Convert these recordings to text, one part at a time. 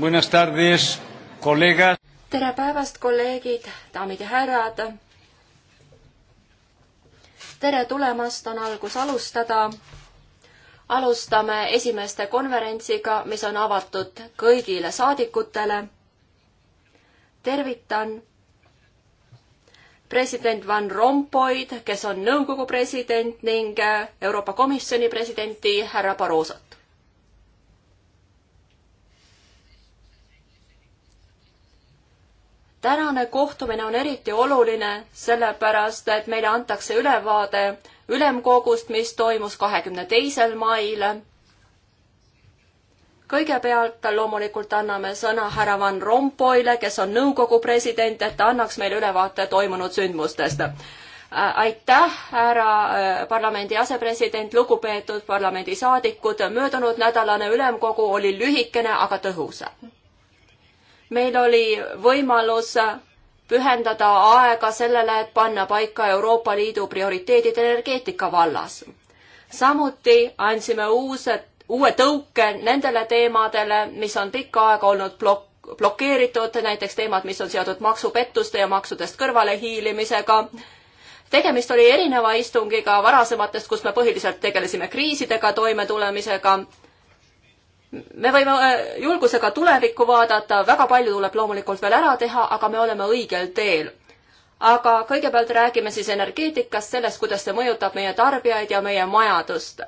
Buenas tardes, kolleegad. tere päevast, kolleegid, daamid ja härrad. tere tulemast, on algus alustada. alustame esimeste konverentsiga, mis on avatud kõigile saadikutele. tervitan president Van Rompuyd, kes on nõukogu president ning Euroopa Komisjoni presidenti härra Barrosot. tänane kohtumine on eriti oluline, sellepärast et meile antakse ülevaade ülemkogust, mis toimus kahekümne teisel mail. kõigepealt loomulikult anname sõna härra Van Rompuyle, kes on nõukogu president, et ta annaks meile ülevaate toimunud sündmustest. aitäh, härra äh, parlamendi asepresident, lugupeetud parlamendisaadikud, möödunud nädalane ülemkogu oli lühikene, aga tõhus meil oli võimalus pühendada aega sellele, et panna paika Euroopa Liidu prioriteedid energeetika vallas. samuti andsime uused, uue tõuke nendele teemadele, mis on pikka aega olnud plokk, blokeeritud, näiteks teemad, mis on seotud maksupettuste ja maksudest kõrvalehiilimisega. tegemist oli erineva istungiga varasematest, kus me põhiliselt tegelesime kriisidega toimetulemisega me võime äh, julgusega tulevikku vaadata, väga palju tuleb loomulikult veel ära teha, aga me oleme õigel teel. aga kõigepealt räägime siis energeetikast, sellest, kuidas see mõjutab meie tarbijaid ja meie majandust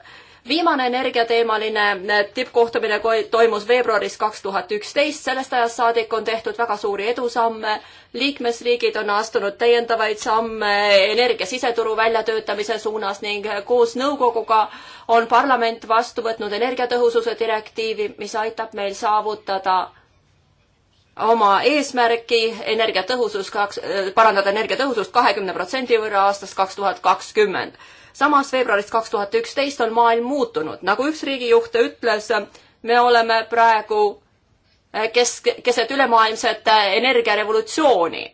viimane energiateemaline eh, tippkohtumine toimus veebruaris kaks tuhat üksteist, sellest ajast saadik on tehtud väga suuri edusamme, liikmesriigid on astunud täiendavaid samme energia siseturu väljatöötamise suunas ning koos nõukoguga on parlament vastu võtnud energiatõhususe direktiivi, mis aitab meil saavutada oma eesmärki energiatõhusus kaks, parandada energiatõhusust kahekümne protsendi võrra aastast kaks tuhat kakskümmend samas veebruarist kaks tuhat üksteist on maailm muutunud, nagu üks riigijuht ütles, me oleme praegu eh, kesk, keset ülemaailmset eh, energiarevolutsiooni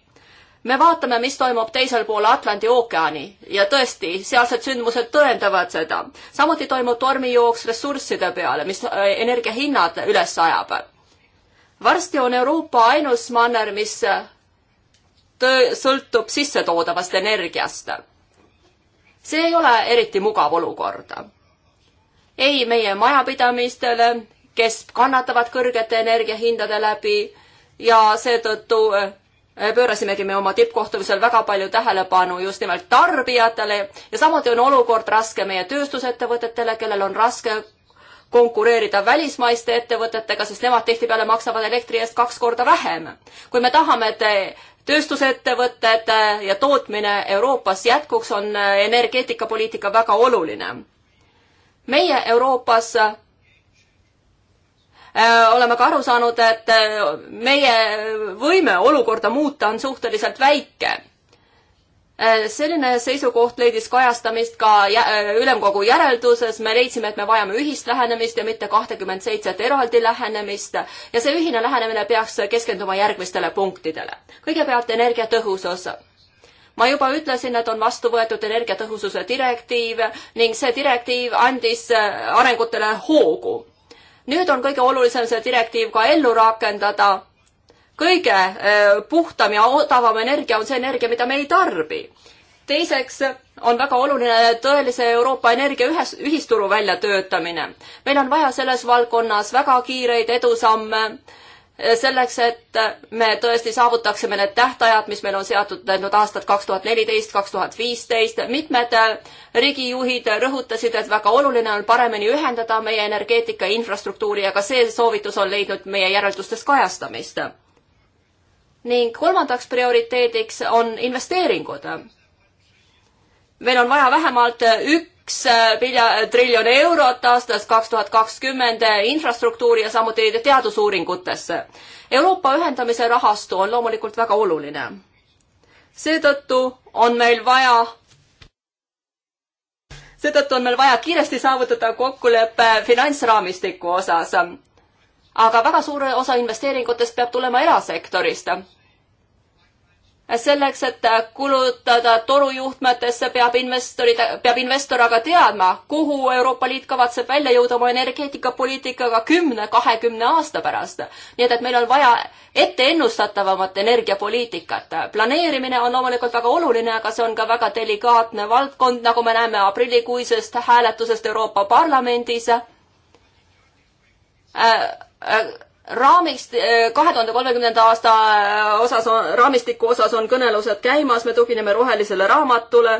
me vaatame, mis toimub teisel pool Atlandi ookeani ja tõesti, sealsed sündmused tõendavad seda. samuti toimub tormijooks ressursside peale, mis eh, energiahinnad üles ajab. varsti on Euroopa ainus manner, mis sõltub sissetoodavast energiast see ei ole eriti mugav olukord. ei meie majapidamistele, kes kannatavad kõrgete energiahindade läbi ja seetõttu eh, pöörasimegi me oma tippkohtumisel väga palju tähelepanu just nimelt tarbijatele ja samuti on olukord raske meie tööstusettevõtetele, kellel on raske konkureerida välismaiste ettevõtetega, sest nemad tihtipeale maksavad elektri eest kaks korda vähem. kui me tahame, et tööstusettevõtted äh, ja tootmine Euroopas jätkuks, on äh, energeetikapoliitika väga oluline. meie Euroopas äh, oleme ka aru saanud, et meie võime olukorda muuta on suhteliselt väike Äh, selline seisukoht leidis kajastamist ka äh, ülemkogu järelduses, me leidsime, et me vajame ühist lähenemist ja mitte kahtekümmet seitset eraldi lähenemist ja see ühine lähenemine peaks keskenduma järgmistele punktidele. kõigepealt energiatõhusus. ma juba ütlesin, et on vastu võetud energiatõhususe direktiiv ning see direktiiv andis äh, arengutele hoogu. nüüd on kõige olulisem see direktiiv ka ellu rakendada kõige äh, puhtam ja odavam energia on see energia, mida me ei tarbi. teiseks on väga oluline tõelise Euroopa energia ühes, ühisturu väljatöötamine. meil on vaja selles valdkonnas väga kiireid edusamme äh, selleks, et me tõesti saavutaksime need tähtajad, mis meil on seatud, need aastad kaks tuhat neliteist, kaks tuhat viisteist, mitmed äh, riigijuhid rõhutasid, et väga oluline on paremini ühendada meie energeetika infrastruktuuri ja ka see soovitus on leidnud meie järeldustes kajastamist ning kolmandaks prioriteediks on investeeringud. meil on vaja vähemalt üks pilja-, triljon eurot aastast kaks tuhat kakskümmend infrastruktuuri ja samuti teadusuuringutesse. Euroopa ühendamise rahastu on loomulikult väga oluline. seetõttu on meil vaja seetõttu on meil vaja kiiresti saavutada kokkulepe finantsraamistiku osas aga väga suur osa investeeringutest peab tulema erasektorist. selleks, et kulutada torujuhtmetesse, peab investorid, peab investor aga teadma, kuhu Euroopa Liit kavatseb välja jõuda oma energeetikapoliitikaga kümne, kahekümne aasta pärast. nii et, et meil on vaja ette ennustatavat energiapoliitikat. planeerimine on loomulikult väga oluline, aga see on ka väga delikaatne valdkond, nagu me näeme aprillikuisest hääletusest Euroopa Parlamendis äh, Äh, raamist, äh, kahe tuhande kolmekümnenda aasta äh, osas, raamistiku osas on kõnelused käimas, me tugineme rohelisele raamatule.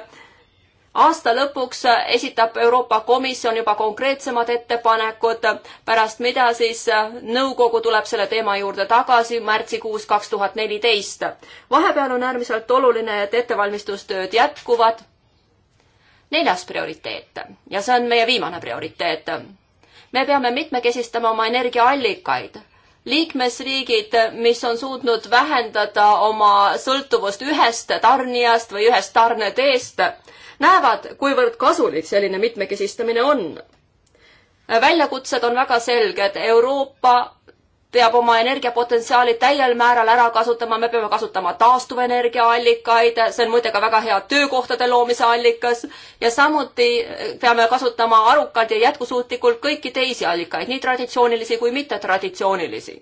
aasta lõpuks esitab Euroopa Komisjon juba konkreetsemad ettepanekud, pärast mida siis nõukogu tuleb selle teema juurde tagasi märtsikuus kaks tuhat neliteist. vahepeal on äärmiselt oluline, et ettevalmistustööd jätkuvad. neljas prioriteet ja see on meie viimane prioriteet me peame mitmekesistama oma energiaallikaid. liikmesriigid, mis on suutnud vähendada oma sõltuvust ühest tarnijast või ühest tarneteest, näevad, kuivõrd kasulik selline mitmekesistamine on. väljakutsed on väga selged. Euroopa peab oma energiapotentsiaali täiel määral ära kasutama, me peame kasutama taastuvenergiaallikaid, see on muide ka väga hea töökohtade loomise allikas ja samuti eh, peame kasutama arukalt ja jätkusuutlikult kõiki teisi allikaid, nii traditsioonilisi kui mittetraditsioonilisi.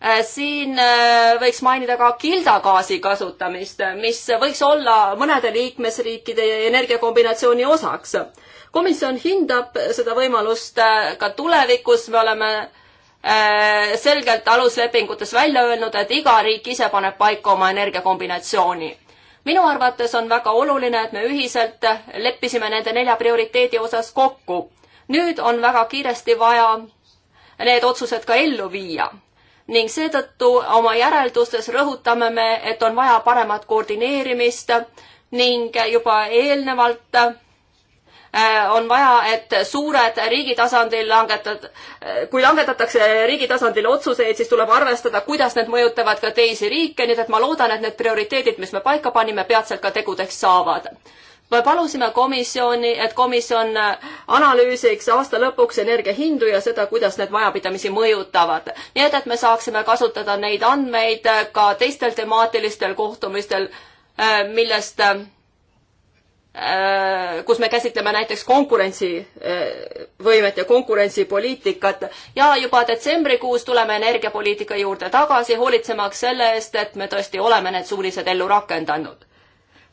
Eh, siin eh, võiks mainida ka kildagaasi kasutamist, mis võiks olla mõnede liikmesriikide energiakombinatsiooni osaks komisjon hindab seda võimalust ka tulevikus, me oleme Äh, selgelt aluslepingutes välja öelnud, et iga riik ise paneb paika oma energiakombinatsiooni. minu arvates on väga oluline, et me ühiselt leppisime nende nelja prioriteedi osas kokku. nüüd on väga kiiresti vaja need otsused ka ellu viia ning seetõttu oma järeldustes rõhutame me, et on vaja paremat koordineerimist ning juba eelnevalt Äh, on vaja, et suured riigi tasandil langetad, äh, kui langetatakse riigi tasandil otsuseid, siis tuleb arvestada, kuidas need mõjutavad ka teisi riike, nii et ma loodan, et need prioriteedid, mis me paika panime, peatselt ka tegudeks saavad. me palusime komisjoni, et komisjon äh, analüüsiks aasta lõpuks energiahindu ja seda, kuidas need majapidamisi mõjutavad. nii et, et me saaksime kasutada neid andmeid ka teistel temaatilistel kohtumistel, millest Äh, kus me käsitleme näiteks konkurentsivõimet äh, ja konkurentsipoliitikat ja juba detsembrikuus tuleme energiapoliitika juurde tagasi, hoolitsemaks selle eest, et me tõesti oleme need suunised ellu rakendanud.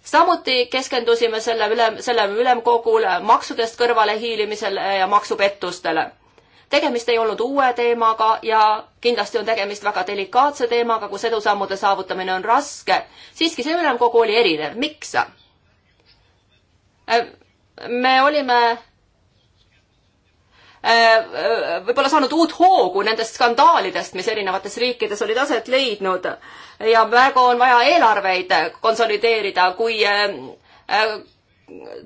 samuti keskendusime selle ülem, selle ülemkogule maksudest kõrvalehiilimisele ja maksupettustele. tegemist ei olnud uue teemaga ja kindlasti on tegemist väga delikaatse teemaga, kus edusammude saavutamine on raske. siiski see ülemkogu oli erinev, miks? Äh, me olime äh, võib-olla saanud uut hoogu nendest skandaalidest, mis erinevates riikides olid aset leidnud ja praegu on vaja eelarveid konsolideerida, kui äh,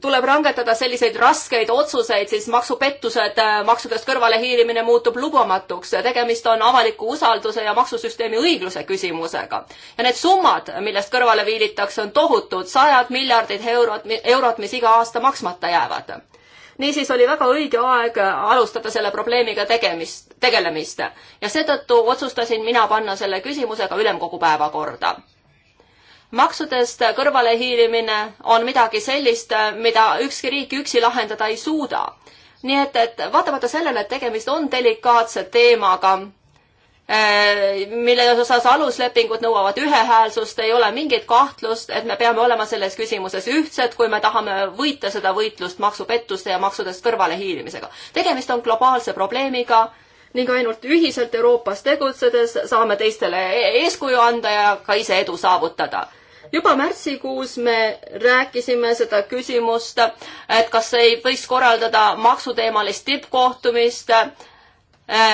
tuleb rangetada selliseid raskeid otsuseid, siis maksupettused, äh, maksudest kõrvalehiilimine muutub lubamatuks. tegemist on avaliku usalduse ja maksusüsteemi õigluse küsimusega. ja need summad, millest kõrvale viilitakse, on tohutud, sajad miljardid eurot, eurot, mis iga aasta maksmata jäävad. niisiis oli väga õige aeg alustada selle probleemiga tegemist, tegelemist ja seetõttu otsustasin mina panna selle küsimusega ülemkogu päevakorda maksudest kõrvalehiilimine on midagi sellist, mida ükski riik üksi lahendada ei suuda. nii et, et vaatamata sellele, et tegemist on delikaatse teemaga, eh, mille osas aluslepingud nõuavad ühehäälsust, ei ole mingit kahtlust, et me peame olema selles küsimuses ühtsed, kui me tahame võita seda võitlust maksupettuste ja maksudest kõrvalehiilimisega. tegemist on globaalse probleemiga ning ainult ühiselt Euroopas tegutsedes saame teistele e-, eeskuju anda ja ka ise edu saavutada juba märtsikuus me rääkisime seda küsimust, et kas ei võiks korraldada maksuteemalist tippkohtumist eh,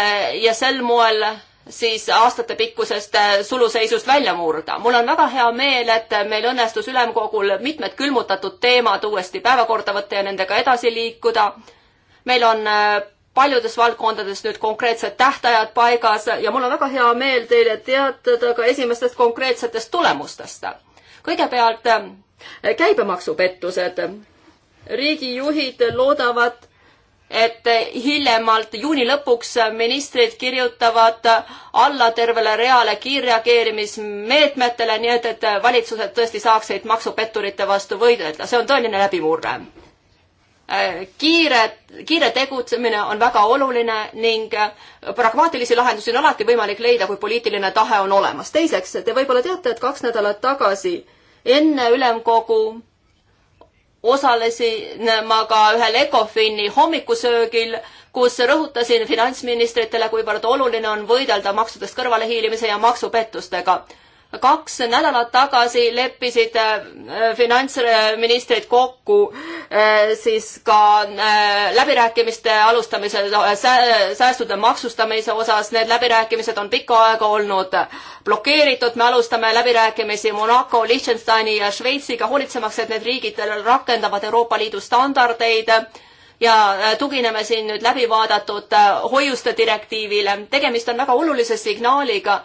ja sel moel siis aastatepikkusest eh, suluseisust välja murda. mul on väga hea meel, et meil õnnestus ülemkogul mitmed külmutatud teemad uuesti päevakorda võtta ja nendega edasi liikuda. meil on eh, paljudes valdkondades nüüd konkreetsed tähtajad paigas ja mul on väga hea meel teile teatada ka esimestest konkreetsetest tulemustest kõigepealt äh, käibemaksupettused. riigijuhid loodavad, et hiljemalt juuni lõpuks ministrid kirjutavad alla tervele reale kiirreageerimismeetmetele, nii et, et valitsused tõesti saaksid maksupetturite vastu võidelda, see on tõeline läbimurre. Äh, kiire, kiire tegutsemine on väga oluline ning äh, pragmaatilisi lahendusi on alati võimalik leida, kui poliitiline tahe on olemas. teiseks, te võib-olla teate, et kaks nädalat tagasi enne ülemkogu osalesin ma ka ühel Ecofini hommikusöögil, kus rõhutasin finantsministritele, kuivõrd oluline on võidelda maksudest kõrvalehiilimise ja maksupettustega kaks nädalat tagasi leppisid äh, finantsministrid kokku äh, siis ka äh, läbirääkimiste alustamise säästude maksustamise osas. Need läbirääkimised on pikka aega olnud blokeeritud. me alustame läbirääkimisi Monaco, Liechtensteini ja Šveitsiga, hoolitsemaks, et need riigid rakendavad Euroopa Liidu standardeid ja tugineme siin nüüd läbivaadatud hoiuste direktiivile. tegemist on väga olulise signaaliga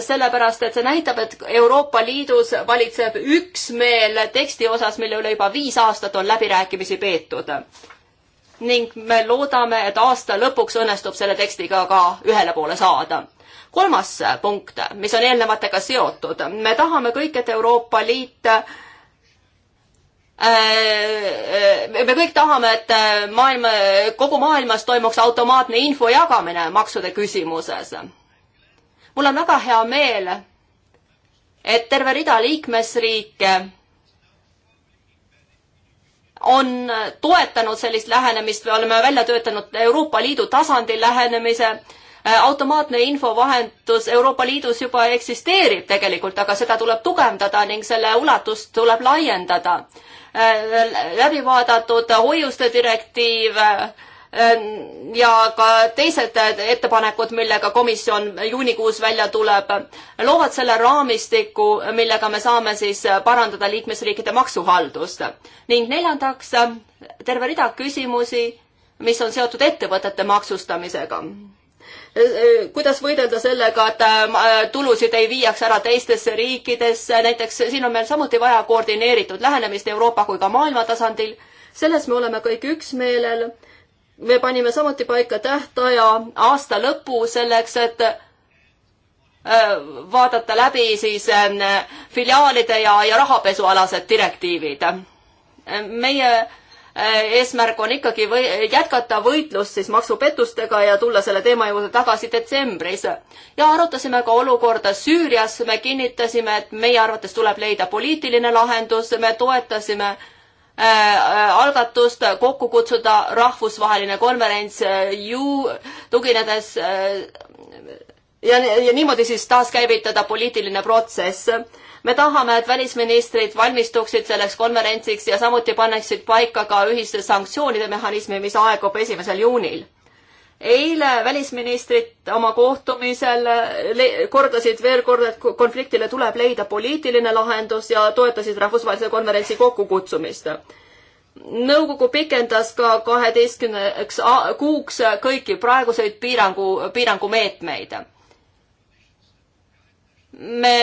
sellepärast et see näitab, et Euroopa Liidus valitseb üksmeel teksti osas, mille üle juba viis aastat on läbirääkimisi peetud. ning me loodame, et aasta lõpuks õnnestub selle tekstiga ka ühele poole saada. kolmas punkt, mis on eelnevatega seotud, me tahame kõik, et Euroopa Liit äh, äh, me kõik tahame, et maailma, kogu maailmas toimuks automaatne info jagamine maksude küsimuses mul on väga hea meel, et terve rida liikmesriike on toetanud sellist lähenemist, me oleme välja töötanud Euroopa Liidu tasandil lähenemise, äh, automaatne infovahendus Euroopa Liidus juba eksisteerib tegelikult, aga seda tuleb tugevdada ning selle ulatust tuleb laiendada. Äh, läbi vaadatud hoiuste direktiiv Äh, ja ka teised ettepanekud, millega komisjon juunikuus välja tuleb, loovad selle raamistiku, millega me saame siis parandada liikmesriikide maksuhaldust. ning neljandaks, terve rida küsimusi, mis on seotud ettevõtete maksustamisega kuidas võidelda sellega, et äh, tulusid ei viiaks ära teistesse riikidesse, näiteks siin on meil samuti vaja koordineeritud lähenemist Euroopa kui ka maailma tasandil. selles me oleme kõik üksmeelel me panime samuti paika tähtaja aasta lõpu selleks, et äh, vaadata läbi siis äh, filiaalide ja, ja rahapesualased direktiivid. meie äh, eesmärk on ikkagi või, jätkata võitlust siis maksupettustega ja tulla selle teema juurde tagasi detsembris. ja arutasime ka olukorda Süürias, me kinnitasime, et meie arvates tuleb leida poliitiline lahendus, me toetasime äh, Äh, äh, algatust kokku kutsuda rahvusvaheline konverents äh, ju tuginedes ja, ja niimoodi siis taaskäivitada poliitiline protsess. me tahame, et välisministrid valmistuksid selleks konverentsiks ja samuti paneksid paika ka ühiste sanktsioonide mehhanismi, mis aegub esimesel juunil eile välisministrid oma kohtumisel kordasid veel kord, et konfliktile tuleb leida poliitiline lahendus ja toetasid rahvusvahelise konverentsi kokkukutsumist. nõukogu pikendas ka kaheteistkümneks kuuks kõiki praeguseid piirangu, piirangumeetmeid. me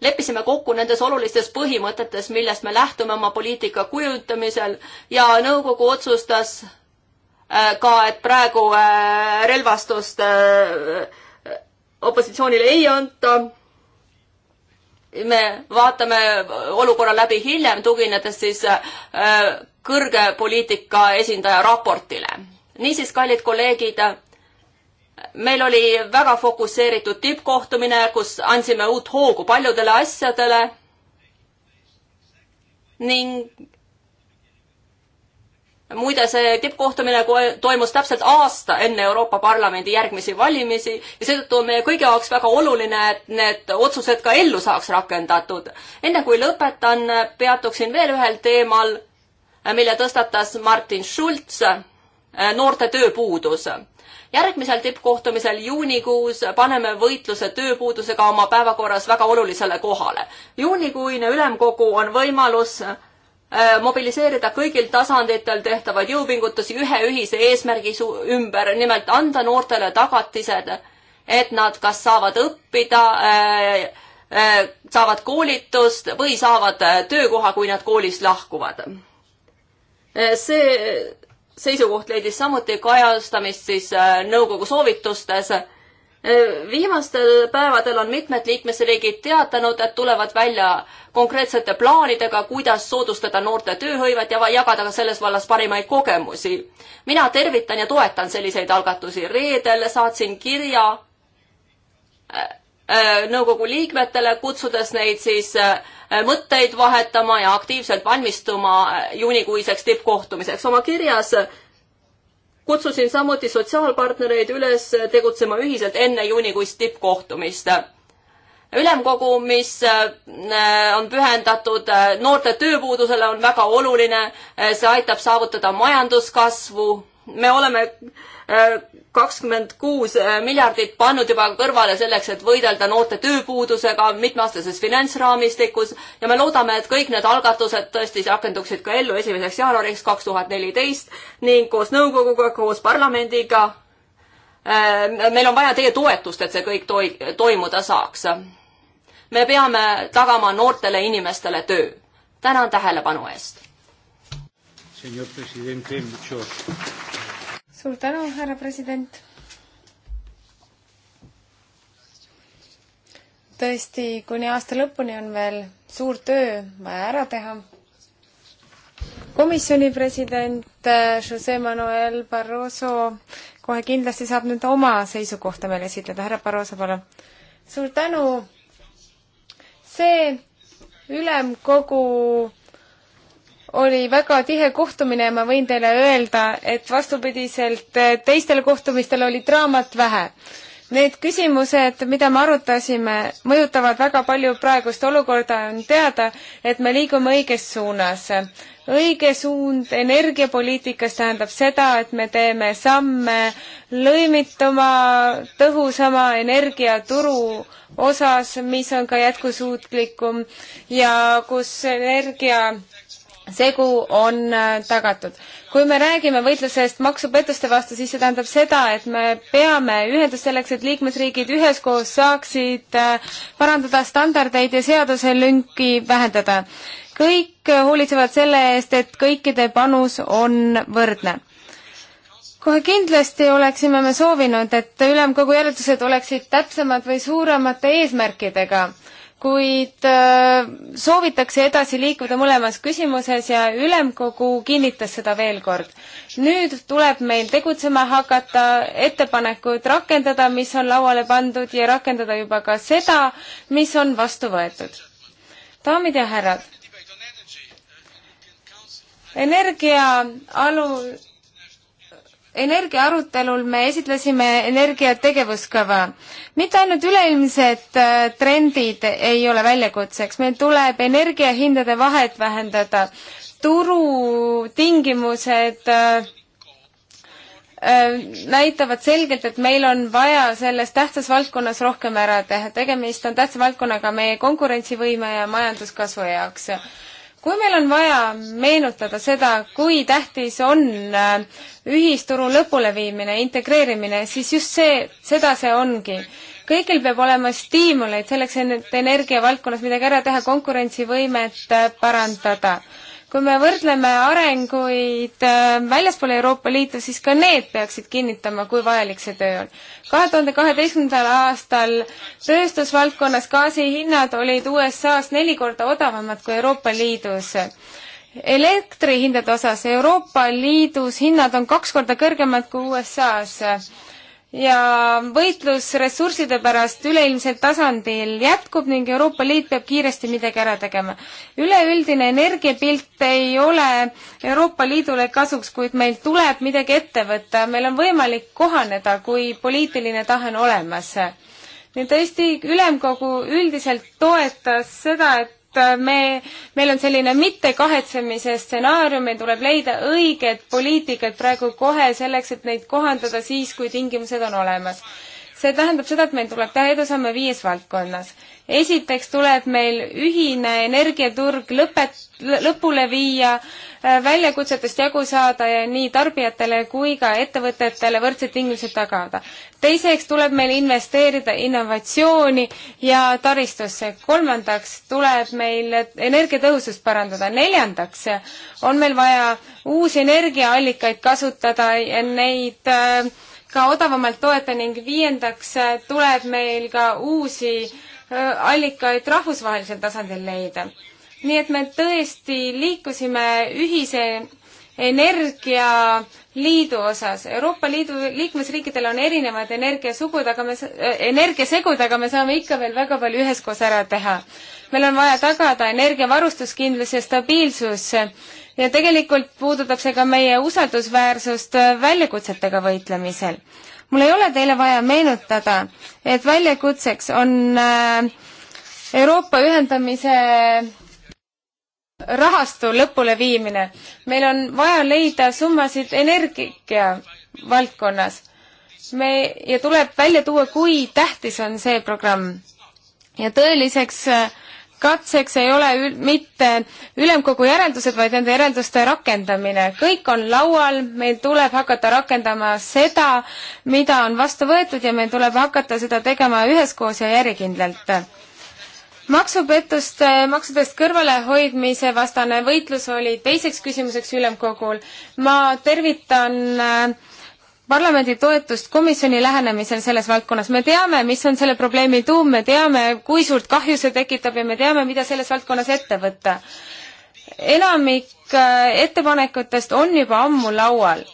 leppisime kokku nendes olulistes põhimõtetes, millest me lähtume oma poliitika kujundamisel ja nõukogu otsustas Äh, ka, et praegu äh, relvastust äh, opositsioonile ei anta. me vaatame olukorra läbi hiljem, tuginedes siis kõrge poliitika esindaja raportile. niisiis, kallid kolleegid, meil oli väga fokusseeritud tippkohtumine, kus andsime uut hoogu paljudele asjadele ning muide, see tippkohtumine toimus täpselt aasta enne Euroopa Parlamendi järgmisi valimisi ja seetõttu on meie kõigi jaoks väga oluline, et need otsused ka ellu saaks rakendatud. enne kui lõpetan, peatuksin veel ühel teemal, mille tõstatas Martin Schulz, eh, noorte tööpuudus järgmisel tippkohtumisel juunikuus paneme võitluse tööpuudusega oma päevakorras väga olulisele kohale. juunikuine ülemkogu on võimalus Äh, mobiliseerida kõigil tasanditel tehtavaid jõupingutusi ühe ühise eesmärgi ümber, nimelt anda noortele tagatised, et nad kas saavad õppida, äh, äh, saavad koolitust või saavad töökoha, kui nad koolist lahkuvad. see seisukoht leidis samuti kajastamist siis nõukogu soovitustes viimastel päevadel on mitmed liikmesriigid teatanud, et tulevad välja konkreetsete plaanidega, kuidas soodustada noorte tööhõivet ja jagada ka selles vallas parimaid kogemusi. mina tervitan ja toetan selliseid algatusi. reedel saatsin kirja äh, äh, nõukogu liikmetele, kutsudes neid siis äh, mõtteid vahetama ja aktiivselt valmistuma juunikuiseks tippkohtumiseks. oma kirjas kutsusin samuti sotsiaalpartnereid üles tegutsema ühiselt enne juunikuist tippkohtumist. ülemkogu, mis äh, on pühendatud äh, noorte tööpuudusele, on väga oluline, äh, see aitab saavutada majanduskasvu me oleme äh, kakskümmend kuus äh, miljardit pannud juba kõrvale selleks, et võidelda noorte tööpuudusega mitmeaastases finantsraamistikus ja me loodame, et kõik need algatused tõesti rakenduksid ka ellu esimeseks jaanuariks kaks tuhat neliteist ning koos nõukoguga, koos parlamendiga. Äh, meil on vaja teie toetust, et see kõik toi-, toimuda saaks. me peame tagama noortele inimestele töö. tänan tähelepanu eest. Señor presidente, muchos suur tänu, härra president. tõesti, kuni aasta lõpuni on veel suur töö vaja ära teha. komisjoni president äh, Jose Manuel Barroso kohe kindlasti saab nüüd oma seisukohta meile esitleda. härra Barroso, palun. suur tänu. see ülemkogu oli väga tihe kohtumine ja ma võin teile öelda, et vastupidiselt eh, teistele kohtumistel oli draamat vähe. Need küsimused, mida me arutasime, mõjutavad väga palju praegust olukorda, on teada, et me liigume õiges suunas. õige suund energiapoliitikas tähendab seda, et me teeme samme lõimituma, tõhusama energiaturu osas, mis on ka jätkusuutlikum ja kus energia segu on äh, tagatud. kui me räägime võitlusest maksupettuste vastu, siis see tähendab seda, et me peame ühendust selleks, et liikmesriigid üheskoos saaksid äh, parandada standardeid ja seaduselünki vähendada. kõik äh, hoolitsevad selle eest, et kõikide panus on võrdne kohe kindlasti oleksime me soovinud, et ülemkogu järeldused oleksid täpsemad või suuremate eesmärkidega kuid äh, soovitakse edasi liikuda mõlemas küsimuses ja ülemkogu kinnitas seda veel kord. nüüd tuleb meil tegutsema hakata, ettepanekuid rakendada, mis on lauale pandud ja rakendada juba ka seda, mis on vastu võetud. daamid ja härrad, energia alu-, energia arutelul me esitlesime energia tegevuskava. mitte ainult üleilmsed äh, trendid ei ole väljakutseks, meil tuleb energiahindade vahet vähendada, turutingimused äh, äh, näitavad selgelt, et meil on vaja selles tähtsas valdkonnas rohkem ära teha, tegemist on tähtsa valdkonnaga meie konkurentsivõime ja majanduskasvu jaoks kui meil on vaja meenutada seda, kui tähtis on äh, ühisturu lõpuleviimine, integreerimine, siis just see, seda see ongi. kõigil peab olema stiimuleid selleks, et energiavaldkonnas midagi ära teha, konkurentsivõimet äh, parandada kui me võrdleme arenguid äh, väljaspool Euroopa Liitu, siis ka need peaksid kinnitama, kui vajalik see töö on. kahe tuhande kaheteistkümnendal aastal tööstusvaldkonnas gaasihinnad olid USA-s neli korda odavamad kui Euroopa Liidus. elektrihindade osas Euroopa Liidus hinnad on kaks korda kõrgemad kui USA-s ja võitlus ressursside pärast üleilmsel tasandil jätkub ning Euroopa Liit peab kiiresti midagi ära tegema. üleüldine energiapilt ei ole Euroopa Liidule kasuks, kuid meil tuleb midagi ette võtta, meil on võimalik kohaneda, kui poliitiline tahe on olemas. nii tõesti, ülemkogu üldiselt toetas seda, et Äh, me, meil on selline mittekahetsemise stsenaarium, meil tuleb leida õiged poliitikad praegu kohe selleks, et neid kohandada siis, kui tingimused on olemas. see tähendab seda, et meil tuleb teha edusamme viies valdkonnas esiteks tuleb meil ühine energiaturg lõpet, lõpule viia, äh, väljakutsetest jagu saada ja nii tarbijatele kui ka ettevõtetele võrdsed tingimused tagada. teiseks tuleb meil investeerida innovatsiooni ja taristusse. kolmandaks tuleb meil energiatõhusust parandada. neljandaks on meil vaja uusi energiaallikaid kasutada ja neid äh, ka odavamalt toeta ning viiendaks äh, tuleb meil ka uusi Äh, allikaid rahvusvahelisel tasandil leida. nii et me tõesti liikusime ühise energialiidu osas. Euroopa Liidu liikmesriikidel on erinevad energiasugud, aga me, äh, energiasegud, aga me saame ikka veel väga palju üheskoos ära teha. meil on vaja tagada energiavarustuskindlus ja stabiilsus ja tegelikult puudutab see ka meie usaldusväärsust väljakutsetega võitlemisel mul ei ole teile vaja meenutada, et väljakutseks on äh, Euroopa ühendamise rahastu lõpuleviimine. meil on vaja leida summasid energia valdkonnas. me, ja tuleb välja tuua, kui tähtis on see programm. ja tõeliseks äh, katseks ei ole ül mitte ülemkogu järeldused, vaid nende järelduste rakendamine. kõik on laual, meil tuleb hakata rakendama seda, mida on vastu võetud ja meil tuleb hakata seda tegema üheskoos ja järjekindlalt maksupettuste, maksudest kõrvalehoidmise vastane võitlus oli teiseks küsimuseks ülemkogul. ma tervitan äh, parlamendi toetust komisjoni lähenemisel selles valdkonnas. me teame, mis on selle probleemi tuum, me teame, kui suurt kahju see tekitab ja me teame, mida selles valdkonnas ette võtta. enamik äh, ettepanekutest on juba ammu laual.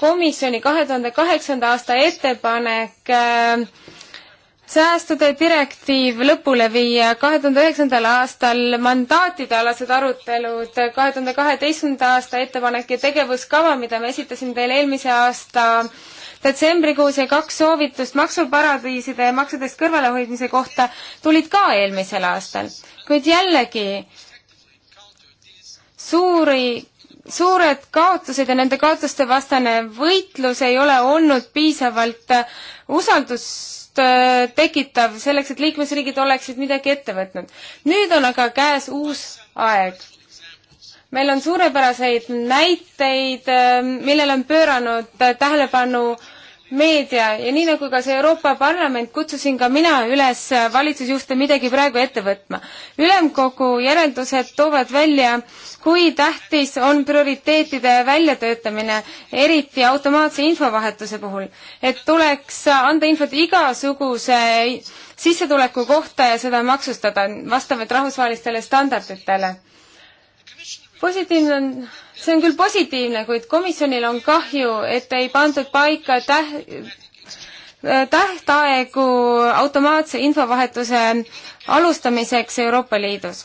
komisjoni kahe tuhande kaheksanda aasta ettepanek äh, säästude direktiiv lõpule viia kahe tuhande üheksandal aastal mandaatide alased arutelud, kahe tuhande kaheteistkümnenda aasta ettepanek ja tegevuskava, mida me esitasime teile eelmise aasta detsembrikuus ja kaks soovitust maksuparadiiside ja maksudest kõrvalehoidmise kohta tulid ka eelmisel aastal. kuid jällegi, suuri suured kaotused ja nende kaotuste vastane võitlus ei ole olnud piisavalt äh, usaldust äh, tekitav selleks, et liikmesriigid oleksid midagi ette võtnud. nüüd on aga käes uus aeg. meil on suurepäraseid näiteid, äh, millele on pööranud tähelepanu meedia ja nii nagu ka see Euroopa Parlament, kutsusin ka mina üles valitsusjuhte midagi praegu ette võtma. ülemkogu järeldused toovad välja, kui tähtis on prioriteetide väljatöötamine, eriti automaatse infovahetuse puhul. et tuleks anda infot igasuguse sissetuleku kohta ja seda maksustada vastavalt rahvusvahelistele standarditele positiivne on see on küll positiivne, kuid komisjonil on kahju, et ei pandud paika täh-, tähtaegu automaatse infovahetuse alustamiseks Euroopa Liidus.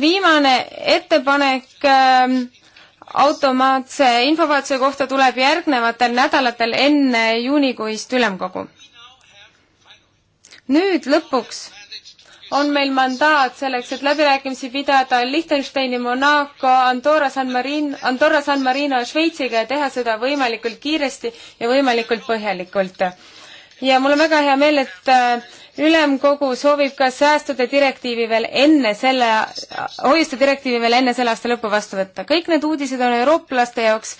viimane ettepanek äh, automaatse infovahetuse kohta tuleb järgnevatel nädalatel enne juunikuist ülemkogu. nüüd lõpuks on meil mandaat selleks, et läbirääkimisi pidada Liechtensteini, Monaco, Andorra, San Marin, Andorra, San Marino ja Šveitsiga ja teha seda võimalikult kiiresti ja võimalikult põhjalikult. ja mul on väga hea meel, et äh, ülemkogu soovib ka säästude direktiivi veel enne selle, hoiuste direktiivi veel enne selle aasta lõppu vastu võtta. kõik need uudised on eurooplaste jaoks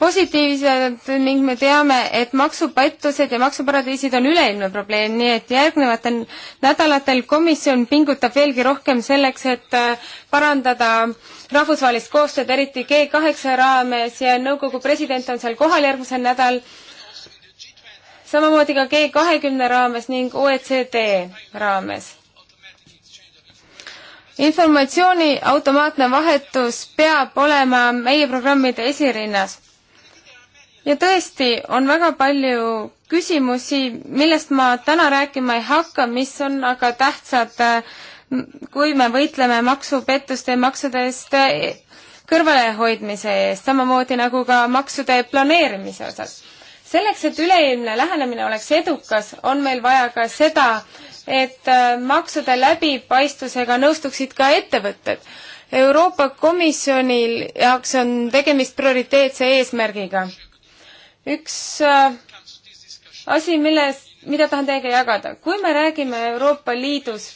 positiivsed ning me teame, et maksupettused ja maksuparadiisid on üleilmne probleem, nii et järgnevatel nädalatel komisjon pingutab veelgi rohkem selleks, et äh, parandada rahvusvahelist koostööd, eriti G kaheksa raames ja nõukogu president on seal kohal järgmisel nädal, samamoodi ka G kahekümne raames ning OECD raames informatsiooni automaatne vahetus peab olema meie programmide esirinnas ja tõesti, on väga palju küsimusi, millest ma täna rääkima ei hakka, mis on aga tähtsad, äh, kui me võitleme maksupettuste ja maksudest äh, kõrvalehoidmise eest, samamoodi nagu ka maksude planeerimise osas. selleks, et üleilmne lähenemine oleks edukas, on meil vaja ka seda, et äh, maksude läbipaistvusega nõustuksid ka ettevõtted Euroopa Komisjonil jaoks on tegemist prioriteetse eesmärgiga üks äh, asi, milles, mida tahan teiega jagada. kui me räägime Euroopa Liidus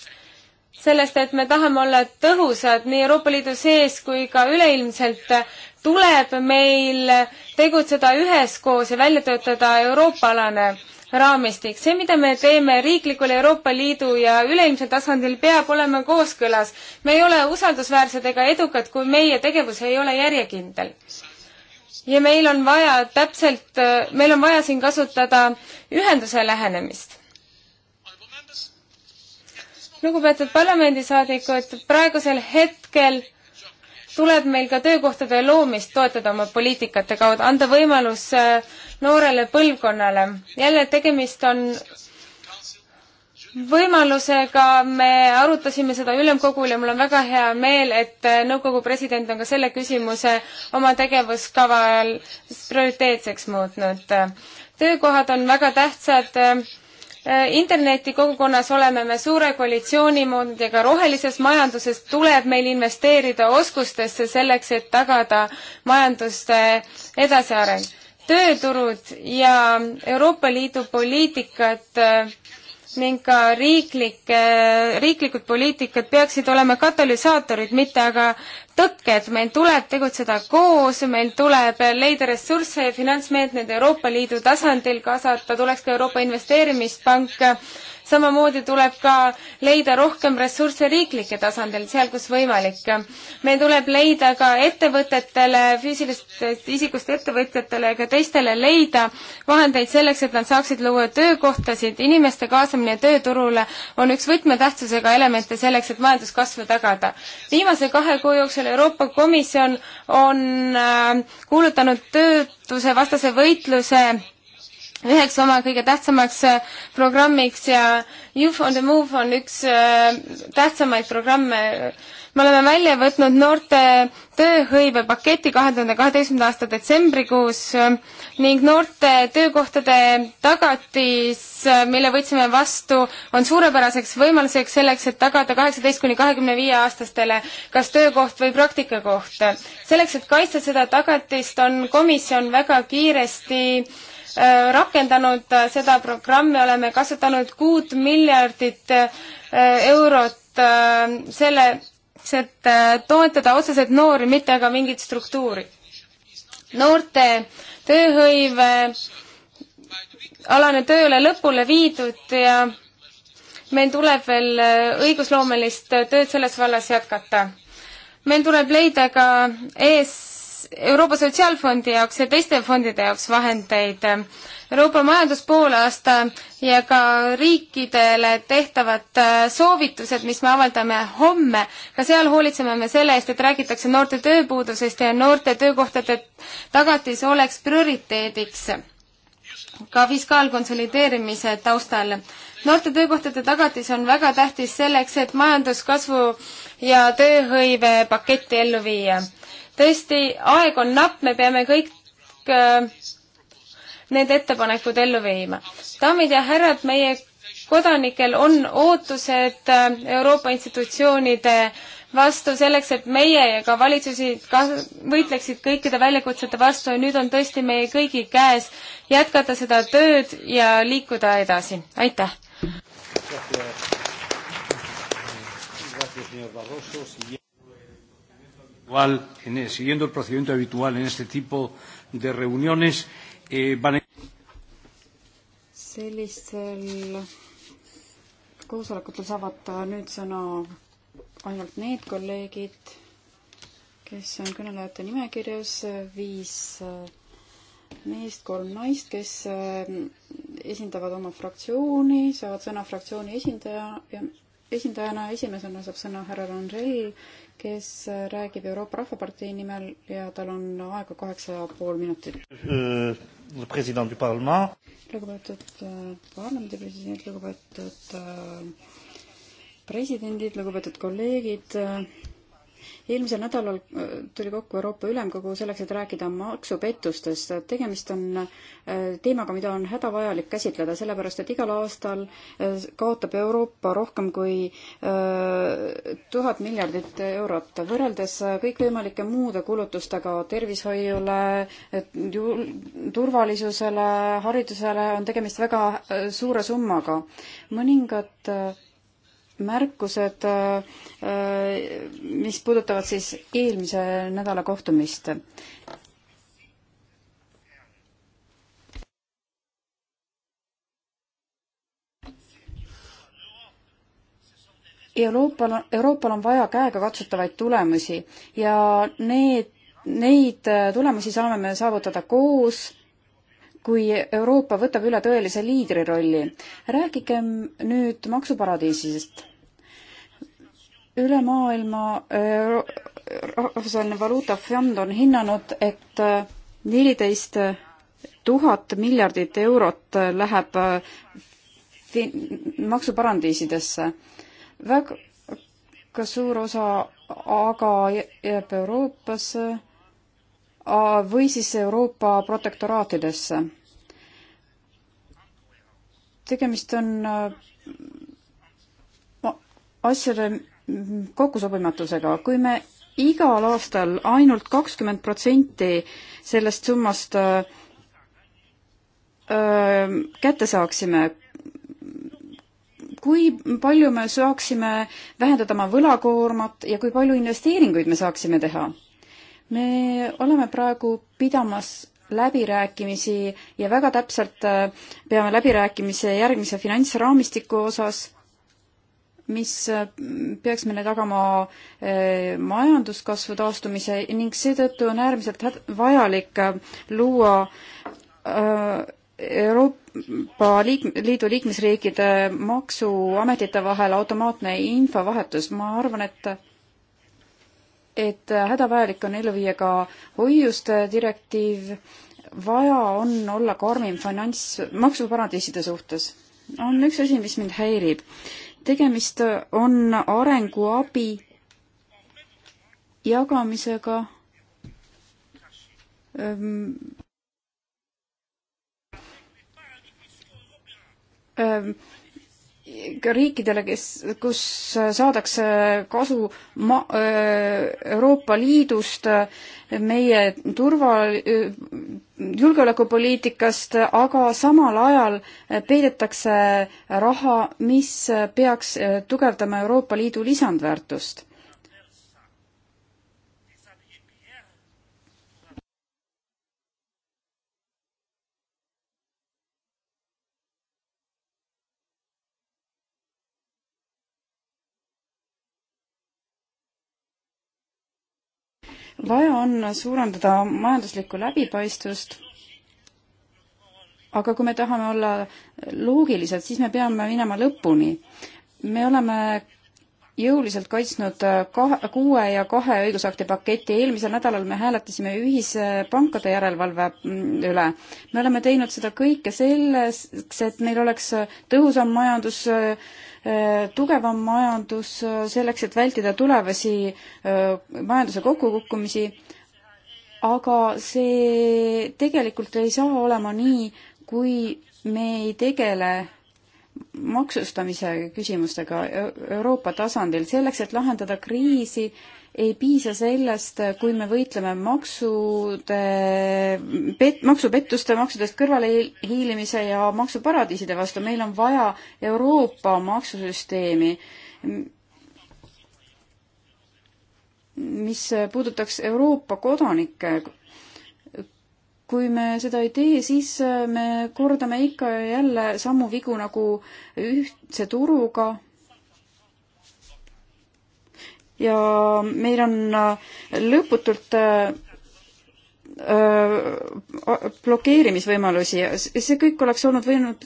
sellest, et me tahame olla tõhusad nii Euroopa Liidu sees kui ka üleilmselt, tuleb meil tegutseda üheskoos ja välja töötada Euroopa-alane raamistik. see, mida me teeme riiklikul Euroopa Liidu ja üleilmsel tasandil, peab olema kooskõlas. me ei ole usaldusväärsed ega edukad, kui meie tegevus ei ole järjekindel ja meil on vaja täpselt, meil on vaja siin kasutada ühenduse lähenemist. lugupeetud parlamendisaadikud, praegusel hetkel tuleb meil ka töökohtade loomist toetada oma poliitikate kaudu, anda võimalus äh, noorele põlvkonnale. jälle, tegemist on võimalusega me arutasime seda ülemkogul ja mul on väga hea meel, et nõukogu president on ka selle küsimuse oma tegevuskaval prioriteetseks muutnud. töökohad on väga tähtsad. internetikogukonnas oleme me suure koalitsiooni moodnud ja ka rohelises majanduses tuleb meil investeerida oskustesse selleks, et tagada majanduste edasiareng. tööturud ja Euroopa Liidu poliitikad ning ka riiklik, eh, riiklikud poliitikad peaksid olema katalüsaatorid, mitte aga tõkked. meil tuleb tegutseda koos, meil tuleb leida ressursse ja finantsmeetmed Euroopa Liidu tasandil, kaasata tuleks ka Euroopa Investeerimispank samamoodi tuleb ka leida rohkem ressursse riiklike tasandil, seal kus võimalik. meil tuleb leida ka ettevõtetele, füüsilistest isikust ettevõtjatele ja ka teistele leida vahendeid selleks, et nad saaksid luua töökohtasid, inimeste kaasamine tööturule on üks võtmetähtsusega elemente selleks, et majanduskasvu tagada. viimase kahe kuu jooksul Euroopa Komisjon on äh, kuulutanud töötuse vastase võitluse üheks oma kõige tähtsamaks äh, programmiks ja Youth on the Move on üks äh, tähtsamaid programme. me oleme välja võtnud noorte tööhõivepaketi kahe tuhande kaheteistkümnenda aasta detsembrikuus äh, ning noorte töökohtade tagatis, mille võtsime vastu, on suurepäraseks võimaluseks selleks, et tagada kaheksateist kuni kahekümne viie aastastele kas töökoht või praktikakoht. selleks, et kaitsta seda tagatist, on komisjon väga kiiresti äh, Äh, rakendanud äh, seda programmi, oleme kasutanud kuut miljardit äh, eurot selleks, et toetada otseselt noori, mitte aga mingit struktuuri. noorte tööhõive alane töö ei ole lõpule viidud ja meil tuleb veel õigusloomelist tööd selles vallas jätkata. meil tuleb leida ka ees Euroopa Sotsiaalfondi jaoks ja teiste fondide jaoks vahendeid. Euroopa majanduspoolaasta ja ka riikidele tehtavad äh, soovitused, mis me avaldame homme, ka seal hoolitseme me selle eest, et räägitakse noorte tööpuudusest ja noorte töökohtade tagatis oleks prioriteediks ka fiskaalkonsolideerimise taustal. noorte töökohtade tagatis on väga tähtis selleks, et majanduskasvu ja tööhõive paketti ellu viia tõesti, aeg on napp, me peame kõik äh, need ettepanekud ellu viima. daamid ja härrad, meie kodanikel on ootused äh, Euroopa institutsioonide vastu selleks, et meie ja ka valitsusid ka võitleksid kõikide väljakutsete vastu ja nüüd on tõesti meie kõigi käes jätkata seda tööd ja liikuda edasi. aitäh! habitual, en, siguiendo el procedimiento habitual en este tipo de reuniones, eh, van a... sellistel koosolekutel saavad nüüd sõna ainult need kolleegid, kes on kõnelejate nimekirjas, viis meest, kolm naist, kes eh, esindavad oma fraktsiooni, saavad sõna fraktsiooni esindaja ja esindajana esimesena saab sõna härra Rangel kes räägib Euroopa Rahvapartei nimel ja tal on aega kaheksa ja pool minutit. Euh, lugupeetud äh, parlamendi president, lugupeetud äh, presidendid, lugupeetud kolleegid äh, eelmisel nädalal äh, tuli kokku Euroopa Ülemkogu selleks, et rääkida maksupettustest. tegemist on äh, teemaga, mida on hädavajalik käsitleda, sellepärast et igal aastal äh, kaotab Euroopa rohkem kui tuhat miljardit eurot. võrreldes kõikvõimalike muude kulutustega tervishoiule, turvalisusele, haridusele on tegemist väga suure summaga. mõningad märkused, mis puudutavad siis eelmise nädala kohtumist. Euroopal, Euroopal on vaja käegakatsutavaid tulemusi ja need, neid tulemusi saame me saavutada koos kui Euroopa võtab üle tõelise liidri rolli. rääkigem nüüd maksuparadiisist. üle maailma äh, rahvusvaheline valuutafond on hinnanud, et äh, neliteist tuhat miljardit eurot läheb äh, maksuparadiisidesse. väga suur osa aga jääb Euroopasse või siis Euroopa protektoraatidesse. tegemist on äh, asjade kokkusobimatusega, kui me igal aastal ainult kakskümmend protsenti sellest summast öö, äh, äh, kätte saaksime, kui palju me saaksime vähendada oma võlakoormat ja kui palju investeeringuid me saaksime teha? me oleme praegu pidamas läbirääkimisi ja väga täpselt äh, peame läbirääkimisi järgmise finantsraamistiku osas, mis äh, peaks meile tagama äh, majanduskasvu taastumise ning seetõttu on äärmiselt vajalik luua Euroopa liik-, Liidu liikmesriikide maksuametite vahel automaatne infovahetus, ma arvan, et et hädavajalik on ellu viia ka hoiuste direktiiv, vaja on olla karmim finants, maksuparadiiside suhtes. on üks asi, mis mind häirib. tegemist on arenguabi jagamisega ähm, ähm, riikidele, kes, kus saadakse kasu ma-, äh, Euroopa Liidust, meie turva-, äh, julgeolekupoliitikast, aga samal ajal peidetakse raha, mis peaks äh, tugevdama Euroopa Liidu lisandväärtust vaja on suurendada majanduslikku läbipaistvust, aga kui me tahame olla loogilised, siis me peame minema lõpuni. me oleme jõuliselt kaitsnud äh, kahe, kuue ja kahe õigusakti paketi. eelmisel nädalal me hääletasime ühise pankade järelevalve mm, üle. me oleme teinud seda kõike selleks, et meil oleks äh, tõhusam majandus, äh, tugevam majandus, selleks, et vältida tulevasi majanduse kokkukukkumisi, aga see tegelikult ei saa olema nii, kui me ei tegele maksustamise küsimustega Euroopa tasandil. selleks, et lahendada kriisi, ei piisa sellest, kui me võitleme maksude, pet-, maksupettuste, maksudest kõrvalehiilimise ja maksuparadiiside vastu. meil on vaja Euroopa maksusüsteemi, mis puudutaks Euroopa kodanikke kui me seda ei tee, siis äh, me kordame ikka ja jälle samu vigu nagu ühtse turuga. ja meil on äh, lõputult äh, blokeerimisvõimalusi ja see kõik oleks olnud võinud,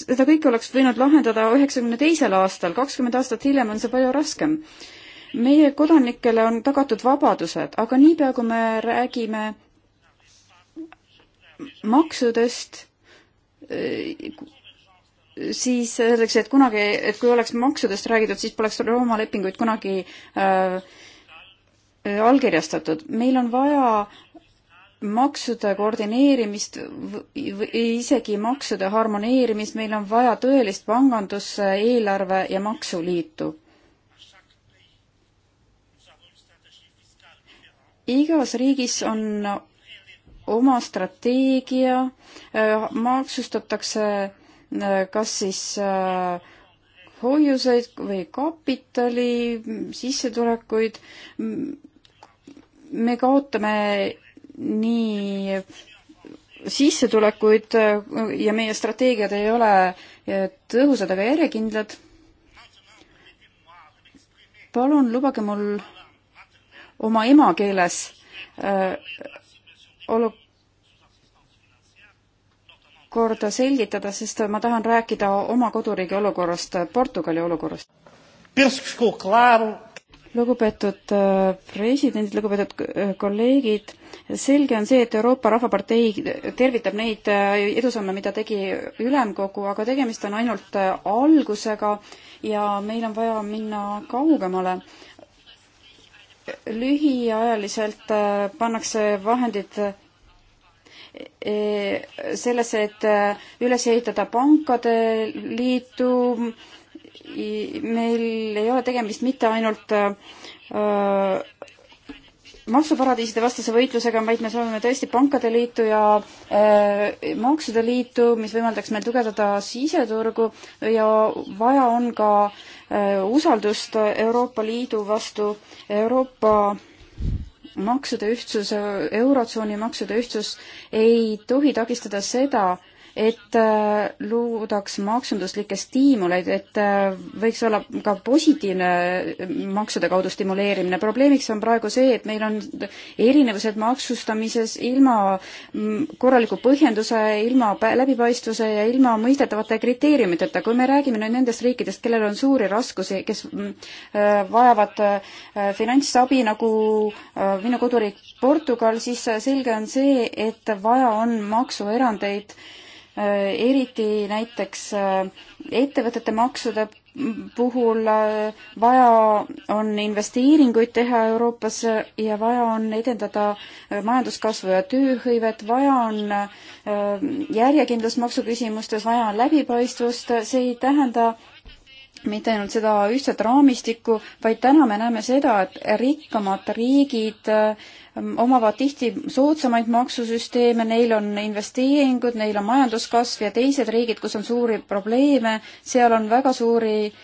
seda kõike oleks võinud lahendada üheksakümne teisel aastal, kakskümmend aastat hiljem on see palju raskem. meie kodanikele on tagatud vabadused, aga niipea, kui me räägime maksudest, eh, siis öeldakse, et kunagi, et kui oleks maksudest räägitud, siis poleks Rooma lepinguid kunagi äh, allkirjastatud. meil on vaja maksude koordineerimist või isegi maksude harmoneerimist, meil on vaja tõelist pangandus-, eelarve- ja maksuliitu. igas riigis on oma strateegia, äh, maksustatakse äh, kas siis äh, hoiuseid või kapitali, sissetulekuid, me kaotame nii sissetulekuid ja meie strateegiad ei ole tõhusad ega järjekindlad. palun lubage mul oma emakeeles olu-, olukorda selgitada, sest ma tahan rääkida oma koduriigi olukorrast, Portugali olukorrast. lugupeetud äh, presidendid, lugupeetud äh, kolleegid, selge on see, et Euroopa Rahvapartei tervitab neid äh, edusamme, mida tegi ülemkogu, aga tegemist on ainult algusega ja meil on vaja minna kaugemale lühiajaliselt pannakse vahendid Eh, sellesse, et eh, üles ehitada pankade liitu. meil ei ole tegemist mitte ainult eh, maksuparadiiside vastase võitlusega, vaid me soovime tõesti pankade liitu ja äh, maksude liitu, mis võimaldaks meil tugevdada siseturgu ja vaja on ka äh, usaldust Euroopa Liidu vastu. Euroopa äh, maksude ühtsus, Eurotsooni maksude ühtsus ei tohi takistada seda, et äh, loodaks maksunduslikke stiimuleid, et äh, võiks olla ka positiivne äh, maksude kaudu stimuleerimine. probleemiks on praegu see, et meil on erinevused maksustamises ilma mm, korraliku põhjenduse, ilma läbipaistvuse ja ilma mõistetavate kriteeriumiteta. kui me räägime nüüd nendest riikidest, kellel on suuri raskusi, kes mm, vajavad finantsabi, nagu minu koduriik Portugal, siis selge on see, et vaja on maksuerandeid Äh, eriti näiteks äh, ettevõtete maksude puhul äh, vaja on investeeringuid teha Euroopas ja vaja on edendada majanduskasvu ja tööhõivet, vaja on järjekindlust maksuküsimustes, vaja on läbipaistvust, see ei tähenda mitte ainult seda ühtset raamistikku, vaid täna me näeme seda, et rikkamad riigid ähm, omavad tihti soodsamaid maksusüsteeme, neil on investeeringud, neil on majanduskasv ja teised riigid, kus on suuri probleeme, seal on väga suuri äh,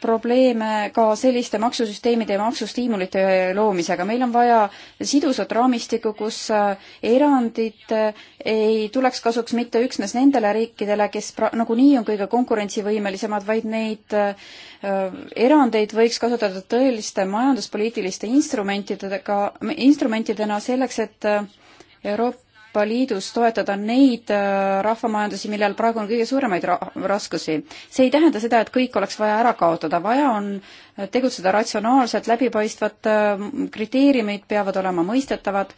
probleeme ka selliste maksusüsteemide ja maksustiimulite loomisega. meil on vaja sidusat raamistikku, kus äh, erandid äh, ei tuleks kasuks mitte üksnes nendele riikidele, kes nagunii on kõige konkurentsivõimelisemad, vaid neid äh, erandeid võiks kasutada tõeliste majanduspoliitiliste instrumentidega, instrumentidena selleks, et Euroopa Euroopa Liidus toetada neid äh, rahvamajandusi, millel praegu on kõige suuremaid ra-, raskusi. see ei tähenda seda, et kõik oleks vaja ära kaotada, vaja on äh, tegutseda ratsionaalselt, läbipaistvat, äh, kriteeriumid peavad olema mõistetavad,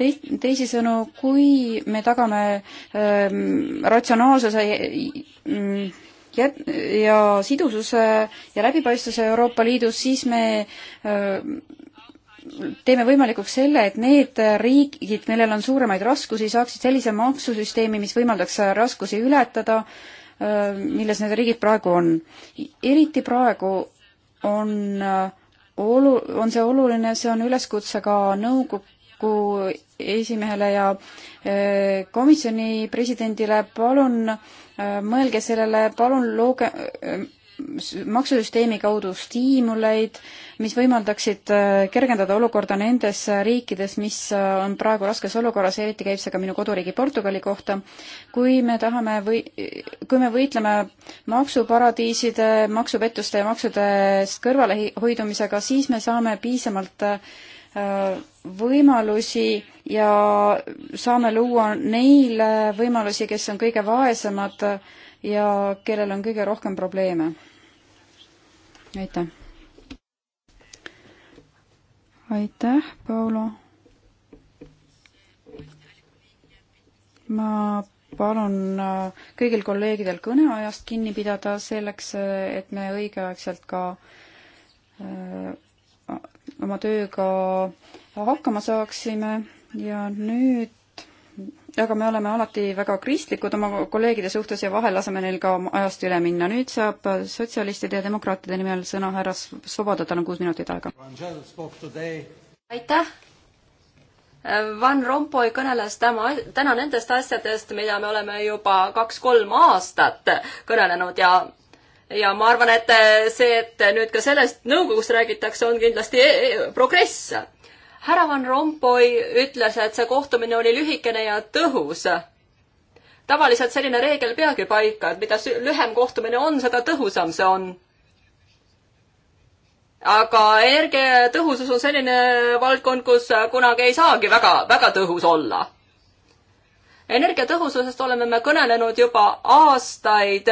tei-, teisisõnu, kui me tagame ähm, ratsionaalsuse ähm, ja, mm, ja sidususe ja läbipaistvuse Euroopa Liidus, siis me öö, teeme võimalikuks selle, et need riigid, millel on suuremaid raskusi, saaksid sellise maksusüsteemi, mis võimaldaks raskusi ületada, äh, milles need riigid praegu on. eriti praegu on äh, olu-, on see oluline, see on üleskutse ka nõukogu esimehele ja äh, komisjoni presidendile, palun mõelge sellele, palun looge maksusüsteemi kaudu stiimuleid äh, mis võimaldaksid äh, kergendada olukorda nendes äh, riikides, mis äh, on praegu raskes olukorras, eriti käib see ka minu koduriigi Portugali kohta. kui me tahame või, kui me võitleme maksuparadiiside, maksupettuste ja maksudest kõrvalehoidumisega, siis me saame piisavalt võimalusi ja saame luua neile võimalusi, kes on kõige vaesemad ja kellel on kõige rohkem probleeme. aitäh! aitäh, Paolo. ma palun äh, kõigil kolleegidel kõneajast kinni pidada selleks, äh, et me õigeaegselt ka öö, äh, oma tööga hakkama saaksime ja nüüd aga me oleme alati väga kristlikud oma kolleegide suhtes ja vahel laseme neil ka ajast üle minna. nüüd saab sotsialistide ja demokraatide nimel sõna härra Svoboda, tal on kuus minutit aega. aitäh! Van Rompuy kõneles täna, täna nendest asjadest, mida me oleme juba kaks-kolm aastat kõnelenud ja ja ma arvan, et see, et nüüd ka sellest nõukogust räägitakse, on kindlasti e e progress härra Van Rompuy ütles, et see kohtumine oli lühikene ja tõhus. tavaliselt selline reegel peagi paika, et mida lühem kohtumine on, seda tõhusam see on. aga energiatõhusus on selline valdkond, kus kunagi ei saagi väga, väga tõhus olla. energiatõhususest oleme me kõnelenud juba aastaid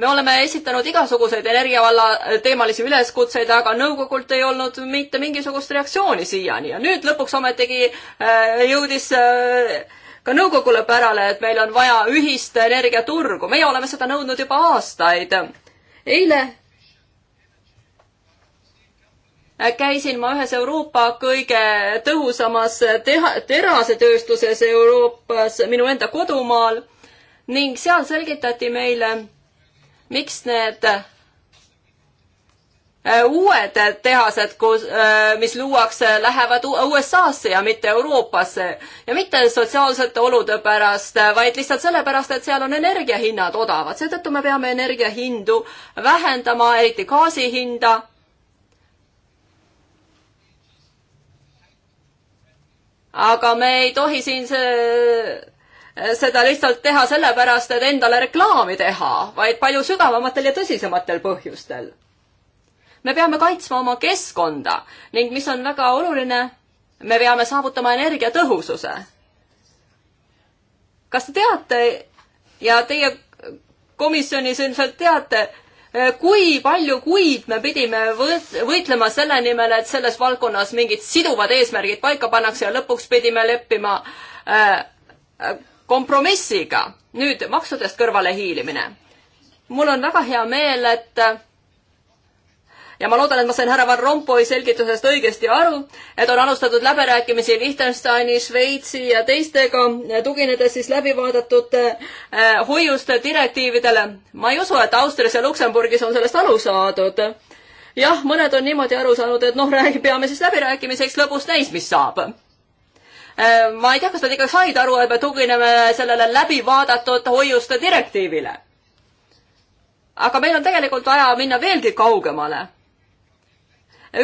me oleme esitanud igasuguseid energiavalla teemalisi üleskutseid, aga nõukogult ei olnud mitte mingisugust reaktsiooni siiani ja nüüd lõpuks ometigi äh, jõudis äh, ka nõukogule pärale, et meil on vaja ühist energiaturgu, meie oleme seda nõudnud juba aastaid. eile käisin ma ühes Euroopa kõige tõhusamas teha-, terasetööstuses Euroopas, minu enda kodumaal ning seal selgitati meile, miks need äh, uued tehased, kus, äh, mis luuakse, lähevad USA-sse ja mitte Euroopasse ja mitte sotsiaalsete olude pärast, äh, vaid lihtsalt sellepärast, et seal on energiahinnad odavad, seetõttu me peame energiahindu vähendama, eriti gaasi hinda. aga me ei tohi siin see seda lihtsalt teha sellepärast, et endale reklaami teha, vaid palju sügavamatel ja tõsisematel põhjustel. me peame kaitsma oma keskkonda ning mis on väga oluline, me peame saavutama energiatõhususe. kas te teate ja teie komisjonis ilmselt teate, kui palju kuid me pidime võitlema selle nimel, et selles valdkonnas mingid siduvad eesmärgid paika pannakse ja lõpuks pidime leppima äh, äh kompromissiga. nüüd maksudest kõrvalehiilimine. mul on väga hea meel, et ja ma loodan, et ma sain härra Van Rompuy selgitusest õigesti aru, et on alustatud läbirääkimisi Liechtensteini, Šveitsi ja teistega, tuginedes siis läbivaadatud eh, hoiuste direktiividele. ma ei usu, et Austrias ja Luksemburgis on sellest aru saadud. jah, mõned on niimoodi aru saanud, et noh, räägi, peame siis läbirääkimiseks, lõbus näis, mis saab Äh, ma ei tea, kas nad ikka said aru, et me tugineme sellele läbivaadatud hoiuste direktiivile. aga meil on tegelikult vaja minna veelgi kaugemale.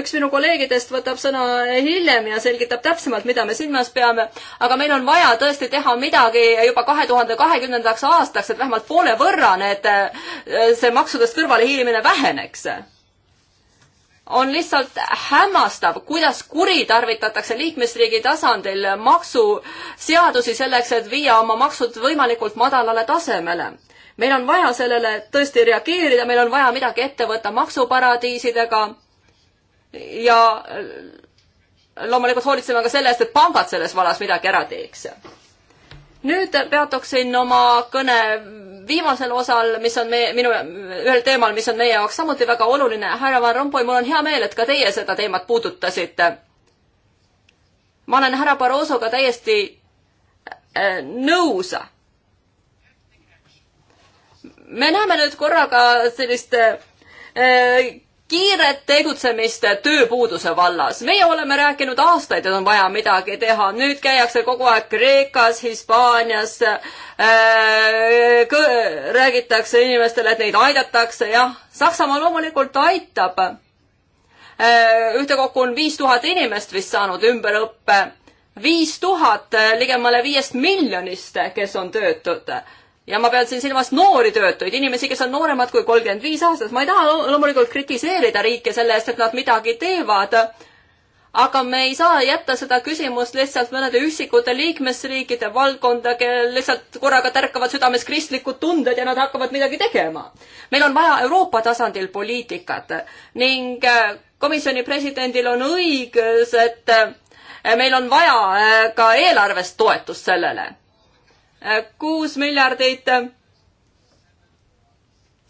üks minu kolleegidest võtab sõna hiljem ja selgitab täpsemalt, mida me silmas peame, aga meil on vaja tõesti teha midagi juba kahe tuhande kahekümnendaks aastaks, et vähemalt poole võrra need, äh, see maksudest kõrvalehiilimine väheneks on lihtsalt hämmastav, kuidas kuritarvitatakse liikmesriigi tasandil maksuseadusi selleks, et viia oma maksud võimalikult madalale tasemele. meil on vaja sellele tõesti reageerida, meil on vaja midagi ette võtta maksuparadiisidega ja loomulikult hoolitseme ka selle eest, et pangad selles vallas midagi ära teeks nüüd peatuksin oma kõne viimasel osal, mis on meie, minu, ühel teemal, mis on meie jaoks samuti väga oluline. härra Van Rompuy, mul on hea meel, et ka teie seda teemat puudutasite. ma olen härra Barrosoga täiesti äh, nõus. me näeme nüüd korraga sellist äh, kiiret tegutsemist tööpuuduse vallas. meie oleme rääkinud aastaid, et on vaja midagi teha, nüüd käiakse kogu aeg Kreekas, Hispaanias äh,, räägitakse inimestele, et neid aidatakse, jah, Saksamaa loomulikult aitab äh,. ühtekokku on viis tuhat inimest vist saanud ümberõppe, viis tuhat ligemale viiest miljonist, kes on töötud ja ma pean siin silmas noori töötuid, inimesi, kes on nooremad kui kolmkümmend viis aastat. ma ei taha loomulikult kritiseerida riike selle eest, et nad midagi teevad. aga me ei saa jätta seda küsimust lihtsalt mõnede üksikute liikmesriikide valdkonda, kellel lihtsalt korraga tärkavad südames kristlikud tunded ja nad hakkavad midagi tegema. meil on vaja Euroopa tasandil poliitikat ning äh, komisjoni presidendil on õigus, et äh, meil on vaja äh, ka eelarvest toetust sellele kuus miljardit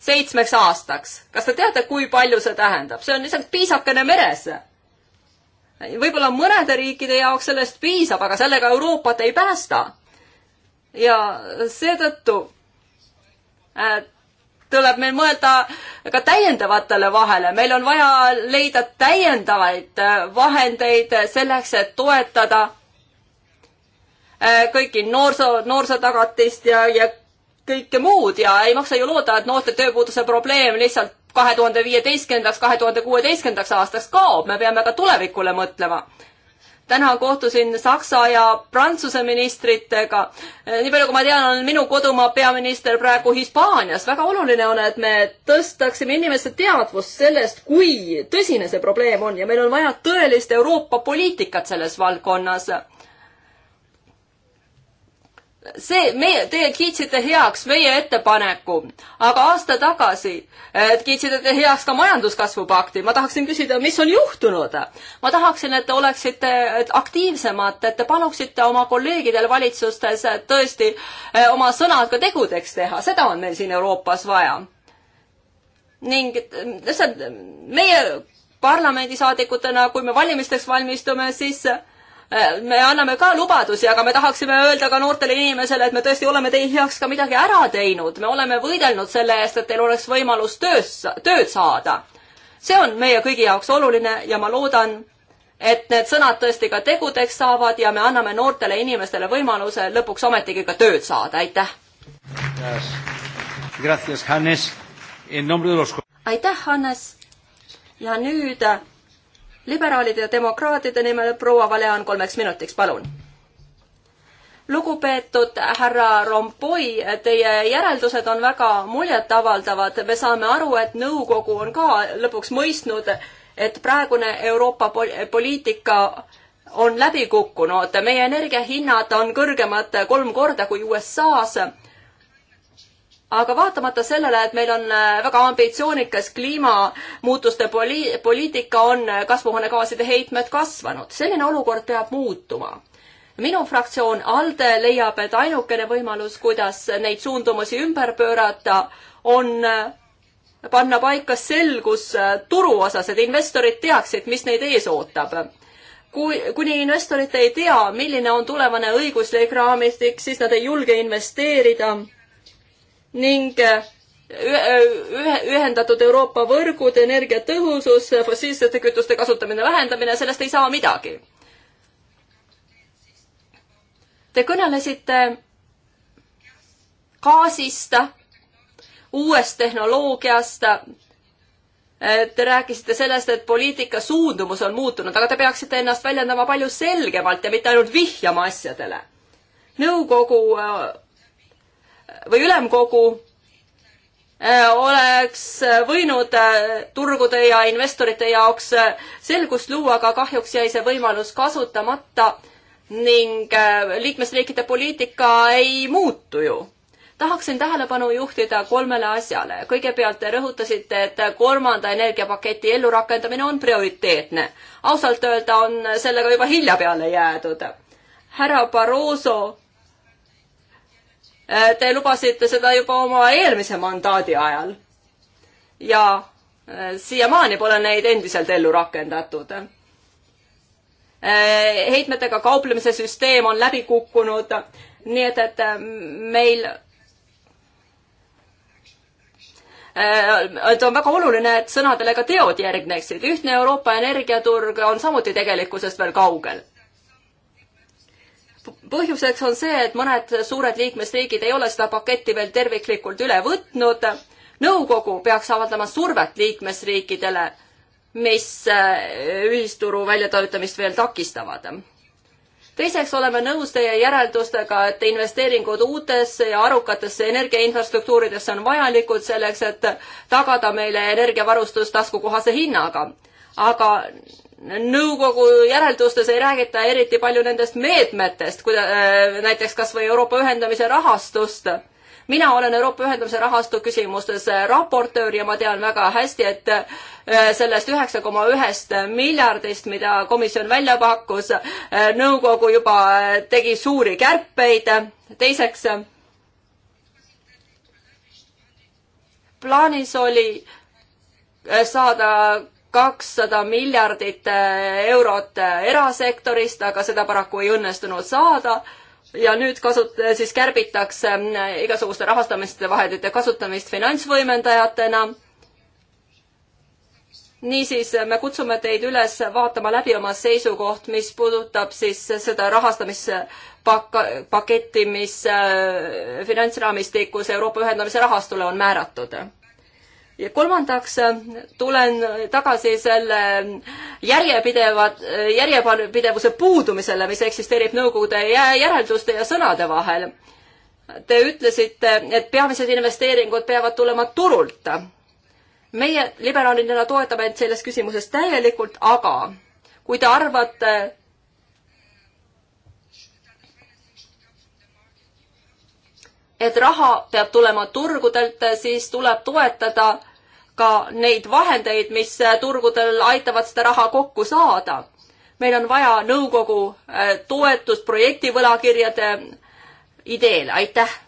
seitsmeks aastaks. kas te teate, kui palju see tähendab? see on lihtsalt piisakene meres. võib-olla mõnede riikide jaoks sellest piisab, aga sellega Euroopat ei päästa. ja seetõttu äh, tuleb meil mõelda ka täiendavatele vahele. meil on vaja leida täiendavaid äh, vahendeid selleks, et toetada Äh, kõiki noorsoo, noorsootagatist ja, ja kõike muud ja ei maksa ju loota, et noorte tööpuuduse probleem lihtsalt kahe tuhande viieteistkümnendaks, kahe tuhande kuueteistkümnendaks aastaks kaob, me peame ka tulevikule mõtlema. täna kohtusin Saksa ja Prantsuse ministritega. Äh, nii palju, kui ma tean, on minu kodumaa peaminister praegu Hispaanias. väga oluline on, et me tõstaksime inimeste teadvust sellest, kui tõsine see probleem on ja meil on vaja tõelist Euroopa poliitikat selles valdkonnas see, meie, teie kiitsite heaks meie ettepaneku, aga aasta tagasi eh, kiitsite te heaks ka majanduskasvu pakti. ma tahaksin küsida, mis on juhtunud? ma tahaksin, et te oleksite aktiivsemad, et te paluksite oma kolleegidel valitsustes eh, tõesti eh, oma sõnad ka tegudeks teha, seda on meil siin Euroopas vaja. ning lihtsalt meie parlamendisaadikutena, kui me valimisteks valmistume, siis Äh, me anname ka lubadusi, aga me tahaksime öelda ka noortele inimesele, et me tõesti oleme teie heaks ka midagi ära teinud, me oleme võidelnud selle eest, et teil oleks võimalus töös, tööd saada. see on meie kõigi jaoks oluline ja ma loodan, et need sõnad tõesti ka tegudeks saavad ja me anname noortele inimestele võimaluse lõpuks ometigi ka tööd saada, aitäh! aitäh, Hannes! ja nüüd liberaalide ja demokraatide nimel proua Valean kolmeks minutiks, palun. lugupeetud härra Rompoi, teie järeldused on väga muljetavaldavad, me saame aru, et nõukogu on ka lõpuks mõistnud, et praegune Euroopa pol poliitika on läbi kukkunud, meie energiahinnad on kõrgemad kolm korda kui USA-s aga vaatamata sellele, et meil on äh, väga ambitsioonikas kliimamuutuste poli-, poliitika, on äh, kasvuhoonegaaside heitmed kasvanud. selline olukord peab muutuma. minu fraktsioon ALDE leiab, et ainukene võimalus, kuidas neid suundumusi ümber pöörata, on äh, panna paika selgus turu osas, et investorid teaksid, mis neid ees ootab kui, kuni investorid ei tea, milline on tulevane õiguslik raamistik, siis nad ei julge investeerida ning äh, ühendatud Euroopa võrgud, energiatõhusus, fossiilsete kütuste kasutamine, vähendamine, sellest ei saa midagi. Te kõnelesite gaasist, uuest tehnoloogiast. Te rääkisite sellest, et poliitika suundumus on muutunud, aga te peaksite ennast väljendama palju selgemalt ja mitte ainult vihjama asjadele. nõukogu äh, või ülemkogu äh, oleks võinud äh, turgude ja investorite jaoks äh, selgust luua, aga kahjuks jäi see võimalus kasutamata ning liikmesriikide poliitika ei muutu ju tahaksin tähelepanu juhtida kolmele asjale. kõigepealt te rõhutasite, et kolmanda energiapaketi ellurakendamine on prioriteetne. ausalt öelda on sellega juba hilja peale jäädud. härra Barroso Äh, te lubasite seda juba oma eelmise mandaadi ajal. ja äh, siiamaani pole neid endiselt ellu rakendatud. Äh, heitmetega kauplemise süsteem on läbi kukkunud, nii et, et meil et on väga oluline, et sõnadele ka teod järgneksid. ühtne Euroopa energiaturg on samuti tegelikkusest veel kaugel põhjuseks on see, et mõned suured liikmesriigid ei ole seda paketti veel terviklikult üle võtnud. nõukogu peaks avaldama survet liikmesriikidele, mis äh, ühisturu väljatöötamist veel takistavad. teiseks oleme nõus teie järeldustega, et investeeringud uutesse ja arukatesse energiainfrastruktuuridesse on vajalikud selleks, et tagada meile energiavarustus taskukohase hinnaga. aga nõukogu järeldustes ei räägita eriti palju nendest meetmetest, kuida-, äh, näiteks kas või Euroopa ühendamise rahastust. mina olen Euroopa ühendamise rahastu küsimustes raportöör ja ma tean väga hästi, et äh, sellest üheksa koma ühest miljardist, mida komisjon välja pakkus, äh, nõukogu juba tegi suuri kärpeid. teiseks, plaanis oli saada kakssada miljardit äh, eurot äh, erasektorist, aga seda paraku ei õnnestunud saada. ja nüüd kasut-, siis kärbitakse äh, igasuguste rahastamiste vahendite kasutamist finantsvõimendajatena. niisiis, me kutsume teid üles vaatama läbi oma seisukoht, mis puudutab siis seda rahastamispak-, paketti, mis finantsraamistikus Euroopa ühendamise rahastule on määratud ja kolmandaks äh, tulen tagasi selle järjepidevat, äh, järjepidevuse puudumisele, mis eksisteerib nõukogude järelduste ja sõnade vahel. Te ütlesite, et peamised investeeringud peavad tulema turult. meie liberaalidena toetame end selles küsimuses täielikult, aga kui te arvate, et raha peab tulema turgudelt, siis tuleb toetada ka neid vahendeid, mis turgudel aitavad seda raha kokku saada. meil on vaja nõukogu äh, toetust projektivõlakirjade äh, ideele, aitäh!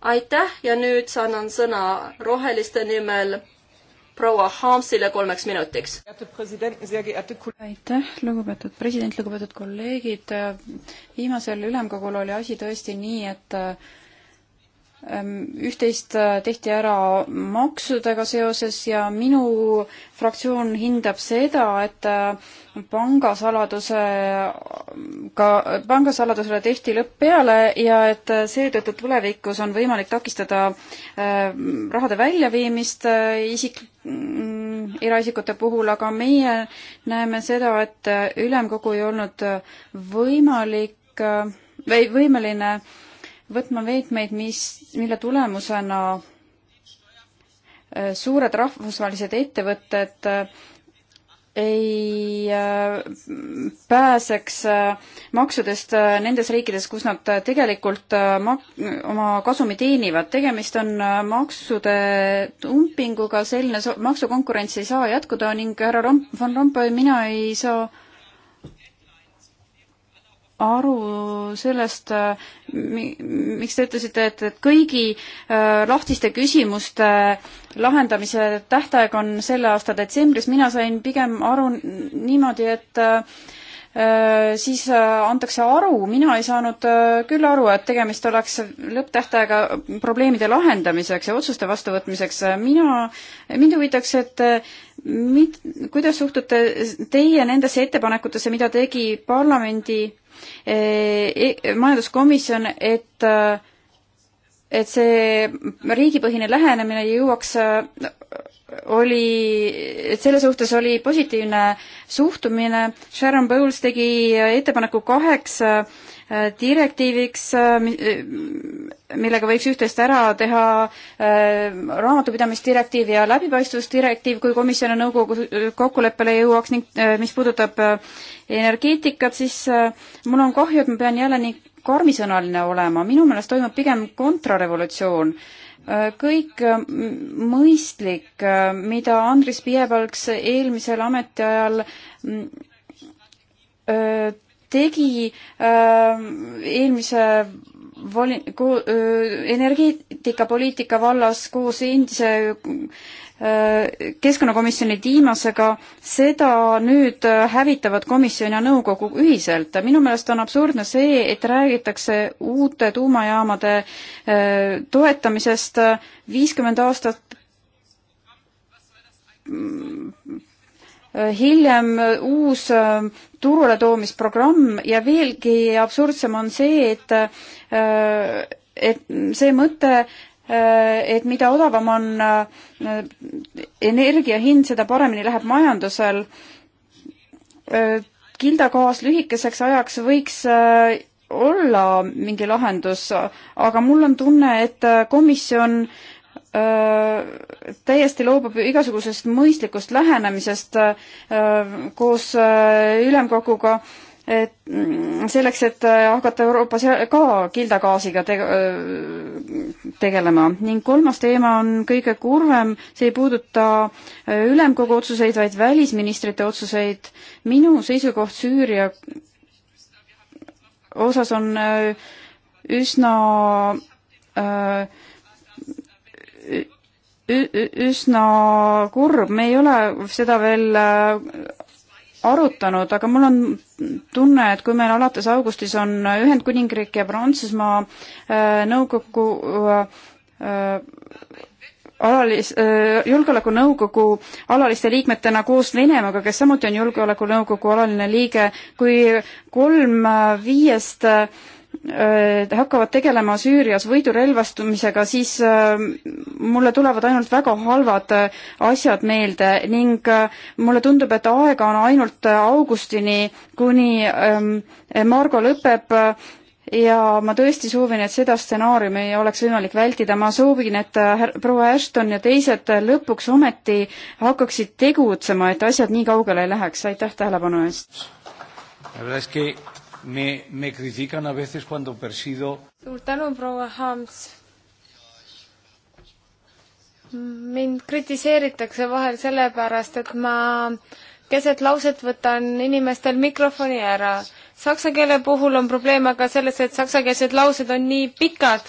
aitäh ja nüüd annan sõna roheliste nimel proua Harmsile kolmeks minutiks. aitäh, lugupeetud president, lugupeetud kolleegid. viimasel ülemkogul oli asi tõesti nii, et Ehm, üht-teist äh, tehti ära maksudega seoses ja minu fraktsioon hindab seda, et äh, pangasaladusega, pangasaladusele tehti lõpp peale ja et äh, seetõttu tulevikus on võimalik takistada rahade väljaviimist isik, mm, eraisikute puhul, aga meie näeme seda, et ülemkogu ei olnud võimalik või võimeline äh, võtma meetmeid, mis, mille tulemusena äh, suured rahvusvahelised ettevõtted äh, ei äh, pääseks maksudest nendes riikides, kus nad tegelikult mak-, oma kasumi teenivad. tegemist on maksude dumpinguga, selline maksukonkurents ei saa jätkuda ning härra Romp-, von Rompuy, mina ei saa aru sellest, äh, miks te ütlesite, et, et kõigi äh, lahtiste küsimuste äh, lahendamise tähtaeg on selle aasta detsembris, mina sain pigem aru niimoodi, et siis antakse aru, mina ei saanud küll aru, et tegemist oleks lõpptähtaega probleemide lahendamiseks ja otsuste vastuvõtmiseks. mina, mind huvitaks, et mit-, kuidas suhtute teie nendesse ettepanekutesse, mida tegi parlamendi Eh, e, majanduskomisjon, et äh, et see riigipõhine lähenemine jõuaks, oli, et selle suhtes oli positiivne suhtumine, Sharon Bowles tegi ettepaneku kaheks äh, direktiiviks, äh, millega võiks üht-teist ära teha äh, raamatupidamisdirektiiv ja läbipaistvusdirektiiv, kui komisjon ja nõukogu kokkuleppele jõuaks ning mis puudutab energeetikat, siis mul on kahju, et ma pean jälle nii karmisõnaline olema, minu meelest toimub pigem kontrarevolutsioon. Äh, kõik äh, mõistlik, äh, mida Andris Piepalks eelmisel ametiajal tegi eelmise vali-, energeetikapoliitika vallas koos endise keskkonnakomisjoni Diimasega, seda nüüd hävitavad komisjon ja nõukogu ühiselt. minu meelest on absurdne see, et räägitakse uute tuumajaamade äh, toetamisest viiskümmend aastat äh, hiljem uus äh, turuletoomisprogramm ja veelgi absurdsem on see, et et see mõte, Äh, et mida odavam on äh, energia hind, seda paremini läheb majandusel. kildagaas äh, lühikeseks ajaks võiks olla mingi lahendus, aga mul on tunne, et komisjon täiesti loobub igasugusest mõistlikust lähenemisest koos ülemkoguga äh, et mm, selleks, et äh, hakata Euroopas ka kildagaasiga te äh, tegelema ning kolmas teema on kõige kurvem, see ei puuduta äh, ülemkogu otsuseid, vaid välisministrite otsuseid. minu seisukoht Süüria osas on üsna üsna kurb, me ei ole seda veel arutanud, aga mul on tunne, et kui meil alates augustis on Ühendkuningriik ja Prantsusmaa äh, nõukogu äh, äh, alalis-, Julgeolekunõukogu alaliste liikmetena koos Venemaaga, kes samuti on Julgeolekunõukogu alaline liige, kui kolm viiest äh, Äh, hakkavad tegelema Süürias võidurelvastumisega, siis äh, mulle tulevad ainult väga halvad äh, asjad meelde ning mulle tundub, et aega on ainult augustini, kuni Margo ähm, lõpeb ja ma tõesti soovin, et seda stsenaariumi ei oleks võimalik vältida, ma soovin, et proua Ashton ja teised lõpuks ometi hakkaksid tegutsema, et asjad nii kaugele ei läheks, aitäh tähelepanu eest! me, me critican a veces cuando persido. suur tänu, proua Hams. mind kritiseeritakse vahel sellepärast, et ma keset lauset võtan inimestel mikrofoni ära. Saksa keele puhul on probleem aga selles, et saksakeelsed laused on nii pikad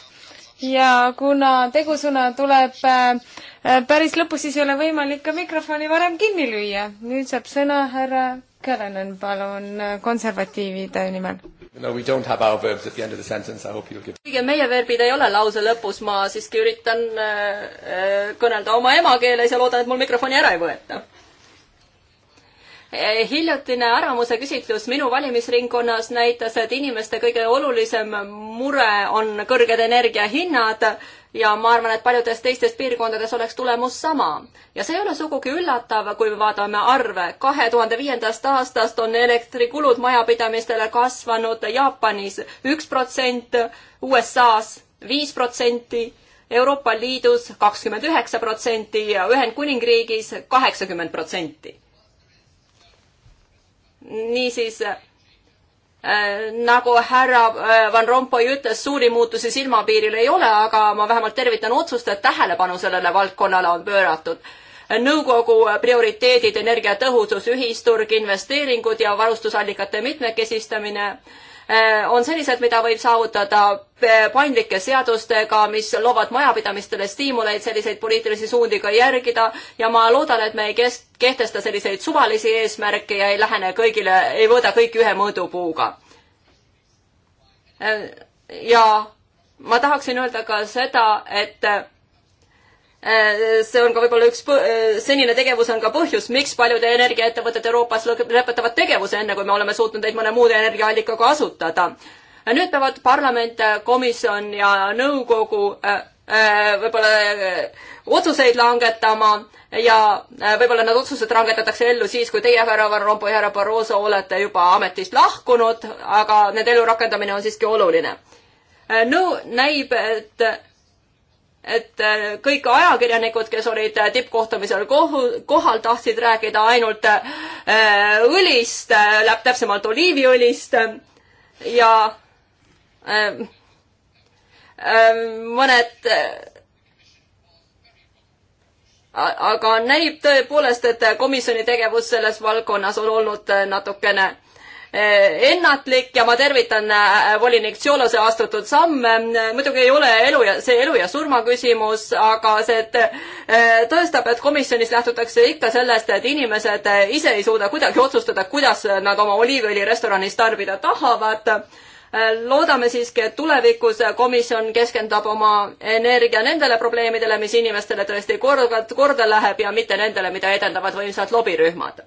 ja kuna tegusõna tuleb äh, päris lõpus, siis ei ole võimalik ka mikrofoni varem kinni lüüa. nüüd saab sõna härra Kõlenen, palun, konservatiivide nimel. No we don't have our verbs at the end of the sentence, I hope you'll give. kuigi meie verbid ei ole lause lõpus, ma siiski üritan äh, äh kõnelda oma emakeeles ja loodan, et mul mikrofoni ära ei võeta Eh, hiljutine arvamuse küsitlus minu valimisringkonnas näitas, et inimeste kõige olulisem mure on kõrged energiahinnad ja ma arvan, et paljudes teistes piirkondades oleks tulemus sama. ja see ei ole sugugi üllatav, kui me vaatame arve. kahe tuhande viiendast aastast on elektrikulud majapidamistele kasvanud Jaapanis üks protsent, USA-s viis protsenti, Euroopa Liidus kakskümmend üheksa protsenti ja Ühendkuningriigis kaheksakümmend protsenti niisiis äh, nagu härra äh, Van Rompuy ütles, suuri muutusi silmapiiril ei ole, aga ma vähemalt tervitan otsust, et tähelepanu sellele valdkonnale on pööratud. nõukogu prioriteedid energiatõhusus, ühisturg, investeeringud ja varustusallikate mitmekesistamine Äh, on sellised, mida võib saavutada äh, paindlike seadustega, mis loovad majapidamistele stiimuleid selliseid poliitilisi suundi ka järgida ja ma loodan, et me ei kes-, kehtesta selliseid suvalisi eesmärke ja ei lähene kõigile, ei võõda kõiki ühe mõõdupuuga. Äh, ja ma tahaksin öelda ka seda, et Äh, see on ka võib-olla üks äh, senine tegevus on ka põhjus, miks paljud energiaettevõtted Euroopas lõpetavad tegevuse, enne kui me oleme suutnud neid mõne muude energiaallikaga asutada. Äh, nüüd peavad parlament, komisjon ja nõukogu võib-olla otsuseid langetama ja võib-olla need otsused langetatakse ellu siis, kui teie, härra Van Rompuy, härra Barroso olete juba ametist lahkunud, aga nende elu rakendamine on siiski oluline. no näib, et et äh, kõik ajakirjanikud, kes olid äh, tippkohtumisel kohu-, kohal, tahtsid rääkida ainult äh, õlist, täpsemalt oliiviõlist ja ähm, ähm, mõned aga näib tõepoolest, et komisjoni tegevus selles valdkonnas on olnud natukene Eh, ennatlik ja ma tervitan eh, volinik Tšolose astutud samme. muidugi ei ole elu ja, see elu ja surma küsimus, aga see eh, tõestab, et komisjonis lähtutakse ikka sellest, et inimesed ise ei suuda kuidagi otsustada, kuidas nad oma oliiviõli restoranis tarbida tahavad loodame siiski, et tulevikus komisjon keskendub oma energia nendele probleemidele, mis inimestele tõesti korda, korda läheb ja mitte nendele, mida edendavad võimsad lobirühmad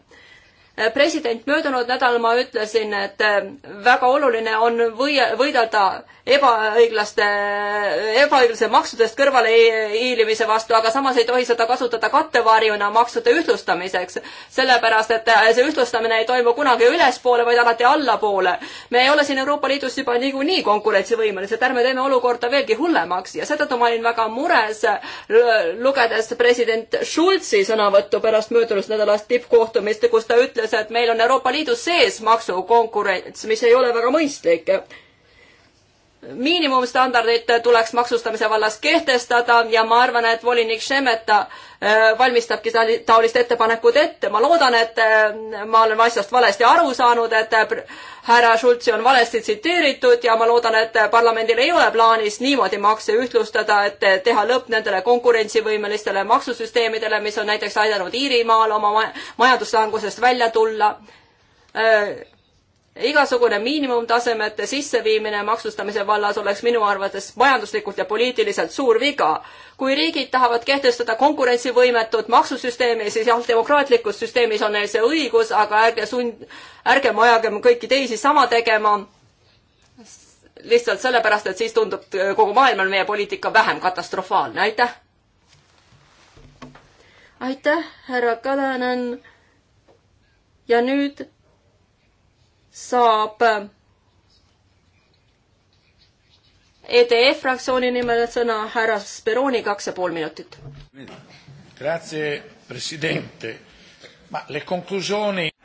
Eh, president möödunud nädalal ma ütlesin, et eh, väga oluline on või-, võidelda ebaõiglaste, eh, ebaõiglase maksudest kõrvalehiilimise vastu, aga samas ei tohi seda kasutada kattevarjuna maksude ühtlustamiseks. sellepärast, et see ühtlustamine ei toimu kunagi ülespoole, vaid alati allapoole. me ei ole siin Euroopa Liidus juba niikuinii konkurentsivõimelised, ärme teeme olukorda veelgi hullemaks ja seetõttu ma olin väga mures, lugedes president Schulzi sõnavõttu pärast möödunud nädalast tippkohtumist, kus ta ütles, ütles, et meil on Euroopa Liidu sees maksukonkurents, mis ei ole väga mõistlik miinimumstandardid tuleks maksustamise vallas kehtestada ja ma arvan, et volinik Šemeta äh, valmistabki taolist ettepanekut ette. ma loodan, et äh, ma olen asjast valesti aru saanud, et äh, härra Schultzi on valesti tsiteeritud ja ma loodan, et parlamendil ei ole plaanis niimoodi makse ühtlustada, et teha lõpp nendele konkurentsivõimelistele maksusüsteemidele, mis on näiteks aidanud Iirimaal oma majanduslangusest välja tulla igasugune miinimumtasemete sisseviimine maksustamise vallas oleks minu arvates majanduslikult ja poliitiliselt suur viga. kui riigid tahavad kehtestada konkurentsivõimetut maksusüsteemi, siis jah, demokraatlikus süsteemis on neil see õigus, aga ärge sund, ärgem ajagem kõiki teisi sama tegema. lihtsalt sellepärast, et siis tundub kogu maailmal meie poliitika vähem katastrofaalne, aitäh. aitäh, härra Kalanen. ja nüüd saab EDF fraktsiooni nimel sõna härra Speroni, kaks ja pool minutit.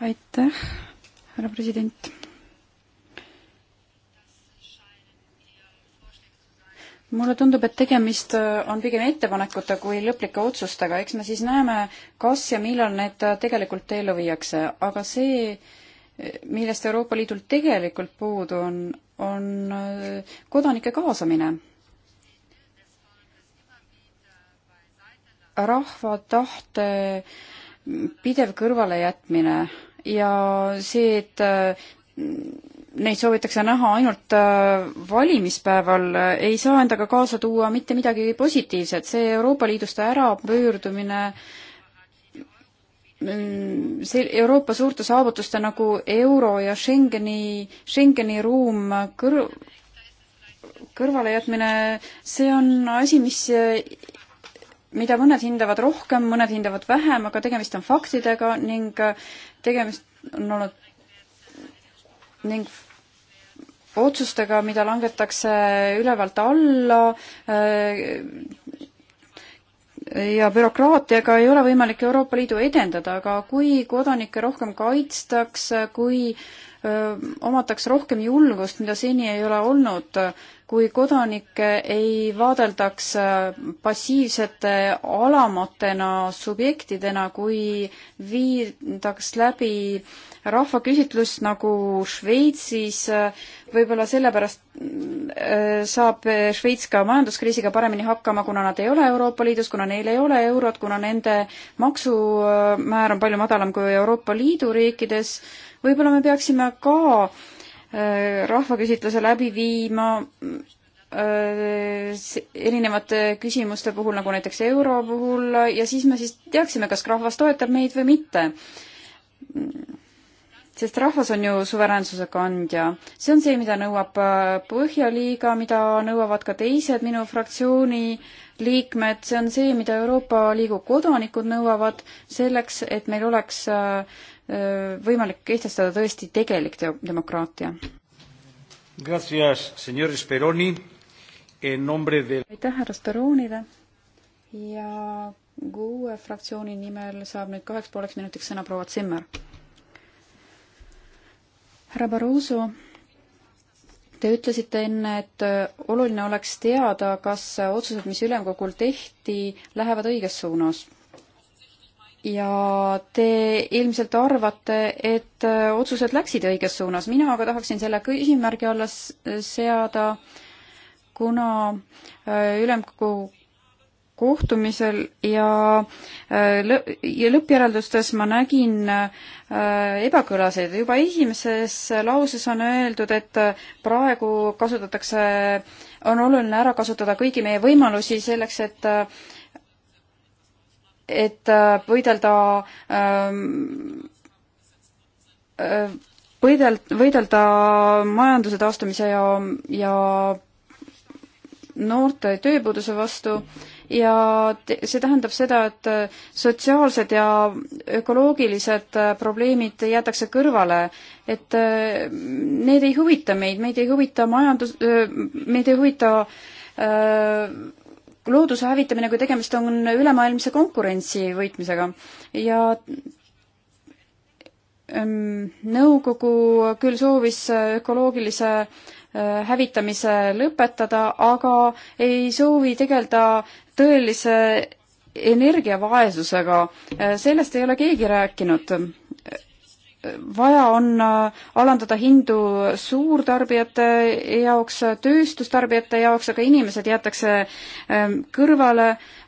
aitäh, härra president. mulle tundub, et tegemist on pigem ettepanekute kui lõplike otsustega, eks me siis näeme, kas ja millal need tegelikult ellu viiakse, aga see, millest Euroopa Liidul tegelikult puudu on, on äh, kodanike kaasamine. rahva tahte pidev kõrvalejätmine ja see, et äh, neid soovitakse näha ainult äh, valimispäeval, ei saa endaga kaasa tuua mitte midagi positiivset, see Euroopa Liidust ärapöördumine äh, Mm, Euroopa suurte saavutuste nagu euro ja Schengeni, Schengeni ruum kõr-, kõrvalejätmine, see on asi, mis, mida mõned hindavad rohkem, mõned hindavad vähem, aga tegemist on faktidega ning tegemist on olnud ning otsustega, mida langetakse ülevalt alla, ja bürokraatiaga ei ole võimalik Euroopa Liidu edendada, aga kui kodanikke rohkem kaitstaks, kui öö, omataks rohkem julgust, mida seni ei ole olnud, kui kodanikke ei vaadeldaks passiivsete alamatena subjektidena, kui viidaks läbi öö, rahvaküsitlus nagu Šveitsis, võib-olla sellepärast äh, saab Šveits ka majanduskriisiga paremini hakkama, kuna nad ei ole Euroopa Liidus, kuna neil ei ole eurot, kuna nende maksumäär on palju madalam kui Euroopa Liidu riikides, võib-olla me peaksime ka äh, rahvaküsitluse läbi viima äh, erinevate küsimuste puhul, nagu näiteks euro puhul, ja siis me siis teaksime, kas rahvas toetab meid või mitte sest rahvas on ju suveräänsuse kandja. see on see, mida nõuab äh, Põhjaliiga, mida nõuavad ka teised minu fraktsiooni liikmed, see on see, mida Euroopa Liidu kodanikud nõuavad selleks, et meil oleks äh, äh, võimalik kehtestada tõesti tegelik demokraatia. aitäh härra Speronile ja kuue fraktsiooni nimel saab nüüd kaheks pooleks minutiks sõna proua Zimmer härra Barroso, te ütlesite enne, et oluline oleks teada, kas otsused, mis ülemkogul tehti, lähevad õiges suunas. ja te ilmselt arvate, et otsused läksid õiges suunas, mina aga tahaksin selle küsimärgi alla seada, kuna äh, ülemkogu kohtumisel ja äh, lõ-, ja lõppjäreldustes ma nägin äh, ebakõlasid. juba esimeses lauses on öeldud, et praegu kasutatakse, on oluline ära kasutada kõigi meie võimalusi selleks, et et äh, võidelda ähm, võidel-, võidelda majanduse taastumise ja, ja noorte tööpuuduse vastu mm ja see tähendab seda, et äh, sotsiaalsed ja ökoloogilised äh, probleemid jäetakse kõrvale, et äh, need ei huvita meid, meid ei huvita majandus, meid ei huvita öö, looduse hävitamine, kui tegemist on ülemaailmse konkurentsi võitmisega ja ähm, nõukogu küll soovis ökoloogilise hävitamise lõpetada, aga ei soovi tegeleda tõelise energiavaesusega, sellest ei ole keegi rääkinud. vaja on äh, alandada hindu suurtarbijate jaoks, tööstustarbijate jaoks, aga inimesed jäetakse ähm, kõrvale.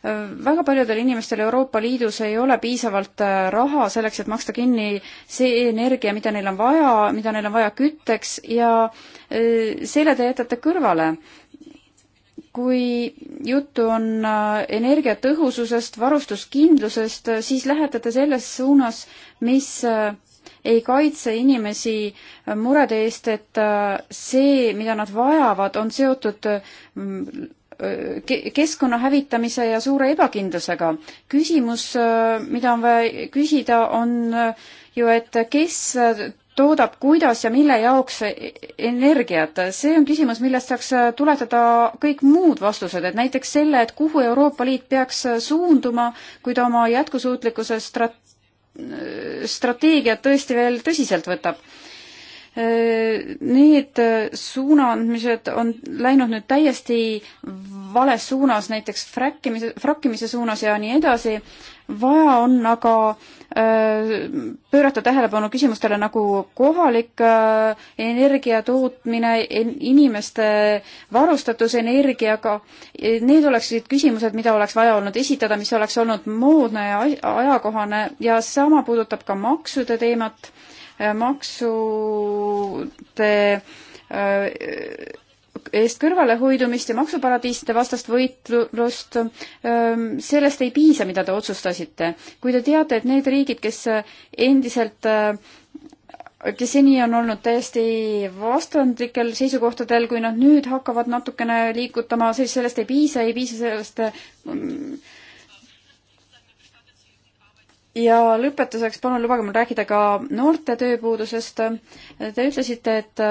Äh, väga paljudel inimestel Euroopa Liidus ei ole piisavalt äh, raha selleks, et maksta kinni see energia, mida neil on vaja, mida neil on vaja kütteks ja selle te jätate kõrvale kui juttu on äh, energiatõhususest, varustuskindlusest, äh, siis lähete te selles suunas, mis äh, ei kaitse inimesi murede eest, et see, mida nad vajavad, on seotud mm, keskkonna hävitamise ja suure ebakindlusega. küsimus, mida on vaja küsida, on ju, et kes toodab, kuidas ja mille jaoks energiat, see on küsimus, millest saaks tuletada kõik muud vastused, et näiteks selle, et kuhu Euroopa Liit peaks suunduma, kui ta oma jätkusuutlikkuse strat-, strateegiat tõesti veel tõsiselt võtab. Need suunaandmised on läinud nüüd täiesti vales suunas, näiteks fräkkimise, frakkimise suunas ja nii edasi, vaja on aga äh, pöörata tähelepanu küsimustele nagu kohalik äh, energia tootmine, inimeste varustatus energiaga, need oleksid küsimused, mida oleks vaja olnud esitada, mis oleks olnud moodne ja ajakohane ja sama puudutab ka maksude teemat, äh, maksude äh, eest kõrvalehoidumist ja maksuparadiiside vastast võitlust, sellest ei piisa, mida te otsustasite. kui te teate, et need riigid, kes endiselt kes seni on olnud täiesti vastandlikel seisukohtadel, kui nad nüüd hakkavad natukene liigutama, siis sellest ei piisa, ei piisa sellest ja lõpetuseks palun lubage mul rääkida ka noorte tööpuudusest. Te ütlesite, et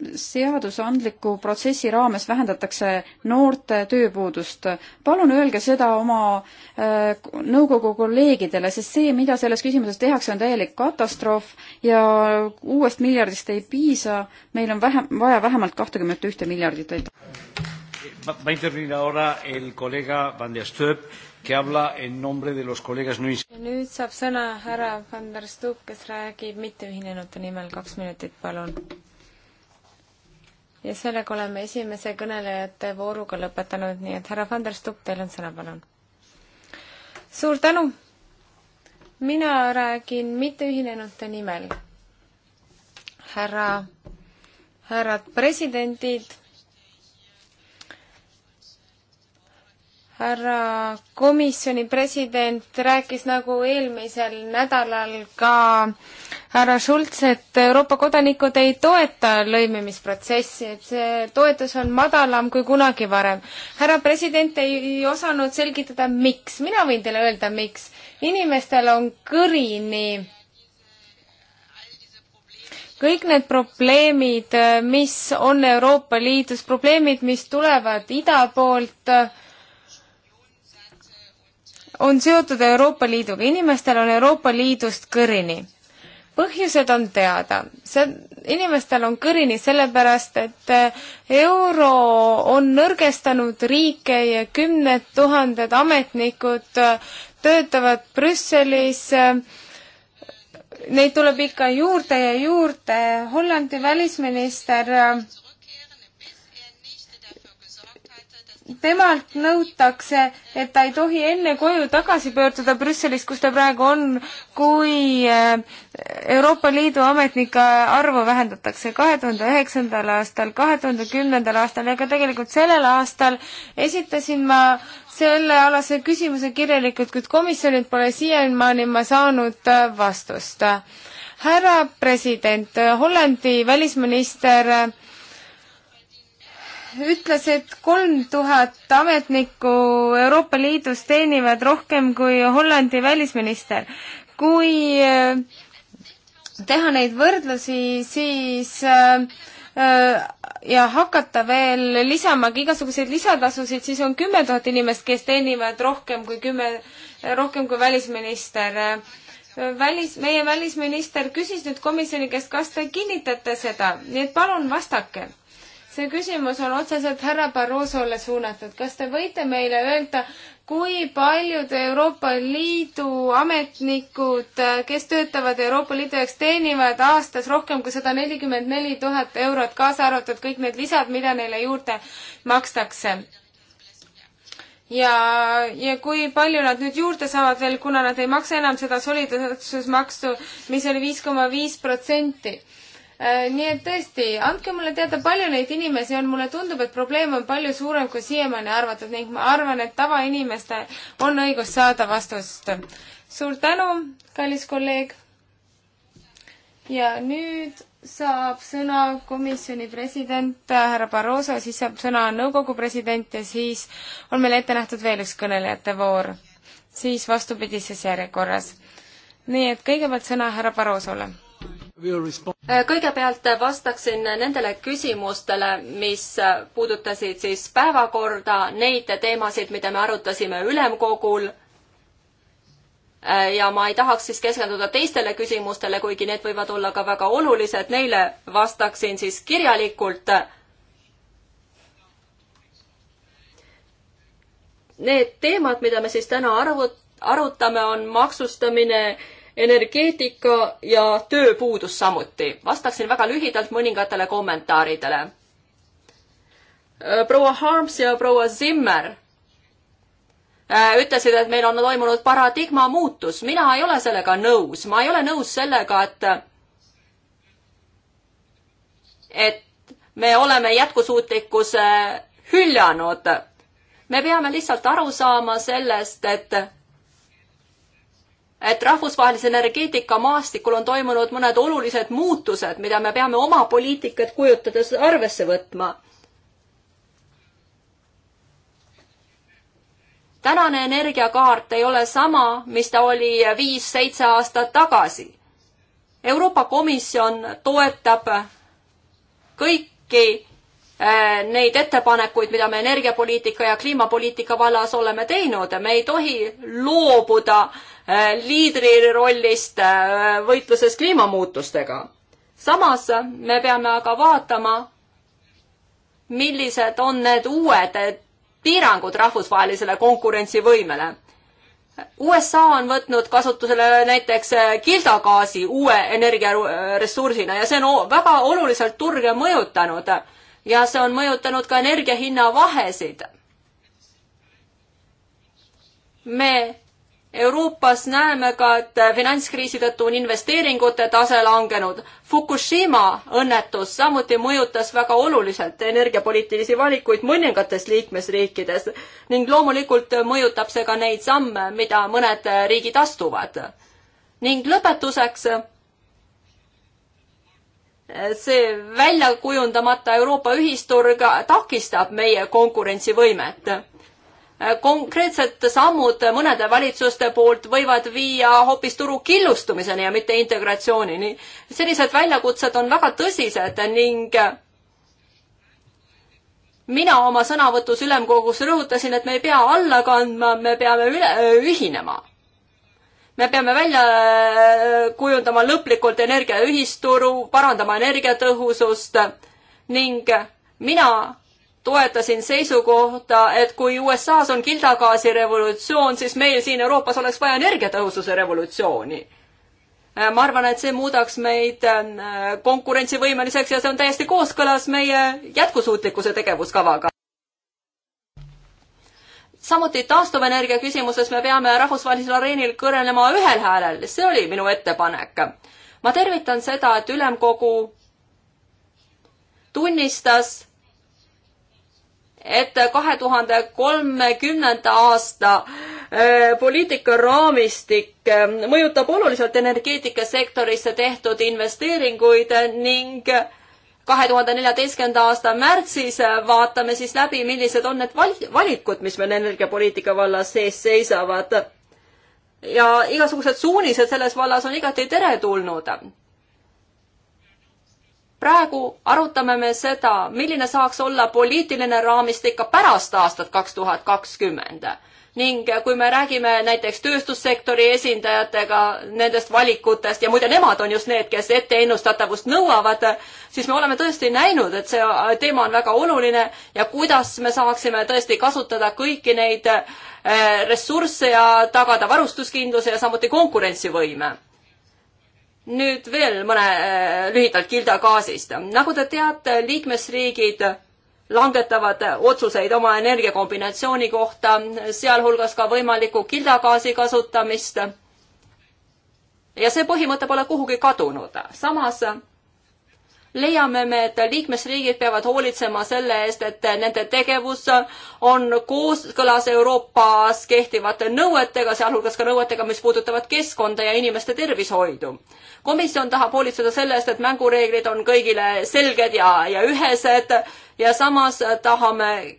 seadusandliku protsessi raames vähendatakse noorte tööpuudust. palun öelge seda oma äh, nõukogu kolleegidele, sest see, mida selles küsimuses tehakse, on täielik katastroof ja uuest miljardist ei piisa, meil on vähem, vaja vähemalt kahtekümmet ühte miljardit, aitäh. Va a intervenir ahora el colega Van der Stoep, que habla en nombre de los colegas no nüüd saab sõna härra Van der Stoep, kes räägib mitteühinenute nimel, kaks minutit, palun ja sellega oleme esimese kõnelejate vooruga lõpetanud, nii et härra van der Stubb, teil on sõna, palun. suur tänu! mina räägin mitteühinenute nimel. härra, härrad presidendid, härra komisjoni president rääkis nagu eelmisel nädalal ka äh, härra Schulz, et Euroopa kodanikud ei toeta lõimimisprotsessi, et see toetus on madalam kui kunagi varem. härra president ei, ei osanud selgitada, miks. mina võin teile öelda, miks. inimestel on kõrini kõik need probleemid, mis on Euroopa Liidus, probleemid, mis tulevad ida poolt, on seotud Euroopa Liiduga, inimestel on Euroopa Liidust kõrini põhjused on teada, see, inimestel on kõrini sellepärast, et eh, euro on nõrgestanud riike ja kümned tuhanded ametnikud eh, töötavad Brüsselis, eh, neid tuleb ikka juurde ja juurde, Hollandi välisminister temalt nõutakse, et ta ei tohi enne koju tagasi pöörduda Brüsselist, kus ta praegu on, kui äh, Euroopa Liidu ametnike arvu vähendatakse kahe tuhande üheksandal aastal, kahe tuhande kümnendal aastal ja ka tegelikult sellel aastal esitasin ma sellealase küsimuse kirjalikult, kuid komisjonilt pole siiamaani ma saanud äh, vastust. härra president, Hollandi välisminister äh, ütles, et kolm tuhat ametnikku Euroopa Liidus teenivad rohkem kui Hollandi välisminister. kui äh, teha neid võrdlusi, siis äh, äh, ja hakata veel lisama igasuguseid lisatasusid, siis on kümme tuhat inimest, kes teenivad rohkem kui kümme, rohkem kui välisminister välis, meie välisminister küsis nüüd komisjoni käest, kas te kinnitate seda, nii et palun vastake see küsimus on otseselt härra Barrosole suunatud. kas te võite meile öelda, kui paljud Euroopa Liidu ametnikud, kes töötavad Euroopa Liidu jaoks, teenivad aastas rohkem kui sada nelikümmend neli tuhat eurot, kaasa arvatud kõik need lisad, mida neile juurde makstakse? ja, ja kui palju nad nüüd juurde saavad veel, kuna nad ei maksa enam seda solidaarsusmaksu, mis oli viis koma viis protsenti Äh, nii et tõesti, andke mulle teada, palju neid inimesi on, mulle tundub, et probleem on palju suurem kui siiamaani arvatud ning ma arvan, et tavainimestel on õigus saada vastust. suur tänu, kallis kolleeg. ja nüüd saab sõna komisjoni president härra Barroso, siis saab sõna nõukogu president ja siis on meil ette nähtud veel üks kõnelejate voor, siis vastupidises järjekorras. nii et kõigepealt sõna härra Barrosole Äh, kõigepealt vastaksin nendele küsimustele, mis puudutasid siis päevakorda, neid teemasid, mida me arutasime ülemkogul. Äh, ja ma ei tahaks siis keskenduda teistele küsimustele, kuigi need võivad olla ka väga olulised, neile vastaksin siis kirjalikult. Need teemad, mida me siis täna arvut-, arutame, on maksustamine energeetika ja tööpuudus samuti. vastaksin väga lühidalt mõningatele kommentaaridele. Äh, proua Harms ja proua Zimmer äh, ütlesid, et meil on toimunud paradigma muutus. mina ei ole sellega nõus. ma ei ole nõus sellega, et et me oleme jätkusuutlikkuse hüljanud. me peame lihtsalt aru saama sellest, et et rahvusvahelisel energeetikamaastikul on toimunud mõned olulised muutused, mida me peame oma poliitikat kujutades arvesse võtma. tänane energiakaart ei ole sama, mis ta oli viis-seitse aastat tagasi. Euroopa Komisjon toetab kõiki Äh, neid ettepanekuid, mida me energiapoliitika ja kliimapoliitika vallas oleme teinud. me ei tohi loobuda äh, liidri rollist äh, võitluses kliimamuutustega. samas me peame aga vaatama, millised on need uued piirangud rahvusvahelisele konkurentsivõimele. USA on võtnud kasutusele näiteks kildagaasi uue energiaressursina ja see on väga oluliselt turge mõjutanud ja see on mõjutanud ka energiahinna vahesid. me Euroopas näeme ka, et finantskriisi tõttu on investeeringute tase langenud. Fukushima õnnetus samuti mõjutas väga oluliselt energiapoliitilisi valikuid mõningates liikmesriikides ning loomulikult mõjutab see ka neid samme, mida mõned riigid astuvad. ning lõpetuseks Eh, see välja kujundamata Euroopa ühisturg takistab meie konkurentsivõimet. Eh, konkreetsed sammud mõnede valitsuste poolt võivad viia hoopis turu killustumiseni ja mitte integratsioonini. sellised väljakutsed on väga tõsised ning eh, mina oma sõnavõtus ülemkogus rõhutasin, et me ei pea alla kandma, me peame üle, ühinema me peame välja äh, kujundama lõplikult energiaühisturu, parandama energiatõhusust ning mina toetasin seisukohta, et kui USA-s on kildagaasi revolutsioon, siis meil siin Euroopas oleks vaja energiatõhususe revolutsiooni. Äh, ma arvan, et see muudaks meid äh, konkurentsivõimeliseks ja see on täiesti kooskõlas meie jätkusuutlikkuse tegevuskavaga samuti taastuvenergia küsimuses me peame rahvusvahelisel areenil kõnelema ühel häälel, see oli minu ettepanek. ma tervitan seda, et ülemkogu tunnistas, et kahe tuhande kolmekümnenda aasta äh, poliitikaraamistik äh, mõjutab oluliselt energeetikasektorisse tehtud investeeringuid ning äh, kahe tuhande neljateistkümnenda aasta märtsis äh, vaatame siis läbi, millised on need val-, valikud, mis meil energiapoliitika vallas sees seisavad. ja igasugused suunised selles vallas on igati teretulnud. praegu arutame me seda, milline saaks olla poliitiline raamistik ka pärast aastat kaks tuhat kakskümmend ning kui me räägime näiteks tööstussektori esindajatega nendest valikutest ja muide, nemad on just need, kes etteennustatavust nõuavad, siis me oleme tõesti näinud, et see teema on väga oluline ja kuidas me saaksime tõesti kasutada kõiki neid eh, ressursse ja tagada varustuskindluse ja samuti konkurentsivõime nüüd veel mõne eh, lühidalt Gilda gaasist. nagu te teate, liikmesriigid langetavad otsuseid oma energiakombinatsiooni kohta, sealhulgas ka võimaliku kildagaasi kasutamist. ja see põhimõte pole kuhugi kadunud. samas leiame me, et liikmesriigid peavad hoolitsema selle eest, et nende tegevus on kooskõlas Euroopas kehtivate nõuetega, sealhulgas ka nõuetega, mis puudutavad keskkonda ja inimeste tervishoidu. komisjon tahab hoolitseda selle eest, et mängureeglid on kõigile selged ja, ja ühesed ja samas tahame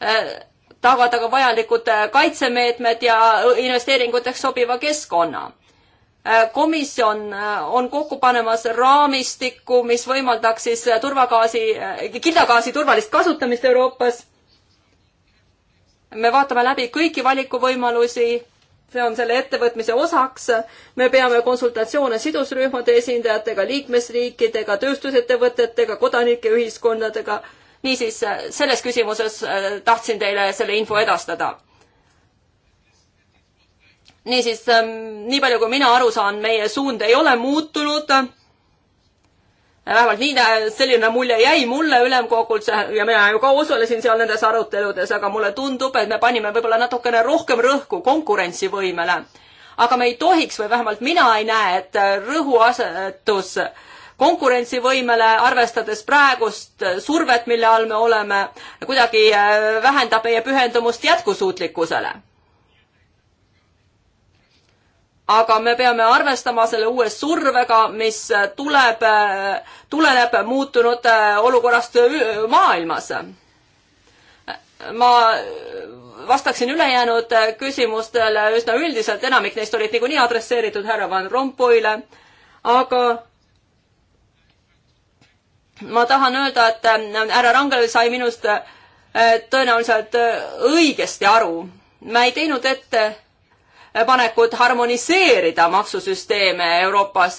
äh, tagada ka vajalikud kaitsemeetmed ja investeeringuteks sobiva keskkonna Äh, komisjon äh, on kokku panemas raamistikku, mis võimaldaks siis äh, turvagaasi, kildagaasi turvalist kasutamist Euroopas. me vaatame läbi kõiki valikuvõimalusi, see on selle ettevõtmise osaks. me peame konsultatsioone sidusrühmade esindajatega, liikmesriikidega, tööstusettevõtetega, kodanike ühiskondadega. niisiis, selles küsimuses tahtsin teile selle info edastada niisiis, ähm, nii palju kui mina aru saan, meie suund ei ole muutunud. vähemalt nii, selline mulje jäi mulle ülemkogult ja mina ju ka osalesin seal nendes aruteludes, aga mulle tundub, et me panime võib-olla natukene rohkem rõhku konkurentsivõimele. aga me ei tohiks või vähemalt mina ei näe, et rõhuasetus konkurentsivõimele, arvestades praegust survet, mille all me oleme, kuidagi äh, vähendab meie pühendumust jätkusuutlikkusele aga me peame arvestama selle uue survega, mis tuleb, tuleneb muutunud äh, olukorrast äh, maailmas. ma vastaksin ülejäänud äh, küsimustele üsna üldiselt, enamik neist olid niikuinii adresseeritud härra Van Rompuyle, aga ma tahan öelda, et härra Rangel sai minust tõenäoliselt õigesti aru. ma ei teinud ette panekut harmoniseerida maksusüsteeme Euroopas.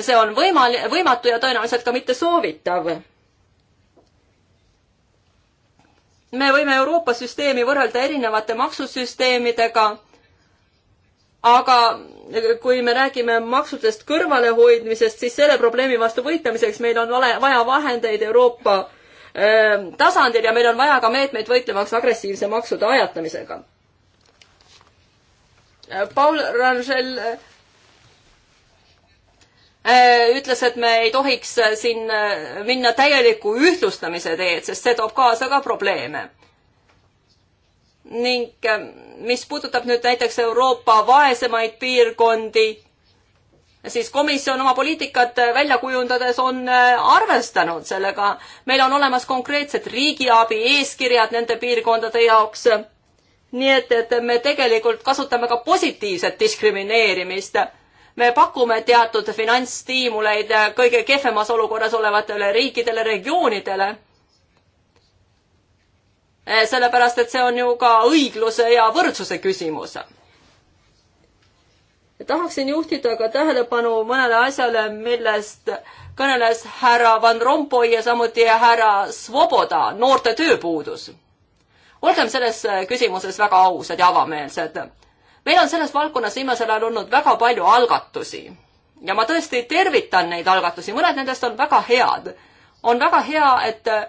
see on võimal-, võimatu ja tõenäoliselt ka mitte soovitav. me võime Euroopa süsteemi võrrelda erinevate maksusüsteemidega, aga kui me räägime maksudest kõrvalehoidmisest, siis selle probleemi vastu võitlemiseks meil on vale, vaja vahendeid Euroopa äh, tasandil ja meil on vaja ka meetmeid võitlemaks agressiivse maksude ajatamisega Paul Rangel äh, äh, ütles, et me ei tohiks äh, siin minna täieliku ühtlustamise teed, sest see toob kaasa ka probleeme. ning mis puudutab nüüd näiteks Euroopa vaesemaid piirkondi, siis komisjon oma poliitikat välja kujundades on arvestanud sellega. meil on olemas konkreetsed riigiabi eeskirjad nende piirkondade jaoks nii et, et me tegelikult kasutame ka positiivset diskrimineerimist. me pakume teatud finantsstiimuleid kõige kehvemas olukorras olevatele riikidele, regioonidele. Eh, sellepärast, et see on ju ka õigluse ja võrdsuse küsimus tahaksin juhtida ka tähelepanu mõnele asjale, millest kõneles härra Van Rompuy ja samuti härra Svoboda, noorte tööpuudus olgem selles äh, küsimuses väga ausad ja avameelsed. meil on selles valdkonnas viimasel ajal olnud väga palju algatusi ja ma tõesti tervitan neid algatusi, mõned nendest on väga head. on väga hea, et äh,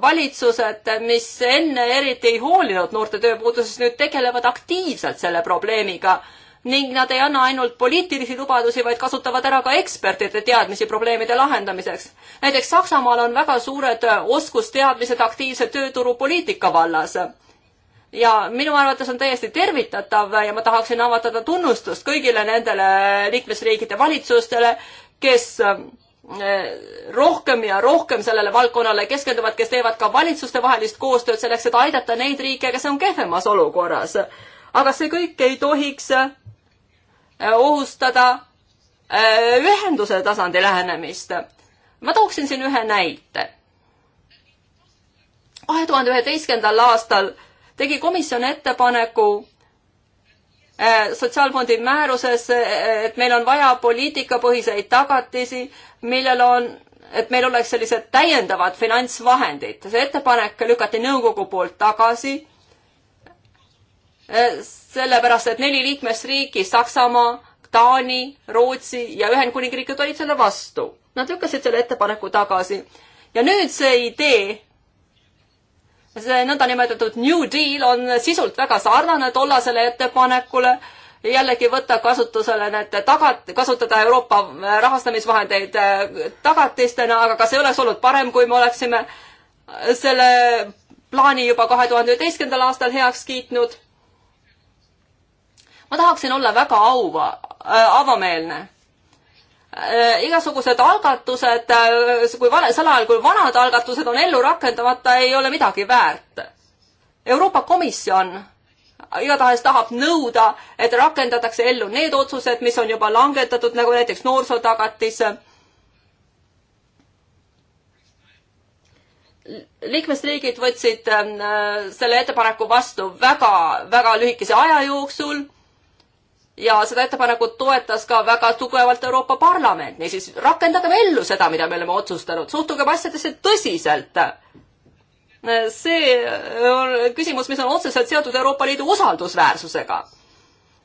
valitsused, mis enne eriti ei hoolinud noorte tööpuudusest, nüüd tegelevad aktiivselt selle probleemiga ning nad ei anna ainult poliitilisi lubadusi, vaid kasutavad ära ka ekspertide teadmisi probleemide lahendamiseks. näiteks Saksamaal on väga suured oskusteadmised aktiivse tööturupoliitika vallas. ja minu arvates on täiesti tervitatav ja ma tahaksin avaldada tunnustust kõigile nendele liikmesriikide valitsustele, kes eh, rohkem ja rohkem sellele valdkonnale keskenduvad, kes teevad ka valitsustevahelist koostööd selleks, et aidata neid riike, kes on kehvemas olukorras. aga see kõik ei tohiks äh, Äh, ohustada äh, ühenduse tasandi lähenemist. ma tooksin siin ühe näite. kahe tuhande üheteistkümnendal aastal tegi komisjon ettepaneku äh, sotsiaalfondi määruses, et meil on vaja poliitikapõhiseid tagatisi, millel on, et meil oleks sellised täiendavad finantsvahendid. see ettepanek lükati nõukogu poolt tagasi sellepärast et neli liikmesriiki, Saksamaa, Taani, Rootsi ja Ühendkuningriik olid selle vastu. Nad lükkasid selle ettepaneku tagasi. ja nüüd see idee, see nõndanimetatud New Deal on sisult väga sarnane tollasele ettepanekule, jällegi võtta kasutusele need tagat-, kasutada Euroopa rahastamisvahendeid äh, tagatistena, aga kas ei oleks olnud parem, kui me oleksime selle plaani juba kahe tuhande üheteistkümnendal aastal heaks kiitnud ma tahaksin olla väga auva äh,, avameelne äh,. igasugused algatused äh,, kui vale, sel ajal, kui vanad algatused on ellu rakendamata, ei ole midagi väärt. Euroopa Komisjon igatahes tahab nõuda, et rakendatakse ellu need otsused, mis on juba langetatud, nagu näiteks noorsootagatis liikmesriigid võtsid äh, selle ettepaneku vastu väga, väga lühikese aja jooksul ja seda ettepanekut toetas ka väga tugevalt Euroopa Parlament, niisiis rakendagem ellu seda, mida me oleme otsustanud, suhtugem asjadesse tõsiselt. see on küsimus, mis on otseselt seotud Euroopa Liidu usaldusväärsusega.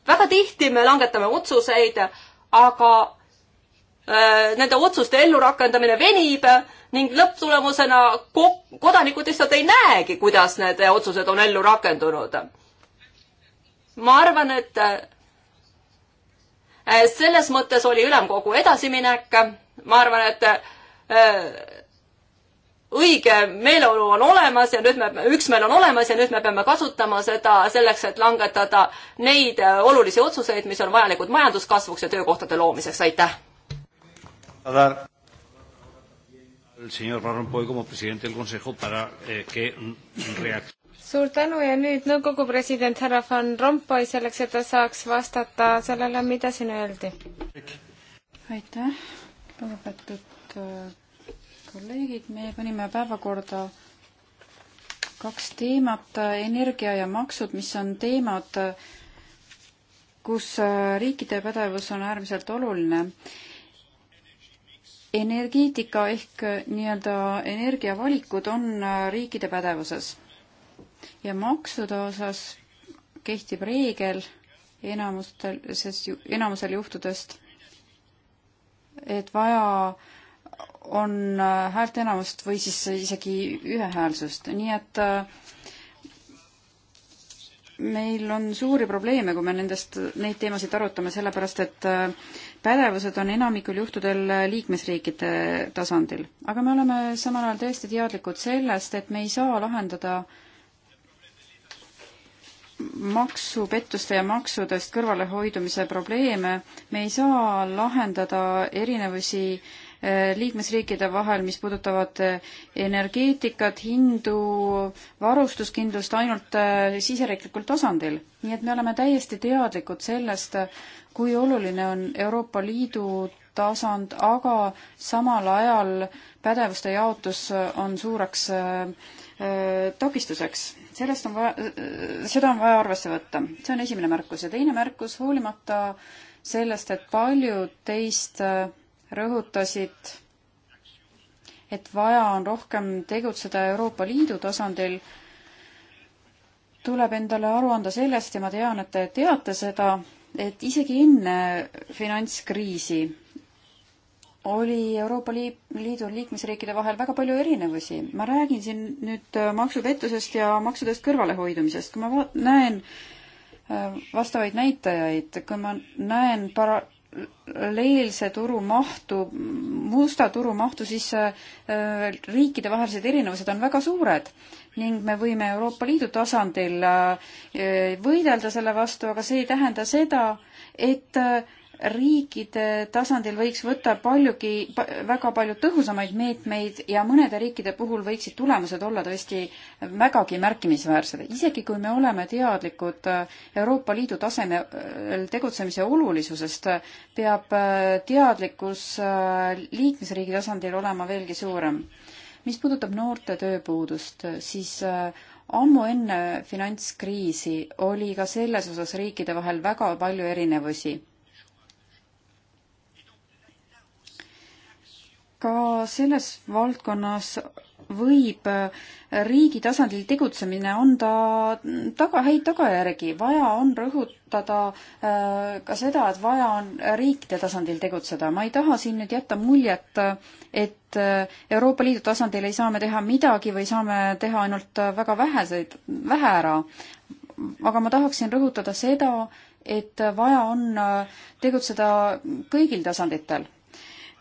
väga tihti me langetame otsuseid, aga äh, nende otsuste ellurakendamine venib ning lõpptulemusena kodanikud lihtsalt ei näegi, kuidas need otsused on ellu rakendunud. ma arvan, et äh, Eh, selles mõttes oli ülemkogu edasiminek, ma arvan, et eh, õige meeleolu on olemas ja nüüd me, üksmeel on olemas ja nüüd me peame kasutama seda selleks, et langetada neid eh, olulisi otsuseid, mis on vajalikud majanduskasvuks ja töökohtade loomiseks, aitäh! suur tänu ja nüüd nõukogu president härra Van Rompuy selleks, et ta saaks vastata sellele, mida siin öeldi. aitäh, lugupeetud äh, kolleegid, me panime päevakorda kaks teemat, äh, energia ja maksud, mis on teemad, kus äh, riikide pädevus on äärmiselt oluline. energeetika ehk nii-öelda energiavalikud on riikide pädevuses ja maksude osas kehtib reegel enamustel, sest enamusel juhtudest, et vaja on äh, häälteenamust või siis isegi ühehäälsust, nii et äh, meil on suuri probleeme, kui me nendest, neid teemasid arutame, sellepärast et äh, pädevused on enamikul juhtudel liikmesriikide tasandil. aga me oleme samal ajal tõesti teadlikud sellest, et me ei saa lahendada äh, maksupettuste ja maksudest kõrvalehoidumise probleeme. me ei saa lahendada erinevusi eh, liikmesriikide vahel, mis puudutavad eh, energeetikat, hindu, varustuskindlust ainult eh, siseriiklikul tasandil. nii et me oleme täiesti teadlikud sellest, kui oluline on Euroopa Liidu tasand, aga samal ajal pädevuste jaotus on suureks äh, Äh, takistuseks. sellest on vaja, äh, äh, seda on vaja arvesse võtta. see on esimene märkus ja teine märkus, hoolimata sellest, et paljud teist rõhutasid, et vaja on rohkem tegutseda Euroopa Liidu tasandil, tuleb endale aru anda sellest ja ma tean, et te teate seda, et isegi enne finantskriisi oli Euroopa Liidu liikmesriikide vahel väga palju erinevusi. ma räägin siin nüüd äh, maksupettusest ja maksudest kõrvalehoidumisest. kui ma näen äh, vastavaid näitajaid, kui ma näen para-, leelse turu mahtu, musta turu mahtu, siis äh, riikidevahelised erinevused on väga suured ning me võime Euroopa Liidu tasandil võidelda selle vastu, aga see ei tähenda seda, et riikide tasandil võiks võtta paljugi, väga palju tõhusamaid meetmeid ja mõnede riikide puhul võiksid tulemused olla tõesti vägagi märkimisväärsed. isegi kui me oleme teadlikud äh, Euroopa Liidu tasemel tegutsemise olulisusest, peab äh, teadlikkus äh, liikmesriigi tasandil olema veelgi suurem. mis puudutab noorte tööpuudust, siis ammu enne finantskriisi oli ka selles osas riikide vahel väga palju erinevusi ka selles valdkonnas võib äh, riigi tasandil tegutsemine anda taga, häid tagajärgi. vaja on rõhutada äh, ka seda, et vaja on riikide tasandil tegutseda. ma ei taha siin nüüd jätta muljet, et äh, Euroopa Liidu tasandil ei saa me teha midagi või saame teha ainult väga väheseid, vähe ära. aga ma tahaksin rõhutada seda, et vaja on tegutseda kõigil tasanditel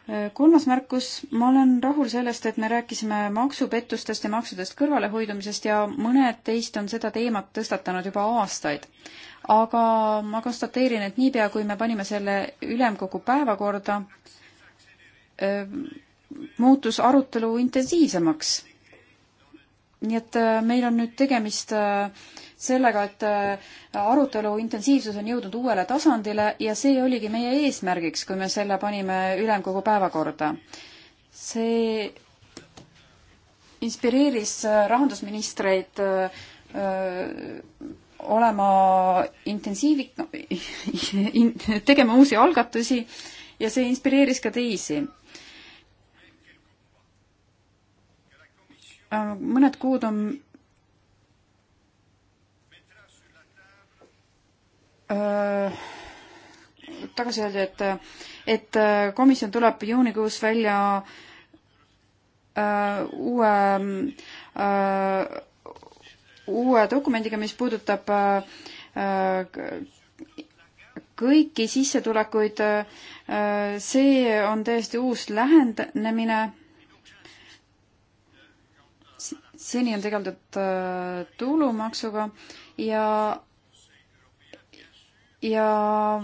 Äh, kolmas märkus, ma olen rahul sellest, et me rääkisime maksupettustest ja maksudest kõrvalehoidumisest ja mõned teist on seda teemat tõstatanud juba aastaid. aga ma konstateerin, et niipea, kui me panime selle ülemkogu päevakorda, äh, muutus arutelu intensiivsemaks. nii et äh, meil on nüüd tegemist sellega, et äh, arutelu intensiivsus on jõudnud uuele tasandile ja see oligi meie eesmärgiks, kui me selle panime ülemkogu päevakorda. see inspireeris äh, rahandusministreid äh, olema intensiivik- no, in,, tegema uusi algatusi ja see inspireeris ka teisi. mõned kuud on Äh, tagasi öeldi, et, et äh, komisjon tuleb juunikuus välja äh, uue äh,, uue dokumendiga, mis puudutab äh, äh, kõiki sissetulekuid äh,. see on täiesti uus lähenemine. seni on tegeldud äh, tulumaksuga ja ja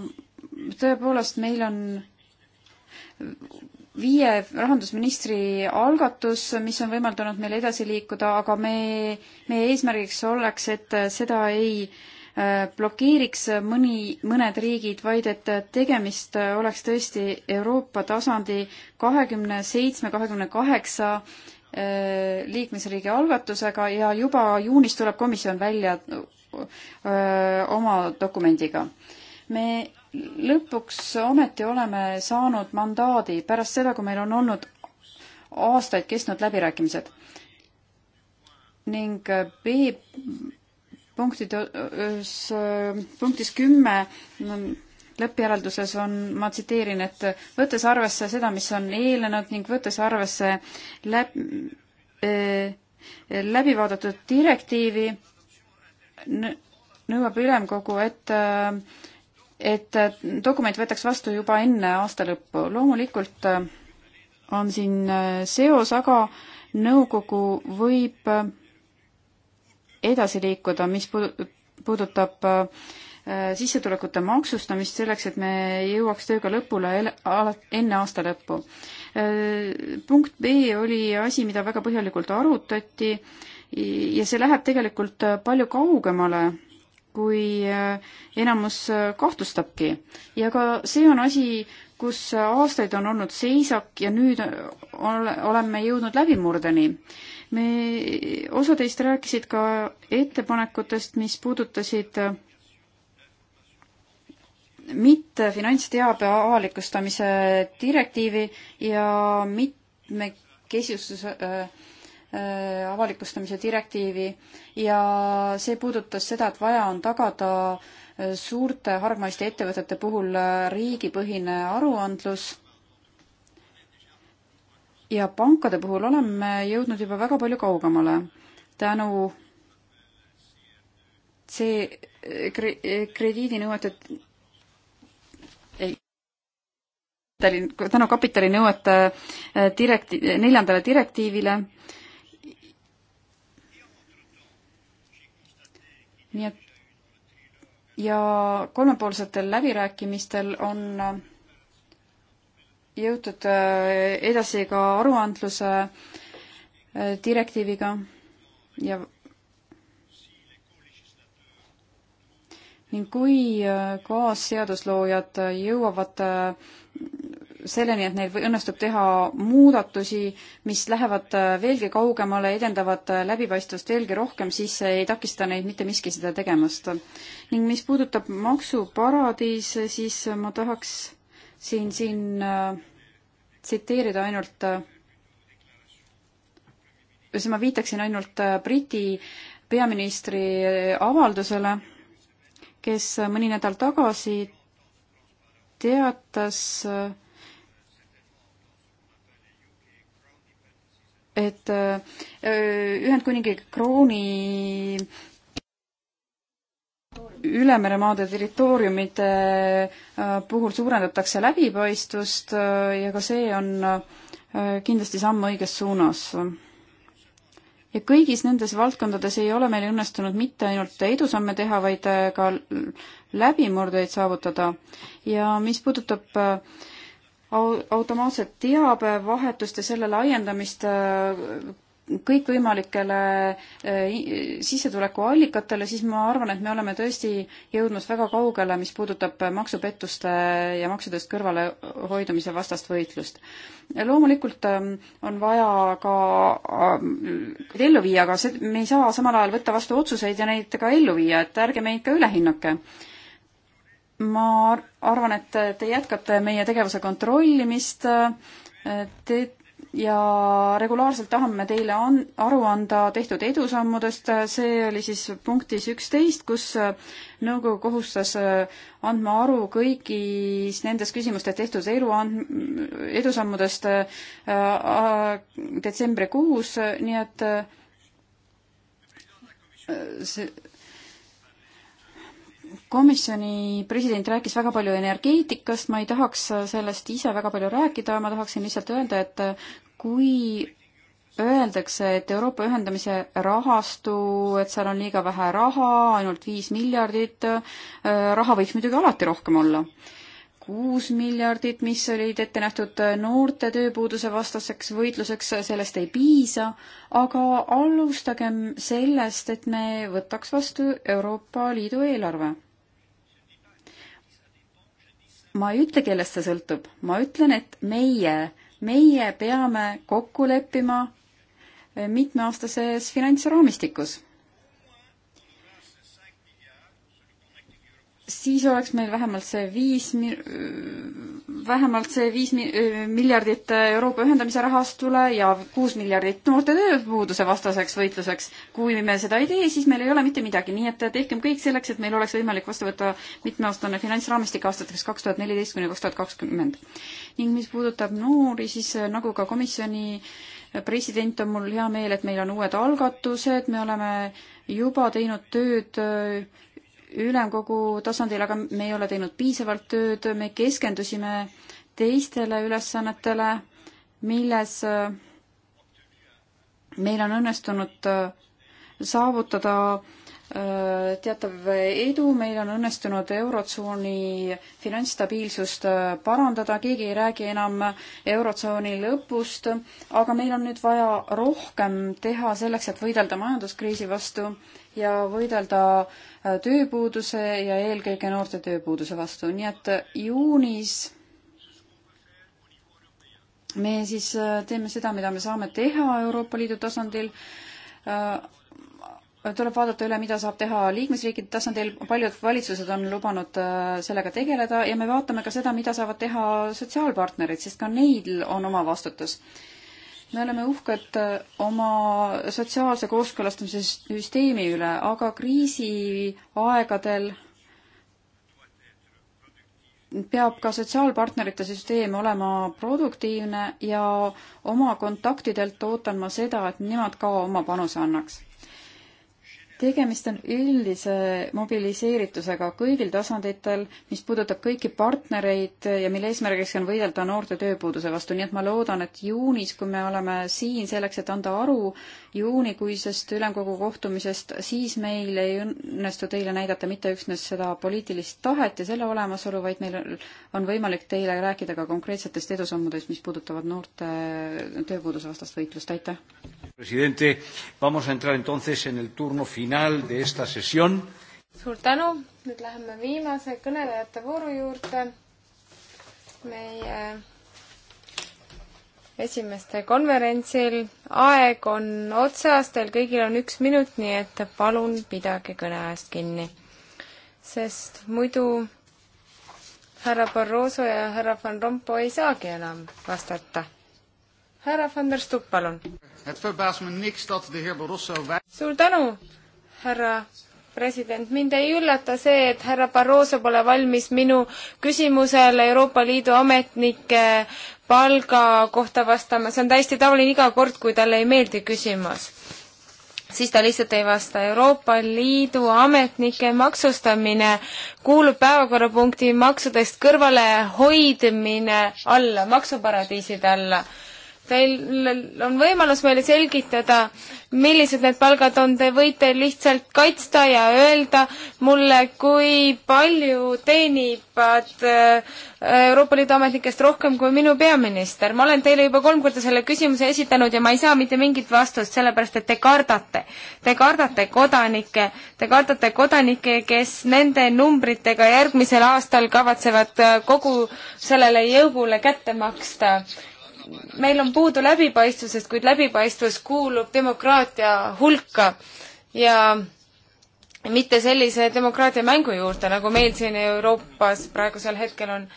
tõepoolest, meil on viie rahandusministri algatus, mis on võimaldanud meil edasi liikuda, aga me, meie eesmärgiks oleks, et seda ei äh, blokeeriks mõni, mõned riigid, vaid et tegemist oleks tõesti Euroopa tasandi kahekümne seitsme, kahekümne kaheksa äh, liikmesriigi algatusega ja juba juunis tuleb komisjon välja oma dokumendiga. me lõpuks ometi oleme saanud mandaadi pärast seda, kui meil on olnud aastaid kestnud läbirääkimised ning äh, B punktides, äh, punktis kümme mm, lõppjärelduses on, ma tsiteerin, et võttes arvesse seda, mis on eelnenud ning võttes arvesse läb-, äh, läbi vaadatud direktiivi, nõuab ülemkogu, et äh, et äh, dokument võetaks vastu juba enne aasta lõppu. loomulikult äh, on siin seos, aga nõukogu võib edasi liikuda, mis puudutab sissetulekute maksustamist selleks, et me jõuaks tööga lõpule enne aasta lõppu. punkt B oli asi, mida väga põhjalikult arutati ja see läheb tegelikult äh, palju kaugemale, kui äh, enamus äh, kahtlustabki. ja ka see on asi, kus aastaid on olnud seisak ja nüüd oleme jõudnud läbimurdeni. me, osa teist rääkisid ka ettepanekutest, mis puudutasid mitte finantsteabe avalikustamise direktiivi ja mitmekesisuse äh, Äh, avalikustamise direktiivi ja see puudutas seda, et vaja on tagada äh, suurte hargmaiste ettevõtete puhul äh, riigipõhine aruandlus ja pankade puhul oleme jõudnud juba väga palju kaugemale tänu see kre, krediidinõuete ei, tänu kapitalinõuete direkti-, neljandale direktiivile äh, nii et ja kolmepoolsetel läbirääkimistel on äh, jõutud äh, edasi ka aruandluse äh, direktiiviga ja ning kui kaasseadusloojad jõuavad selleni, et neil õnnestub teha muudatusi, mis lähevad äh, veelgi kaugemale, edendavad äh, läbipaistvust veelgi rohkem, siis ei takista neid mitte miski seda tegemast. ning mis puudutab maksuparadiise, siis ma tahaks siin, siin äh, tsiteerida ainult, ühesõnaga ma viitaksin ainult Briti peaministri avaldusele, kes mõni nädal tagasi teatas äh, et äh, Ühendkuningriigi krooni ülemeremaade territooriumide äh, puhul suurendatakse läbipaistvust äh, ja ka see on kindlasti samm õiges suunas. ja kõigis nendes valdkondades ei ole meil õnnestunud mitte ainult edusamme teha, vaid ka läbimurdeid saavutada ja mis puudutab äh, automaatset teabevahetust ja selle laiendamist äh, kõikvõimalikele äh, sissetulekuallikatele, siis ma arvan, et me oleme tõesti jõudmas väga kaugele, mis puudutab maksupettuste ja maksudest kõrvalehoidumise vastast võitlust. loomulikult ähm, on vaja ka ähm, ellu viia, aga see, me ei saa samal ajal võtta vastu otsuseid ja neid ka ellu viia, et ärge meid ka üle hinnake ma arvan, et te jätkate meie tegevuse kontrollimist, te ja regulaarselt tahame teile an-, aru anda tehtud edusammudest, see oli siis punktis üksteist, kus nõukogu kohustas andma aru kõigis nendes küsimustes tehtud elu and-, edusammudest äh, äh, detsembrikuus, nii et äh, see komisjoni president rääkis väga palju energeetikast, ma ei tahaks sellest ise väga palju rääkida, ma tahaksin lihtsalt öelda, et kui öeldakse, et Euroopa ühendamise rahastu, et seal on liiga vähe raha, ainult viis miljardit, äh, raha võiks muidugi alati rohkem olla. kuus miljardit, mis olid ette nähtud noorte tööpuuduse vastaseks võitluseks, sellest ei piisa, aga alustagem sellest, et me võtaks vastu Euroopa Liidu eelarve ma ei ütle, kellest see sõltub, ma ütlen, et meie, meie peame kokku leppima eh, mitmeaastases finantsraamistikus. siis oleks meil vähemalt see viis vähemalt see viis miljardit Euroopa ühendamise rahastule ja kuus miljardit noorte tööpuuduse vastaseks võitluseks. kui me seda ei tee, siis meil ei ole mitte midagi, nii et tehkem kõik selleks, et meil oleks võimalik vastu võtta mitmeaastane finantsraamistik aastateks kaks tuhat neliteist kuni kaks tuhat kakskümmend. ning mis puudutab noori, siis äh, nagu ka komisjoni president on mul hea meel, et meil on uued algatused, me oleme juba teinud tööd äh, ülemkogu tasandil, aga me ei ole teinud piisavalt tööd, me keskendusime teistele ülesannetele, milles äh, meil on õnnestunud äh, saavutada äh, teatav edu, meil on õnnestunud Eurotsooni finantsstabiilsust parandada, keegi ei räägi enam Eurotsooni lõpust, aga meil on nüüd vaja rohkem teha selleks, et võidelda majanduskriisi vastu ja võidelda tööpuuduse ja eelkõige noorte tööpuuduse vastu, nii et juunis me siis teeme seda, mida me saame teha Euroopa Liidu tasandil tuleb vaadata üle, mida saab teha liikmesriikide tasandil, paljud valitsused on lubanud äh, sellega tegeleda ja me vaatame ka seda, mida saavad teha sotsiaalpartnerid, sest ka neil on oma vastutus. me oleme uhked äh, oma sotsiaalse kooskõlastamise süsteemi üle, aga kriisiaegadel peab ka sotsiaalpartnerite süsteem olema produktiivne ja oma kontaktidelt ootan ma seda, et nemad ka oma panuse annaks tegemist on üldise mobiliseeritusega kõigil tasanditel, mis puudutab kõiki partnereid ja mille eesmärgiks on võidelda noorte tööpuuduse vastu, nii et ma loodan, et juunis, kui me oleme siin selleks, et anda aru juunikuisest ülemkogu kohtumisest, siis meil ei õnnestu teile näidata mitte üksnes seda poliitilist tahet ja selle olemasolu, vaid meil on võimalik teile rääkida ka konkreetsetest edusammudest, mis puudutavad noorte tööpuuduse vastast võitlust, aitäh! Presidente, vamos a entrar entonces en el turno final final de esta sesión. suur tänu, nüüd läheme viimase kõnelejate vooru juurde. meie esimeste konverentsil aeg on otsas, teil kõigil on üks minut, nii et palun pidage kõneajast kinni. sest muidu härra Barroso ja härra Van Rompuy ei saagi enam vastata. härra Van der Stubb, palun. suur tänu, härra president, mind ei üllata see, et härra Barroso pole valmis minu küsimusele Euroopa Liidu ametnike palga kohta vastama, see on täiesti tavaline iga kord, kui talle ei meeldi küsimus. siis ta lihtsalt ei vasta. Euroopa Liidu ametnike maksustamine kuulub päevakorrapunkti maksudest kõrvalehoidmine alla, maksuparadiiside alla Teil on võimalus meile selgitada, millised need palgad on, te võite lihtsalt kaitsta ja öelda mulle, kui palju teenivad äh, Euroopa Liidu ametnikest rohkem kui minu peaminister. ma olen teile juba kolm korda selle küsimuse esitanud ja ma ei saa mitte mingit vastust, sellepärast et te kardate. Te kardate kodanikke, te kardate kodanikke, kes nende numbritega järgmisel aastal kavatsevad äh, kogu sellele jõugule kätte maksta meil on puudu läbipaistvusest, kuid läbipaistvus kuulub demokraatia hulka ja mitte sellise demokraatia mängu juurde, nagu meil siin Euroopas praegusel hetkel on.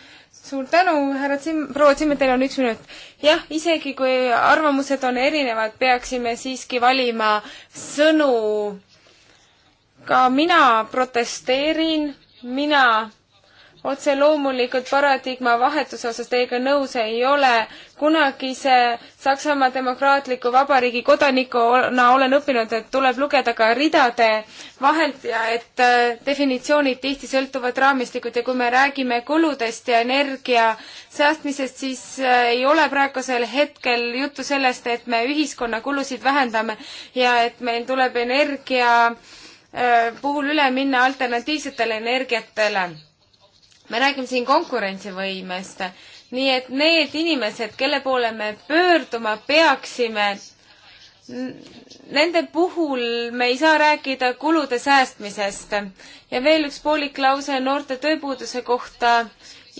suur tänu, härra Sim-, proua Zimmer, teil on üks minut. jah, isegi kui arvamused on erinevad, peaksime siiski valima sõnu. ka mina protesteerin, mina otse loomulikult paradigma vahetuse osas teiega nõus ei ole. kunagise Saksamaa Demokraatliku Vabariigi kodanikuna olen õppinud, et tuleb lugeda ka ridade vahelt ja et äh, definitsioonid tihti sõltuvad raamistikult ja kui me räägime kuludest ja energia säästmisest, siis äh, ei ole praegusel hetkel juttu sellest, et me ühiskonna kulusid vähendame ja et meil tuleb energia äh, puhul üle minna alternatiivsetele energiatele me räägime siin konkurentsivõimest, nii et need inimesed, kelle poole me pöörduma peaksime, nende puhul me ei saa rääkida kulude säästmisest. ja veel üks poolik lause noorte tööpuuduse kohta.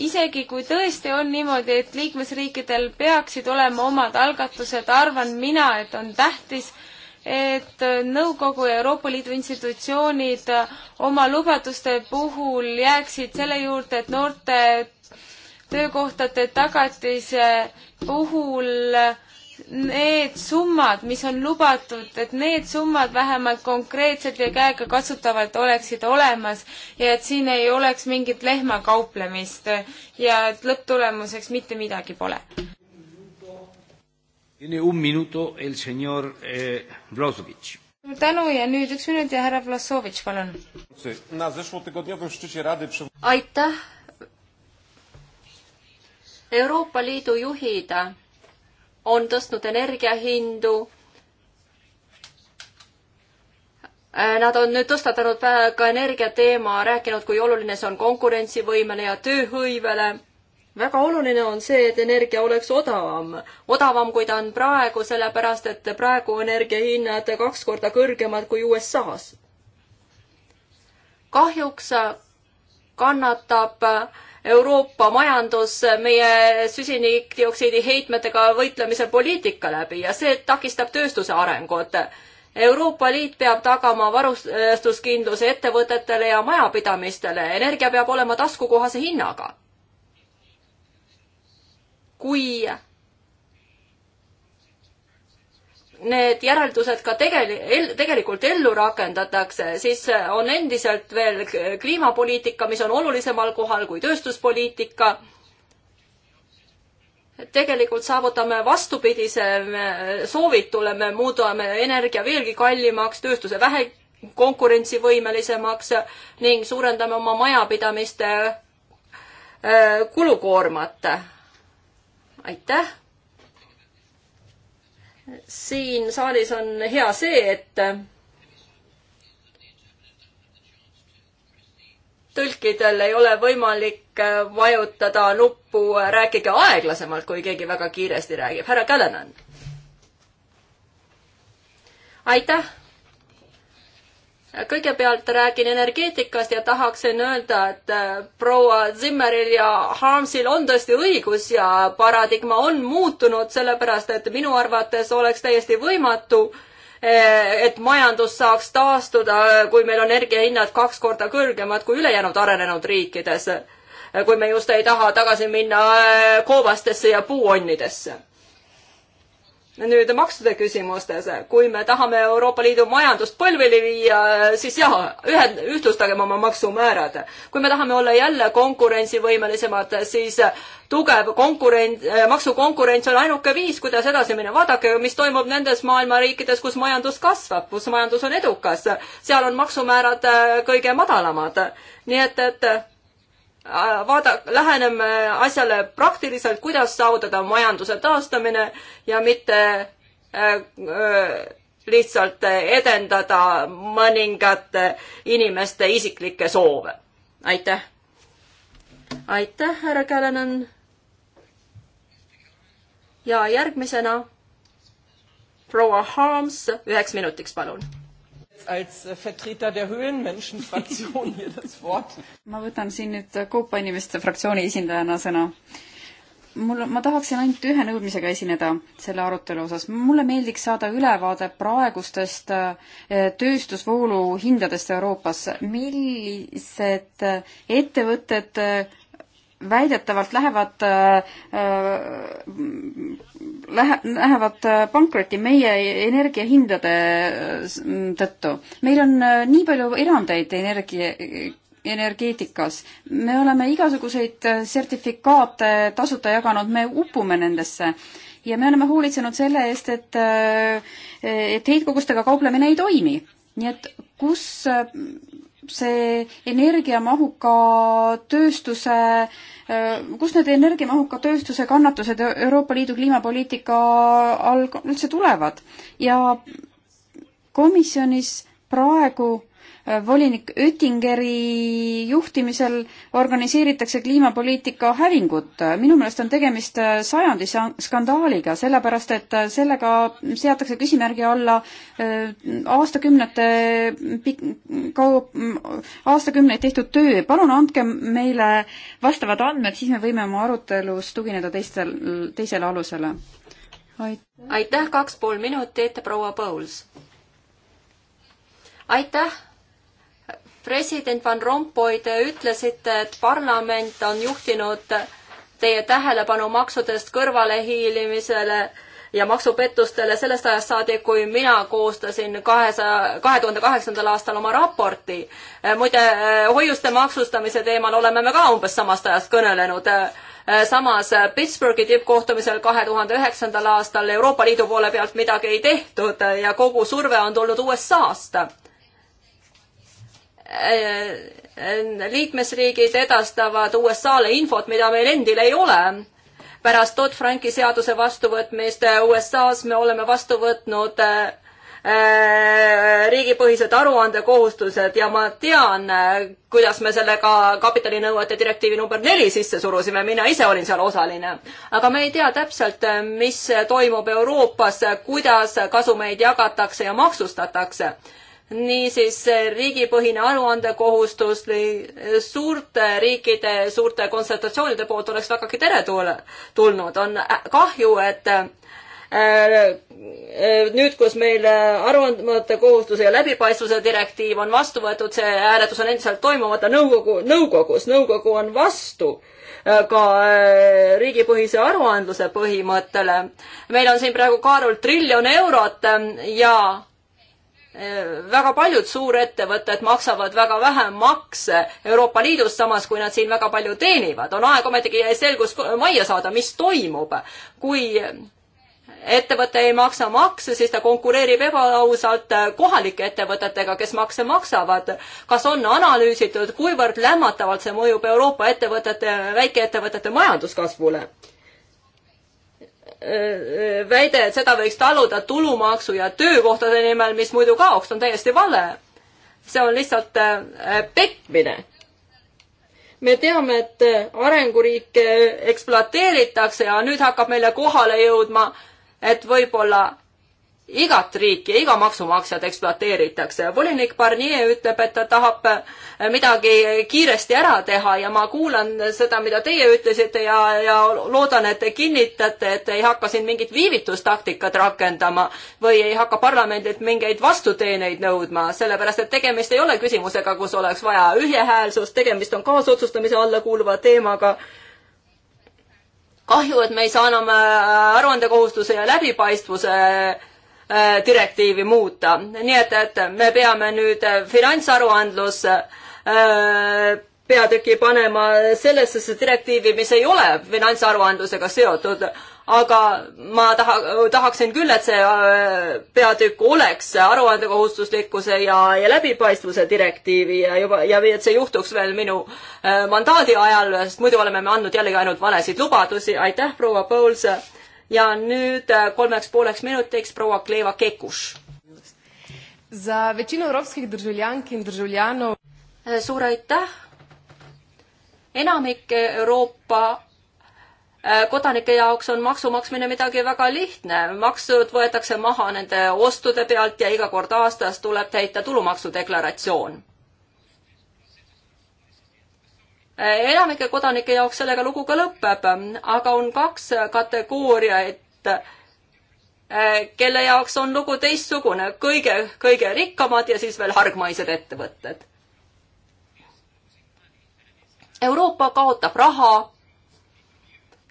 isegi kui tõesti on niimoodi, et liikmesriikidel peaksid olema omad algatused, arvan mina, et on tähtis, et Nõukogu ja Euroopa Liidu institutsioonid oma lubaduste puhul jääksid selle juurde, et noorte töökohtade tagatise puhul need summad, mis on lubatud, et need summad vähemalt konkreetselt ja käegakatsutavalt oleksid olemas ja et siin ei oleks mingit lehmakauplemist ja et lõpptulemuseks mitte midagi pole. Eh, suur tänu ja nüüd üks minut ja härra Vlasovitš, palun. aitäh. Euroopa Liidu juhid on tõstnud energiahindu äh, Nad on nüüd tõstatanud ka energiateema, rääkinud, kui oluline see on konkurentsivõimele ja tööhõivele väga oluline on see, et energia oleks odavam. odavam, kui ta on praegu, sellepärast et praegu energiahinnad kaks korda kõrgemad kui USA-s. kahjuks kannatab Euroopa majandus meie süsinikdioksiidi heitmetega võitlemise poliitika läbi ja see takistab tööstuse arengut Euroopa Liit peab tagama varustuskindluse ettevõtetele ja majapidamistele, energia peab olema taskukohase hinnaga kui need järeldused ka tegeli-, el, tegelikult ellu rakendatakse, siis on endiselt veel kliimapoliitika, mis on olulisemal kohal kui tööstuspoliitika. tegelikult saavutame vastupidise soovitule, me muudame energia veelgi kallimaks, tööstuse vähe konkurentsivõimelisemaks ning suurendame oma majapidamiste äh, kulukoormat aitäh! siin saalis on hea see, et tõlkidel ei ole võimalik vajutada nuppu rääkige aeglasemalt, kui keegi väga kiiresti räägib. härra Kälenan. aitäh kõigepealt räägin energeetikast ja tahaksin öelda, et äh, proua Zimmeril ja Harmsil on tõesti õigus ja paradigma on muutunud, sellepärast et minu arvates oleks täiesti võimatu, äh, et majandus saaks taastuda, kui meil on energiahinnad kaks korda kõrgemad kui ülejäänud arenenud riikides. Äh, kui me just ei taha tagasi minna koobastesse ja puuonnidesse nüüd maksude küsimustes, kui me tahame Euroopa Liidu majandust põlvili viia, siis jah, ühed, ühtlustagem oma maksumäärad. kui me tahame olla jälle konkurentsivõimelisemad, siis tugev konkurent, maksukonkurents on ainuke viis, kuidas edasi minna. vaadake, mis toimub nendes maailma riikides, kus majandus kasvab, kus majandus on edukas. seal on maksumäärad äh, kõige madalamad. nii et, et Äh, vaada, läheneme asjale praktiliselt, kuidas saavutada majanduse taastamine ja mitte äh, äh, lihtsalt edendada mõningate inimeste isiklikke soove. aitäh! aitäh, härra Kälenen! ja järgmisena proua Harms, üheks minutiks, palun jetzt als äh, Vertreter der Höhlenmenschenfraktion hier das Wort. ma võtan siin nüüd Koopa inimeste fraktsiooni esindajana sõna. mul, ma tahaksin ainult ühe nõudmisega esineda selle arutelu osas. mulle meeldiks saada ülevaade praegustest äh, tööstusvoolu hindadest Euroopas. millised äh, ettevõtted väidetavalt lähevad äh, lähe-, lähevad äh, pankrotti meie energiahindade tõttu. meil on äh, nii palju erandeid energia, energeetikas. me oleme igasuguseid äh, sertifikaate tasuta jaganud, me upume nendesse ja me oleme hoolitsenud selle eest, et, et heitkogustega kauplemine ei toimi. nii et kus see energiamahuka tööstuse, äh, kust need energiamahuka tööstuse kannatused Euroopa Liidu kliimapoliitika all üldse tulevad? ja komisjonis praegu Äh, volinik Oettingeri juhtimisel organiseeritakse kliimapoliitika hävingut. minu meelest on tegemist äh, sajandi skandaaliga, sellepärast et äh, sellega seatakse küsimärgi alla aastakümnete pikk, mm, aastakümneid tehtud töö. palun andke meile vastavad andmed, siis me võime oma arutelus tugineda teistel, teisele alusele. aitäh, kaks pool minutit, proua Pauls aitäh, president Van Rompuy, te ütlesite, et parlament on juhtinud teie tähelepanu maksudest kõrvalehiilimisele ja maksupettustele sellest ajast saadik, kui mina koostasin kahesaja, kahe tuhande kaheksandal aastal oma raporti. muide, hoiuste maksustamise teemal oleme me ka umbes samast ajast kõnelenud. samas Pittsburghi tippkohtumisel kahe tuhande üheksandal aastal Euroopa Liidu poole pealt midagi ei tehtud ja kogu surve on tulnud USA-st Äh, äh, liikmesriigid edastavad USA-le infot, mida meil endil ei ole. pärast Dodd-Franki seaduse vastuvõtmist USA-s me oleme vastu võtnud äh, riigipõhised aruandekohustused ja ma tean, kuidas me sellega kapitalinõuete direktiivi number neli sisse surusime, mina ise olin seal osaline. aga me ei tea täpselt, mis toimub Euroopas, kuidas kasumeid jagatakse ja maksustatakse niisiis riigipõhine aruandekohustus suurte riikide, suurte kontsentratsioonide poolt oleks vägagi teretulnud. on kahju, et äh, äh, nüüd, kus meil aruandmata kohustuse ja läbipaistvuse direktiiv on vastu võetud, see hääletus on endiselt toimumata nõukogu, nõukogus, nõukogu on vastu äh, ka riigipõhise aruandluse põhimõttele. meil on siin praegu Kaarul triljon eurot ja väga paljud suurettevõtted maksavad väga vähe makse Euroopa Liidus, samas kui nad siin väga palju teenivad. on aeg ometigi selgus majja saada, mis toimub. kui ettevõte ei maksa makse, siis ta konkureerib ebaausalt kohalike ettevõtetega, kes makse maksavad. kas on analüüsitud, kuivõrd lämmatavalt see mõjub Euroopa ettevõtete, väikeettevõtete majanduskasvule? väide, et seda võiks taluda tulumaksu ja töökohtade nimel, mis muidu kaoks, on täiesti vale. see on lihtsalt äh, petmine. me teame, et äh, arenguriike ekspluateeritakse ja nüüd hakkab meile kohale jõudma, et võib-olla igat riiki, iga maksumaksjat ekspluateeritakse. volinik Barnier ütleb, et ta tahab eh, midagi kiiresti ära teha ja ma kuulan seda, mida teie ütlesite ja, ja loodan, et te kinnitate, et ei hakka siin mingit viivitustaktikat rakendama või ei hakka parlamendilt mingeid vastuteeneid nõudma, sellepärast et tegemist ei ole küsimusega, kus oleks vaja ühehäälsust, tegemist on kaasotsustamise alla kuuluva teemaga kahju, et me ei saa enam eh, aruandekohustuse ja läbipaistvuse äh, Äh, direktiivi muuta. nii et, et me peame nüüd äh, finantsaruandlus äh, peatüki panema sellesse direktiivi, mis ei ole finantsaruandlusega seotud, aga ma taha, tahaksin küll, et see peatükk oleks aruandekohustuslikkuse ja, ja läbipaistvuse direktiivi ja juba, ja et see juhtuks veel minu mandaadi ajal, sest muidu oleme me andnud jällegi ainult valesid lubadusi, aitäh, proua Pauls ja nüüd äh, kolmeks pooleks minutiks proua Kleeva Kekuš. Äh, suur aitäh! enamik Euroopa äh, kodanike jaoks on maksu maksmine midagi väga lihtne, maksud võetakse maha nende ostude pealt ja iga kord aastas tuleb täita tulumaksudeklaratsioon Äh, enamike kodanike jaoks sellega lugu ka lõpeb, aga on kaks kategooriat, äh, kelle jaoks on lugu teistsugune, kõige, kõige rikkamad ja siis veel hargmaised ettevõtted. Euroopa kaotab raha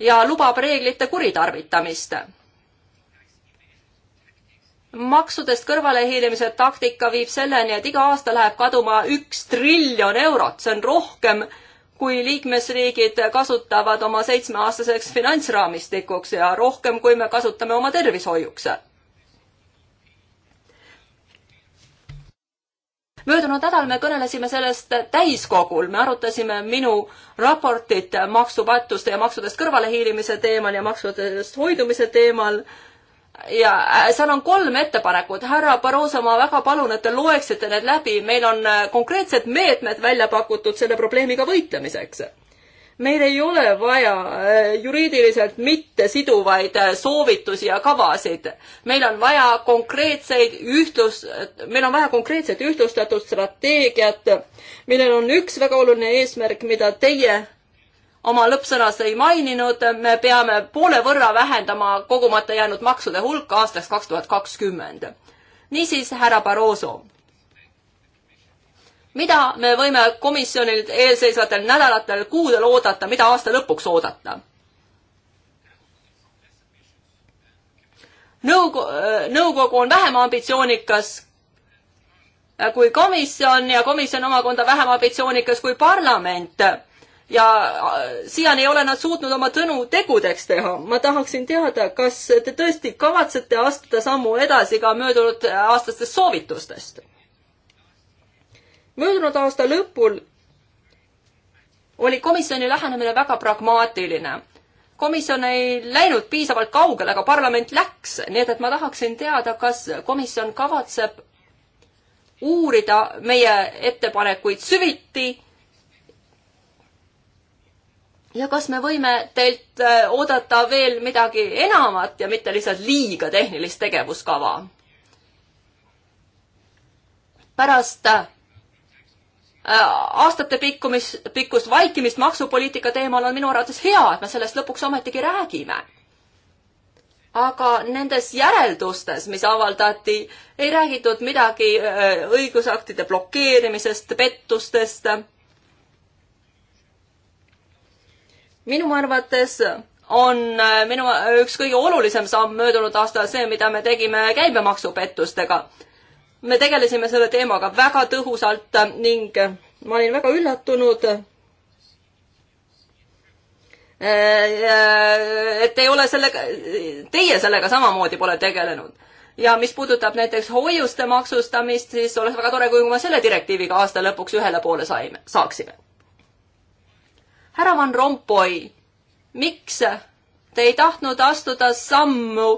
ja lubab reeglite kuritarvitamist maksudest kõrvalehiilimise taktika viib selleni, et iga aasta läheb kaduma üks triljon eurot, see on rohkem kui liikmesriigid kasutavad oma seitsmeaastaseks finantsraamistikuks ja rohkem, kui me kasutame oma tervishoiuks. möödunud nädal me kõnelesime sellest täiskogul, me arutasime minu raportit maksupattuste ja maksudest kõrvalehiilimise teemal ja maksudest hoidumise teemal ja äh, seal on kolm ettepanekut, härra Barroso, ma väga palun, et te loeksite need läbi, meil on äh, konkreetsed meetmed välja pakutud selle probleemiga võitlemiseks. meil ei ole vaja äh, juriidiliselt mittesiduvaid soovitusi ja kavasid. meil on vaja konkreetseid ühtlus, meil on vaja konkreetset ühtlustatud strateegiat, millel on üks väga oluline eesmärk, mida teie oma lõppsõnas ei maininud, me peame poole võrra vähendama kogumata jäänud maksude hulka aastaks kaks tuhat kakskümmend. niisiis, härra Barroso, mida me võime komisjonilt eelseisvatel nädalatel, kuudel oodata, mida aasta lõpuks oodata? nõukogu, nõukogu on vähem ambitsioonikas kui komisjon ja komisjon omakonda vähem ambitsioonikas kui parlament ja äh, siiani ei ole nad suutnud oma tõnu tegudeks teha. ma tahaksin teada, kas te tõesti kavatsete astuda sammu edasi ka möödunud aastastest soovitustest? möödunud aasta lõpul oli komisjoni lähenemine väga pragmaatiline. komisjon ei läinud piisavalt kaugele, aga parlament läks, nii et, et ma tahaksin teada, kas komisjon kavatseb uurida meie ettepanekuid süviti ja kas me võime teilt äh, oodata veel midagi enamat ja mitte lihtsalt liiga tehnilist tegevuskava? pärast äh, aastate pikkumis, pikkust vaikimist maksupoliitika teemal on minu arvates hea, et me sellest lõpuks ometigi räägime. aga nendes järeldustes, mis avaldati, ei räägitud midagi äh, õigusaktide blokeerimisest, pettustest minu arvates on äh, minu äh, üks kõige olulisem samm möödunud aastal see, mida me tegime käibemaksupettustega. me tegelesime selle teemaga väga tõhusalt äh, ning ma olin väga üllatunud, et ei ole sellega, teie sellega samamoodi pole tegelenud ja mis puudutab näiteks hoiuste maksustamist, siis oleks väga tore, kui me selle direktiiviga aasta lõpuks ühele poole saime, saaksime härra Van Rompuy, miks te ei tahtnud astuda sammu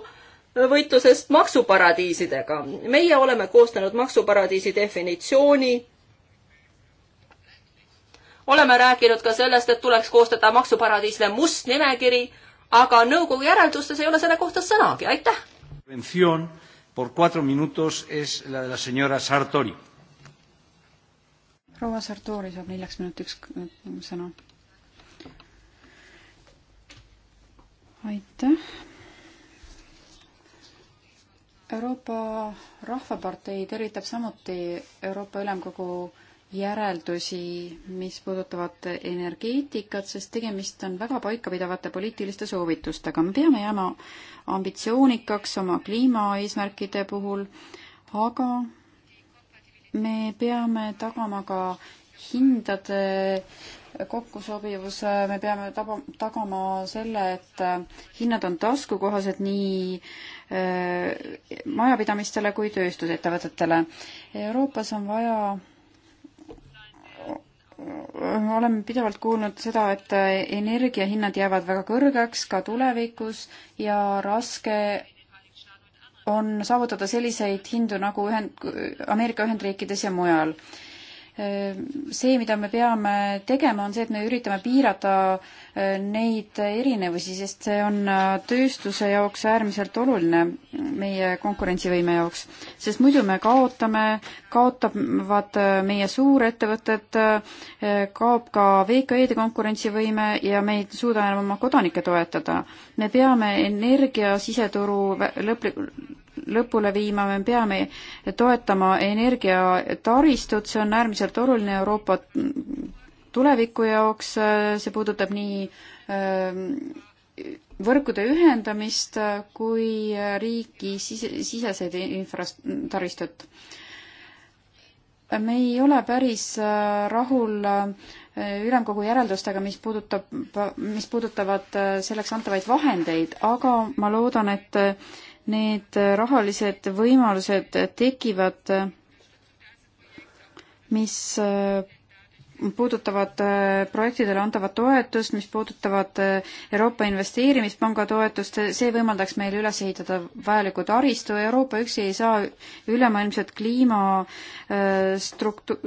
võitlusest maksuparadiisidega? meie oleme koostanud maksuparadiisi definitsiooni oleme rääkinud ka sellest, et tuleks koostada maksuparadiisile must nimekiri, aga nõukogu järeldustes ei ole selle kohta sõnagi, aitäh. Por cuatro minutos es la de la señora Sartori. proua Sartori saab neljaks minutiks sõna. aitäh. Euroopa Rahvapartei tervitab samuti Euroopa Ülemkogu järeldusi, mis puudutavad energeetikat, sest tegemist on väga paikapidavate poliitiliste soovitustega. me peame jääma ambitsioonikaks oma kliimaeesmärkide puhul, aga me peame tagama ka hindade kokkusobivuse, me peame taba, tagama selle, et äh, hinnad on taskukohased nii öö, äh, majapidamistele kui tööstusettevõtetele. Euroopas on vaja me oleme pidevalt kuulnud seda, et äh, energiahinnad jäävad väga kõrgeks ka tulevikus ja raske on saavutada selliseid hindu nagu ühend-, Ameerika Ühendriikides ja mujal see, mida me peame tegema, on see, et me üritame piirata äh, neid erinevusi, sest see on äh, tööstuse jaoks äärmiselt oluline, meie konkurentsivõime jaoks. sest muidu me kaotame, kaotavad äh, meie suurettevõtted, kaob ka VKE-de konkurentsivõime ja me ei suuda enam oma kodanikke toetada. me peame energia siseturu lõplik-, lõpule viima, me peame toetama energiataristut, see on äärmiselt oluline Euroopa tuleviku jaoks, see puudutab nii ähm, võrkude ühendamist kui riigi siseseid infras-, taristut. me ei ole päris äh, rahul äh, ülemkogu järeldustega, mis puudutab, mis puudutavad äh, selleks antavaid vahendeid, aga ma loodan, et need rahalised võimalused tekivad, mis äh, puudutavad äh, projektidele antavat toetust, mis puudutavad äh, Euroopa Investeerimispanga toetust, see võimaldaks meil üles ehitada vajaliku taristu, Euroopa üksi ei saa ülemaailmset kliima struktu-,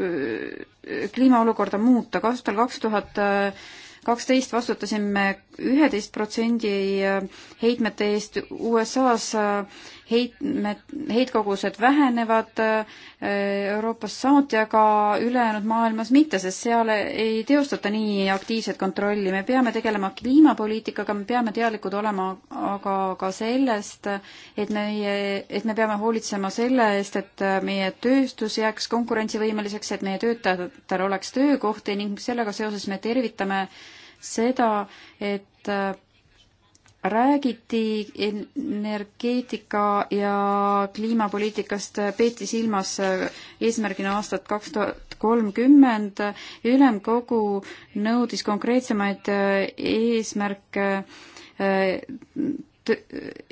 kliimaolukorda muuta, aastal kaks tuhat 2000 kaksteist vastutasime üheteist protsendi äh, heitmete eest USA-s äh, heitmed, heitkogused vähenevad äh, Euroopas samuti, aga ülejäänud maailmas mitte, sest seal ei teostata nii aktiivset kontrolli. me peame tegelema kliimapoliitikaga, me peame teadlikud olema aga ka sellest, et meie, et me peame hoolitsema selle eest, et meie tööstus jääks konkurentsivõimeliseks, et meie töötajatel oleks töökohti ning sellega seoses me tervitame äh, seda, et äh, räägiti energeetika ja kliimapoliitikast, äh, peeti silmas äh, eesmärgina aastat kaks tuhat kolmkümmend. ülemkogu nõudis konkreetsemaid eesmärke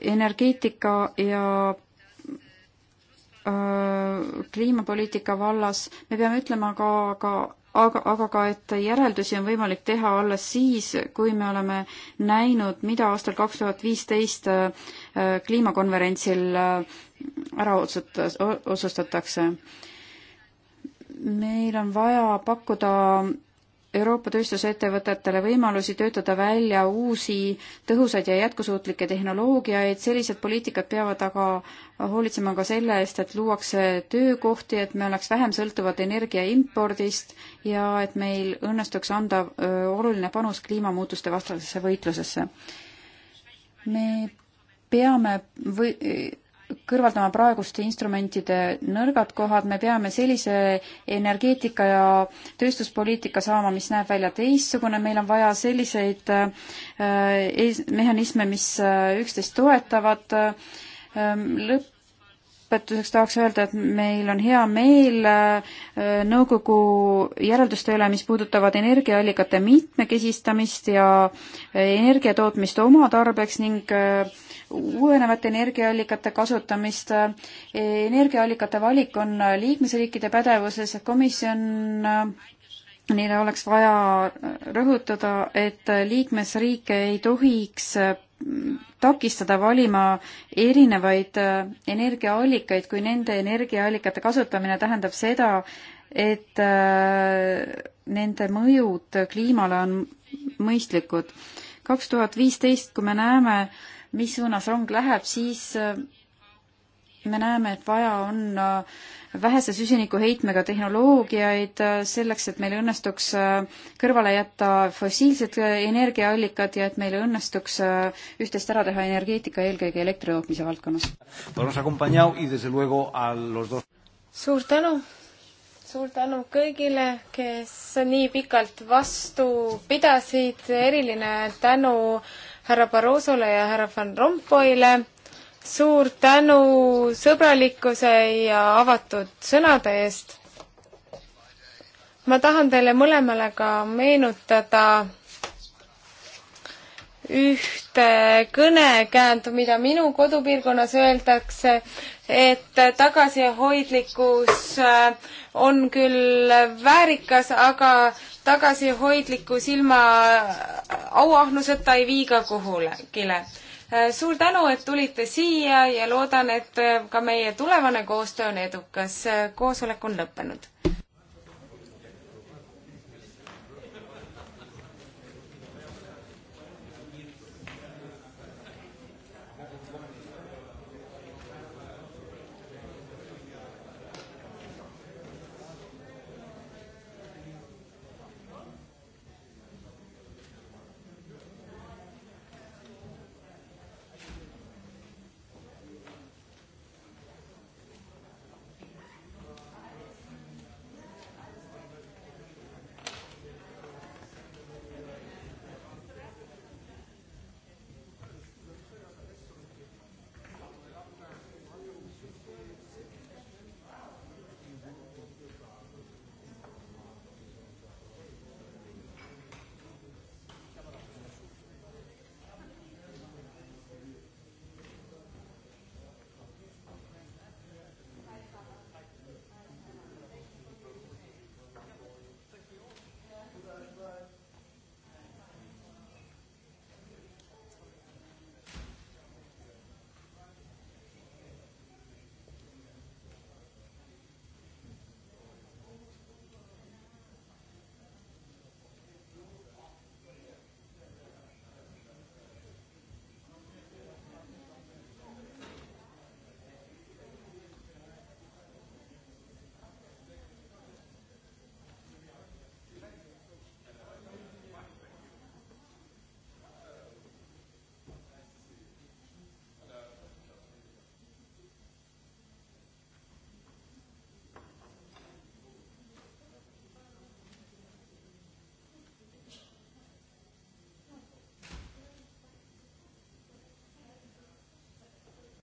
energeetika ja kliimapoliitika vallas. me peame ütlema ka, ka aga, aga ka, et järeldusi on võimalik teha alles siis, kui me oleme näinud, mida aastal kaks tuhat viisteist äh, kliimakonverentsil äh, ära otsustatakse. meil on vaja pakkuda Euroopa tööstusettevõtetele võimalusi töötada välja uusi tõhusaid ja jätkusuutlikke tehnoloogiaid, sellised poliitikad peavad aga hoolitsema ka selle eest, et luuakse töökohti, et me oleks vähem sõltuvad energia impordist ja et meil õnnestuks anda oluline panus kliimamuutuste vastasesse võitlusesse. me peame või kõrvaldama praeguste instrumentide nõrgad kohad, me peame sellise energeetika ja tööstuspoliitika saama, mis näeb välja teistsugune, meil on vaja selliseid äh, mehhanisme, mis äh, üksteist toetavad, äh, lõpp, lõpetuseks tahaks öelda, et meil on hea meel äh, nõukogu järelduste üle, mis puudutavad energiaallikate mitmekesistamist ja äh, energiatootmist oma tarbeks ning äh, uuenevate energiaallikate kasutamist. energiaallikate valik on liikmesriikide pädevuses, komisjon Neile oleks vaja rõhutada, et liikmesriike ei tohiks takistada valima erinevaid äh, energiaallikaid, kui nende energiaallikate kasutamine tähendab seda, et äh, nende mõjud kliimale on mõistlikud. kaks tuhat viisteist, kui me näeme, mis suunas rong läheb, siis äh, me näeme, et vaja on vähese süsinikuheitmega tehnoloogiaid äh, selleks, et meil õnnestuks äh, kõrvale jätta fossiilsed äh, energiaallikad ja et meil õnnestuks üht-teist ära teha energeetika, eelkõige elektri tootmise valdkonnas. suur tänu! suur tänu kõigile, kes nii pikalt vastu pidasid, eriline tänu härra Barrosole ja härra Van Rompuyle suur tänu sõbralikkuse ja avatud sõnade eest. ma tahan teile mõlemale ka meenutada ühte kõnekäändu, mida minu kodupiirkonnas öeldakse, et tagasihoidlikkus äh, on küll väärikas, aga tagasihoidlikkus ilma auahnuseta ei vii ka kuhugile Äh, suur tänu, et tulite siia ja loodan, et äh, ka meie tulevane koostöö on edukas. Äh, koosolek on lõppenud.